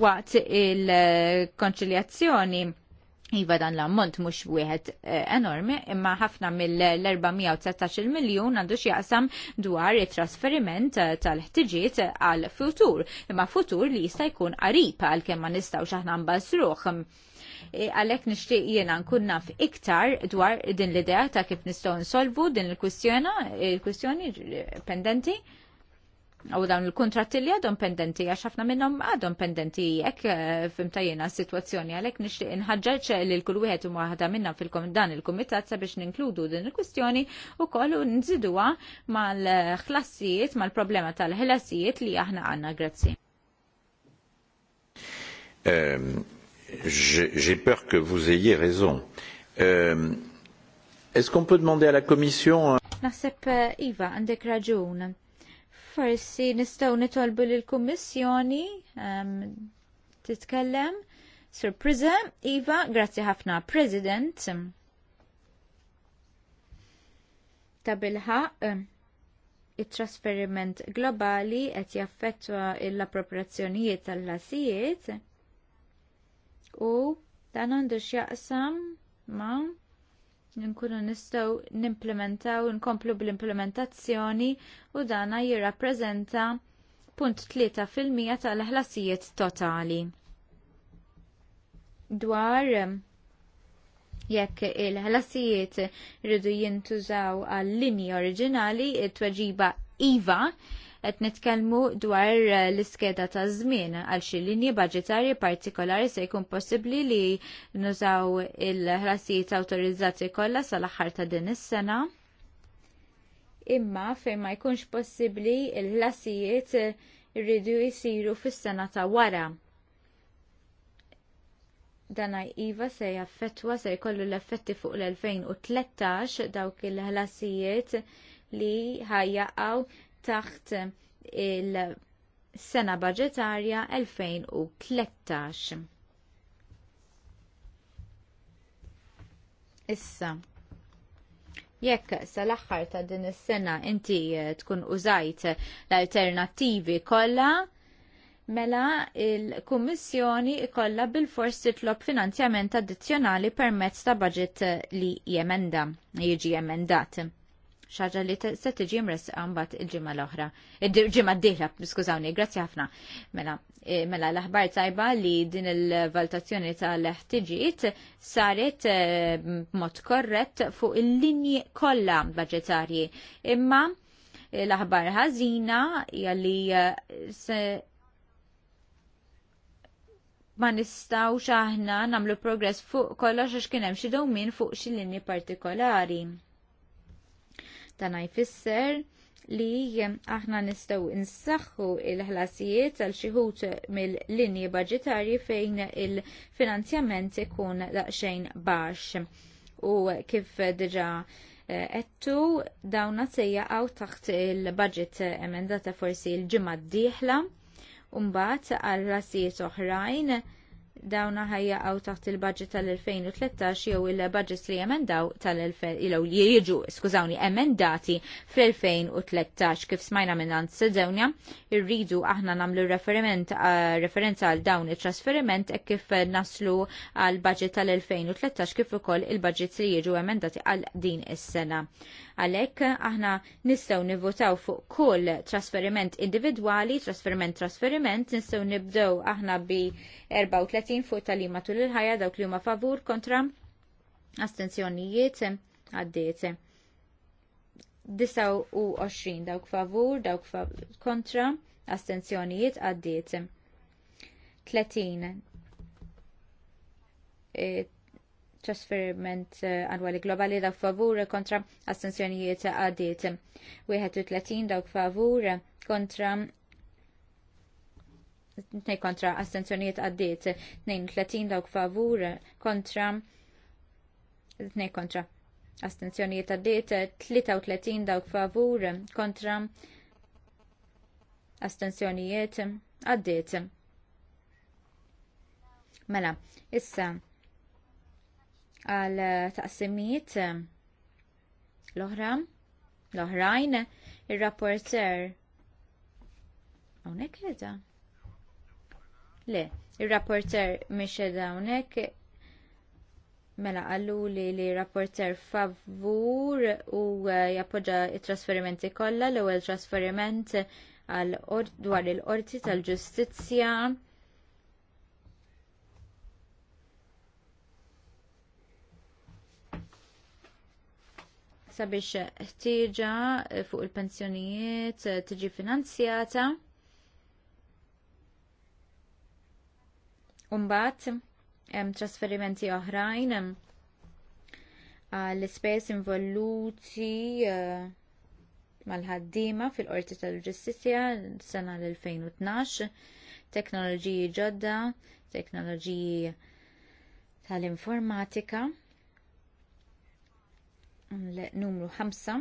waqt il-konċiljazzjoni Iva dan l-ammont mux wieħed eh, enormi, imma ħafna mill-413 miljon għandu xjaqsam dwar it-trasferiment eh, tal-ħtiġiet għal futur, imma futur li jista' jkun qarib għal kemm ma nistgħu xaħna nbażruh. Eh, Għalek nishtiq jiena nkun naf iktar dwar din l-idea ta' kif nistgħu nsolvu din il-kwistjoni pendenti. U dawn il kontrat li għadhom pendenti, għax ħafna minnhom għadhom pendenti jekk eh, fimtajjena s-sitwazzjoni għalhekk nixtieq inħaġġeġ li l-kull wieħed u waħda minnhom fil-dan il-kumitat sabiex ninkludu din il-kwistjoni ukoll u nżiduha mal-ħlassijiet, mal-problema tal-ħlasijiet li aħna għandna grazzi. Ehm, j'ai peur que vous ayez raison. Ehm, est-ce qu'on peut demander à la Commission euh, Naħseb eh, Iva, għandek raġun forsi nistgħu nitolbu lill kummissjoni ehm, titkellem. Surpriza, Iva, grazzi ħafna, President. Tabilħa, il ehm, it-trasferiment globali qed jaffettwa l-appropriazzjonijiet tal-lasijiet u dan għandu x'jaqsam ma' nkunu nistgħu nimplementaw, nkomplu bl-implementazzjoni u dana jirrappreżenta punt tlieta fil-mija tal-ħlasijiet totali. Dwar jekk il-ħlasijiet rridu jintużaw għal linji oriġinali, it-tweġiba IVA, qed nitkellmu dwar eh, l-iskeda ta' żmien għal xi linji budgetarji partikolari se jkun possibbli li nużaw il-ħlasijiet awtorizzati kollha sal-aħħar ta' din is-sena. Imma fejn ma jkunx possibbli il-ħlasijiet eh, irridu jsiru fis-sena ta' wara dana IVA se jaffettwa se jkollu l-effetti fuq l-2013 dawk il-ħlasijiet li ħajjaqgħu taħt il-sena budgetarja 2013. Issa, jekk sal-axħar ta' din is-sena inti eh, tkun użajt l-alternattivi kollha, mela il-Kummissjoni ikollha bil-fors titlob finanzjament addizzjonali permezz ta' budget li jemenda, jiġi emendat xaġa li se tiġi mresqa mbagħad il-ġimgħa l-oħra. Il-ġimgħa d-dieħla, skużawni, grazzi ħafna. Mela, e, mela l-aħbar tajba li din il-valutazzjoni tal-ħtiġijiet saret e, b'mod korrett fuq il-linji kollha budġetarji. Imma e, l-aħbar ħażina jalli se ma nistaw aħna nagħmlu progress fuq kollox għax kien hemm xi dewmien fuq xi linji partikolari. Tana jfisser li aħna nistgħu insaħħu il-ħlasijiet għal xi ħut mill-linji baġitarji fejn il-finanzjament ikun daqsxejn baxx. U kif diġà qedtu eh, dawn għaw taħt il-budget emendata forsi l-ġimgħa d-dieħla u mbagħad għal ħlasijiet oħrajn dawna għaw taħt il-budget tal-2013 jew il-budgets li emendaw tal-2000 li jiġu, skużawni, emendati fl-2013 kif smajna minnant Sedewnja, irridu aħna namlu referenza għal dawn il-trasferiment e kif naslu għal budget tal-2013 kif ukoll il-budgets li jiġu emendati għal din is-sena. Għalhekk aħna nistgħu nivvotaw fuq kull trasferiment individwali, trasferiment trasferiment, nistgħu nibdew aħna bi 34 fuq tal tul il-ħajja dawk li huma favur kontra astenzjonijiet għaddiet. 29 dawk favur, dawk favur, kontra, astenzjonijiet għaddiet. 30 trasferiment eh, annwali globali dawk favur eh, kontra astensjonijiet eh, għadiet. 31 dawk favur kontra nej kontra astensjonijiet għaddiet, tletin dawk favur kontra nej kontra astensjonijiet għaddiet, 33 dawk favur kontra astensjonijiet għaddiet. Mela, issa għal eh, taqsimiet eh, l-oħra, l-oħrajn, il-rapporter. hawnhekk jeda? Le, il-rapporter miex jeda għonek, mela għallu li li rapporter favur u eh, jappoġġa il-trasferimenti kollha l-ewwel trasferiment għal dwar il-qorti tal-ġustizzja sabiex ħtieġa fuq il-pensjonijiet tiġi finanzjata. Umbat, hemm trasferimenti oħrajn għall-ispejs ah, involuti ah, mal-ħaddiema fil-qorti tal-ġustizja sena l-2012, teknoloġiji ġodda, teknoloġiji tal-informatika numru 5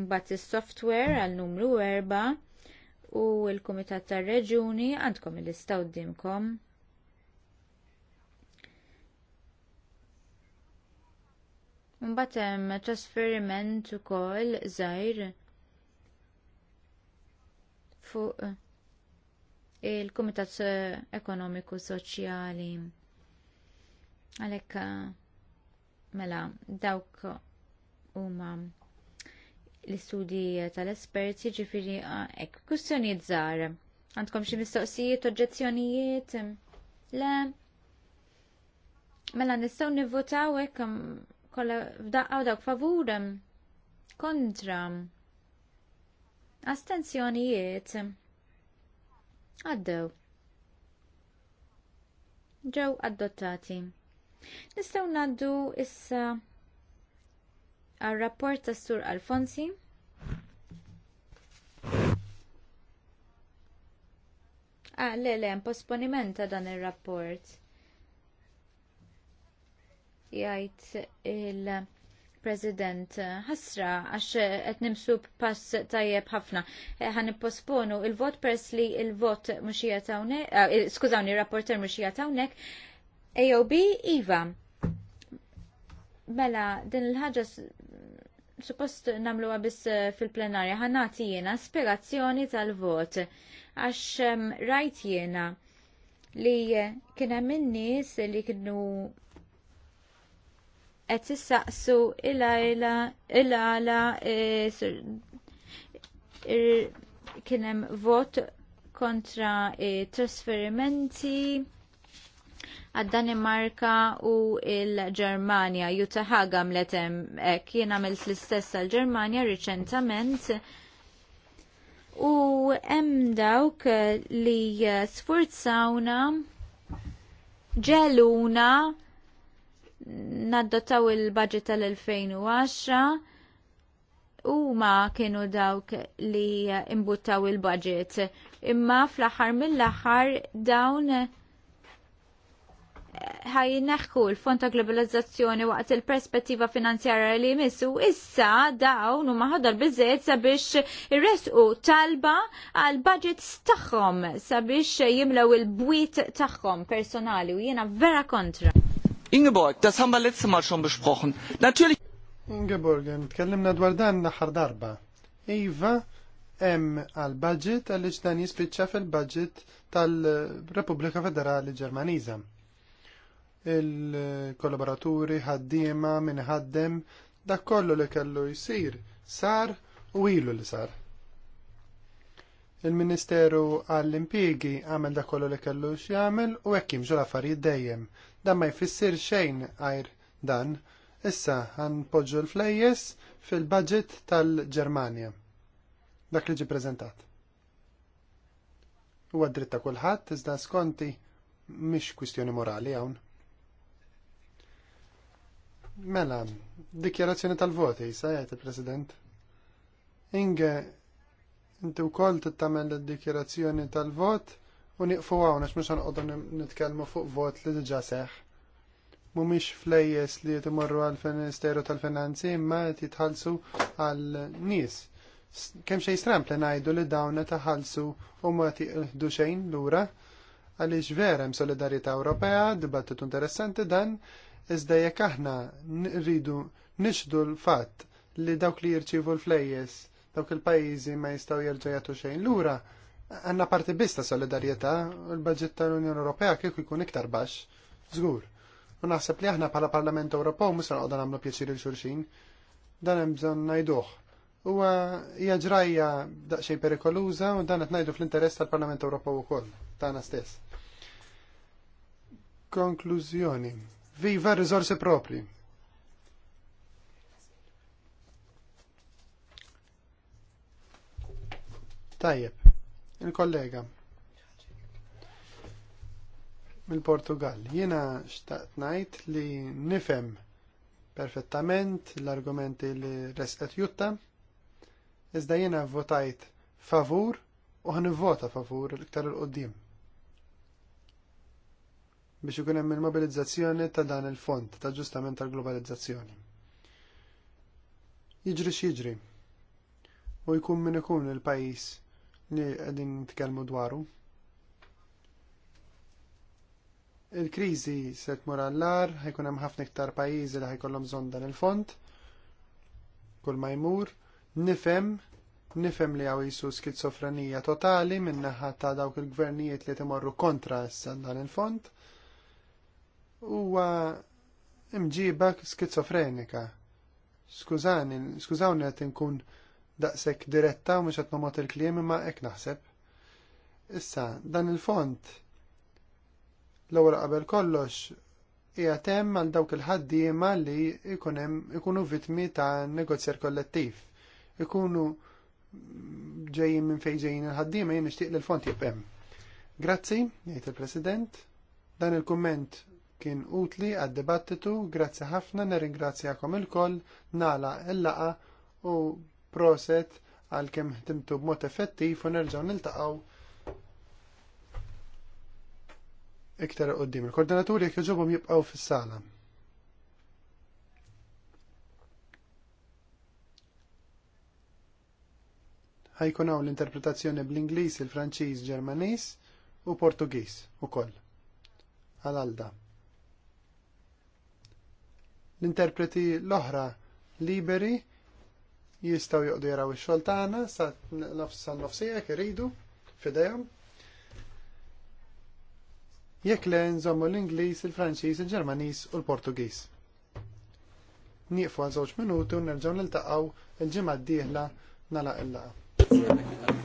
Mbatt il-software għal numru 4 u l-Kumitat tar-Reġuni għandkom il-lista qudiemkom. Mbagħad hemm trasferiment ukoll żgħir fuq il komitat Ekonomiku Soċjali. Għalhekk Mela, dawk huma l-istudji tal-esperti ġifiri ek kustjonijiet żgħar. Għandkom xi mistoqsijiet, oġġezzjonijiet? Le. Mela nistgħu nivvotaw hekk kollha f'daqqa u dawk favur kontra astenzjonijiet għaddew ġew adottati. Nistgħu ngħaddu issa għal-rapport tas Sur Alfonsi. Ah, le, le, posponiment ta' dan ir rapport Jgħid il-President ħasra għax qed nimsu pass tajjeb ħafna. Eh, ħan posponu il-vot pers li il-vot mhux jagħtawnek, ah, skużawni, rapporter mhux jagħtawnek, AOB IVA. Mela, din il-ħagġa suppost namluwa biss eh, fil-plenarja ħanati jena spiegazzjoni tal-vot għax rajt jena li eh, in minnis li kienu qed issaqsu il-għajla, il-għala, eh, kien hemm vot kontra trasferimenti għad-Danimarka u il-Ġermanja. Juta għamletem letem ek jien għamilt l-istess għal-Ġermanja riċentament u hemm dawk li sfurzawna ġeluna naddottaw il-budget tal-2010 u ma kienu dawk li imbuttaw il-budget. Imma fl-axar mill-axar dawn neħku l-fond ta' globalizzazzjoni waqt il-perspettiva finanzjarja li jmissu issa dawn u maħodar bizzet sabiex irresqu talba għal budgets tagħhom sabiex jimlew il-bwit tagħhom personali u jiena vera kontra. Ingeborg, das haben wir letzte Mal schon besprochen. Natürlich. Ingeborg, tkellimna dwar dan naħar darba. Iva, hemm għal budget għaliex dan jispiċċa fil-budget tal-Repubblika Federali Ġermaniża il-kollaboraturi, ħaddiema, minn ħaddem, dak kollu li kellu jsir sar u ilu li sar. Il-Ministeru għall-impjiegi għamel dak kollu li kellu x'jagħmel u hekk jimxu l-affarijiet dejjem. Dan ma jfissir xejn għajr dan. Issa ħanpoġġu l-flejjes fil-budget tal-Ġermanja. Dak li ġi preżentat. Huwa dritt ta' kulħadd iżda skonti mhix kwistjoni morali hawn. Mela, dikjarazzjoni tal-voti, sajajt il-President. Inge, inti u koll l dikjarazzjoni tal-vot u niqfu għaw, nax mux għanqodu nitkelmu fuq vot li d seħ. Mumiex flejjes li timorru għal-Ministeru tal-Finanzi imma jitħalsu għal-nis. Kem xej stramp li najdu li dawna taħalsu u ma tiqdu xejn l-ura għaliex vera hemm solidarjetà Ewropea, dibattitu interessanti dan, Iżda jekk aħna rridu nixdu l-fatt li dawk li jirċievu l-flejjes dawk il-pajjiżi ma jistgħu jerġgħu jagħtu xejn lura, għandna parti biss ta' solidarjetà u l-baġġett tal-Unjoni Ewropea kif jkun iktar baxx, żgur. U naħseb li aħna bħala Parlament Ewropew mhux nqogħdu nagħmlu pjaċir il xulxin dan hemm bżonn ngħiduh. Huwa hija ġrajja daqsxejn perikoluża u dan qed ngħidu fl-interess tal-Parlament Ewropew ukoll tagħna stess. Konklużjoni viva risorsi propri. Tajep, il-kollega mill-Portugal. Jiena xtaqt ngħid li nifhem perfettament l-argumenti li resqet jutta, iżda jiena votajt favur u ħanivvota favur l-iktar il-qoddim. il qoddim biex ikun hemm il-mobilizzazzjoni ta' dan il-fond ta' ġustament tal-globalizzazzjoni. Jiġri x'jiġri. U jkun min ikun il-pajjiż li qegħdin nitkellmu dwaru. Il-kriżi se tmur għall-lar, ħajkun hemm ħafna iktar pajjiżi li ħajkollhom bżonn dan il-fond. Kull ma jmur, nifhem nifhem li għaw jisu skizofrenija totali naħa ta' dawk il-gvernijiet li timorru kontra s dan il-fond, huwa imġiba skizofrenika. Skużani, skużawni qed inkun daqshekk diretta u mhux qed nomot il-kliem imma hekk naħseb. Issa, dan il-font l-ewwel qabel kollox hija temm għal dawk il-ħaddiema li ikunu vittmi ta' negozjar kollettiv. Ikunu ġejjin minn fejn il ħaddi jien nixtieq li l-font jibqem. Grazzi, jgħid il-President. Dan il-kumment kien utli għad-dibattitu, grazzi ħafna nirringrazzjakom il-koll, nala il-laqa u proset għal kem timtu b'mod effettiv u nerġaw niltaqgħu. iktar qoddim. Il-koordinaturi jekk jġobhom jibqgħu fis-sala. ħajkun hawn l-interpretazzjoni bl-Ingliż, il-Franċiż, Ġermaniż u Portugiż ukoll. Għal-għalda. L-interpreti l-oħra liberi jistaw juqdu jaraw ix-xogħol tagħna sa nofsija iridu f'idejhom. Jekk le nżommu l-Ingliż, il-Franċiż, il-Ġermaniż u l-Portugiż. Nieqfu għal żewġ minuti u nerġgħu niltaqgħu il-ġimgħa d-dieħla nalaq il laqgħa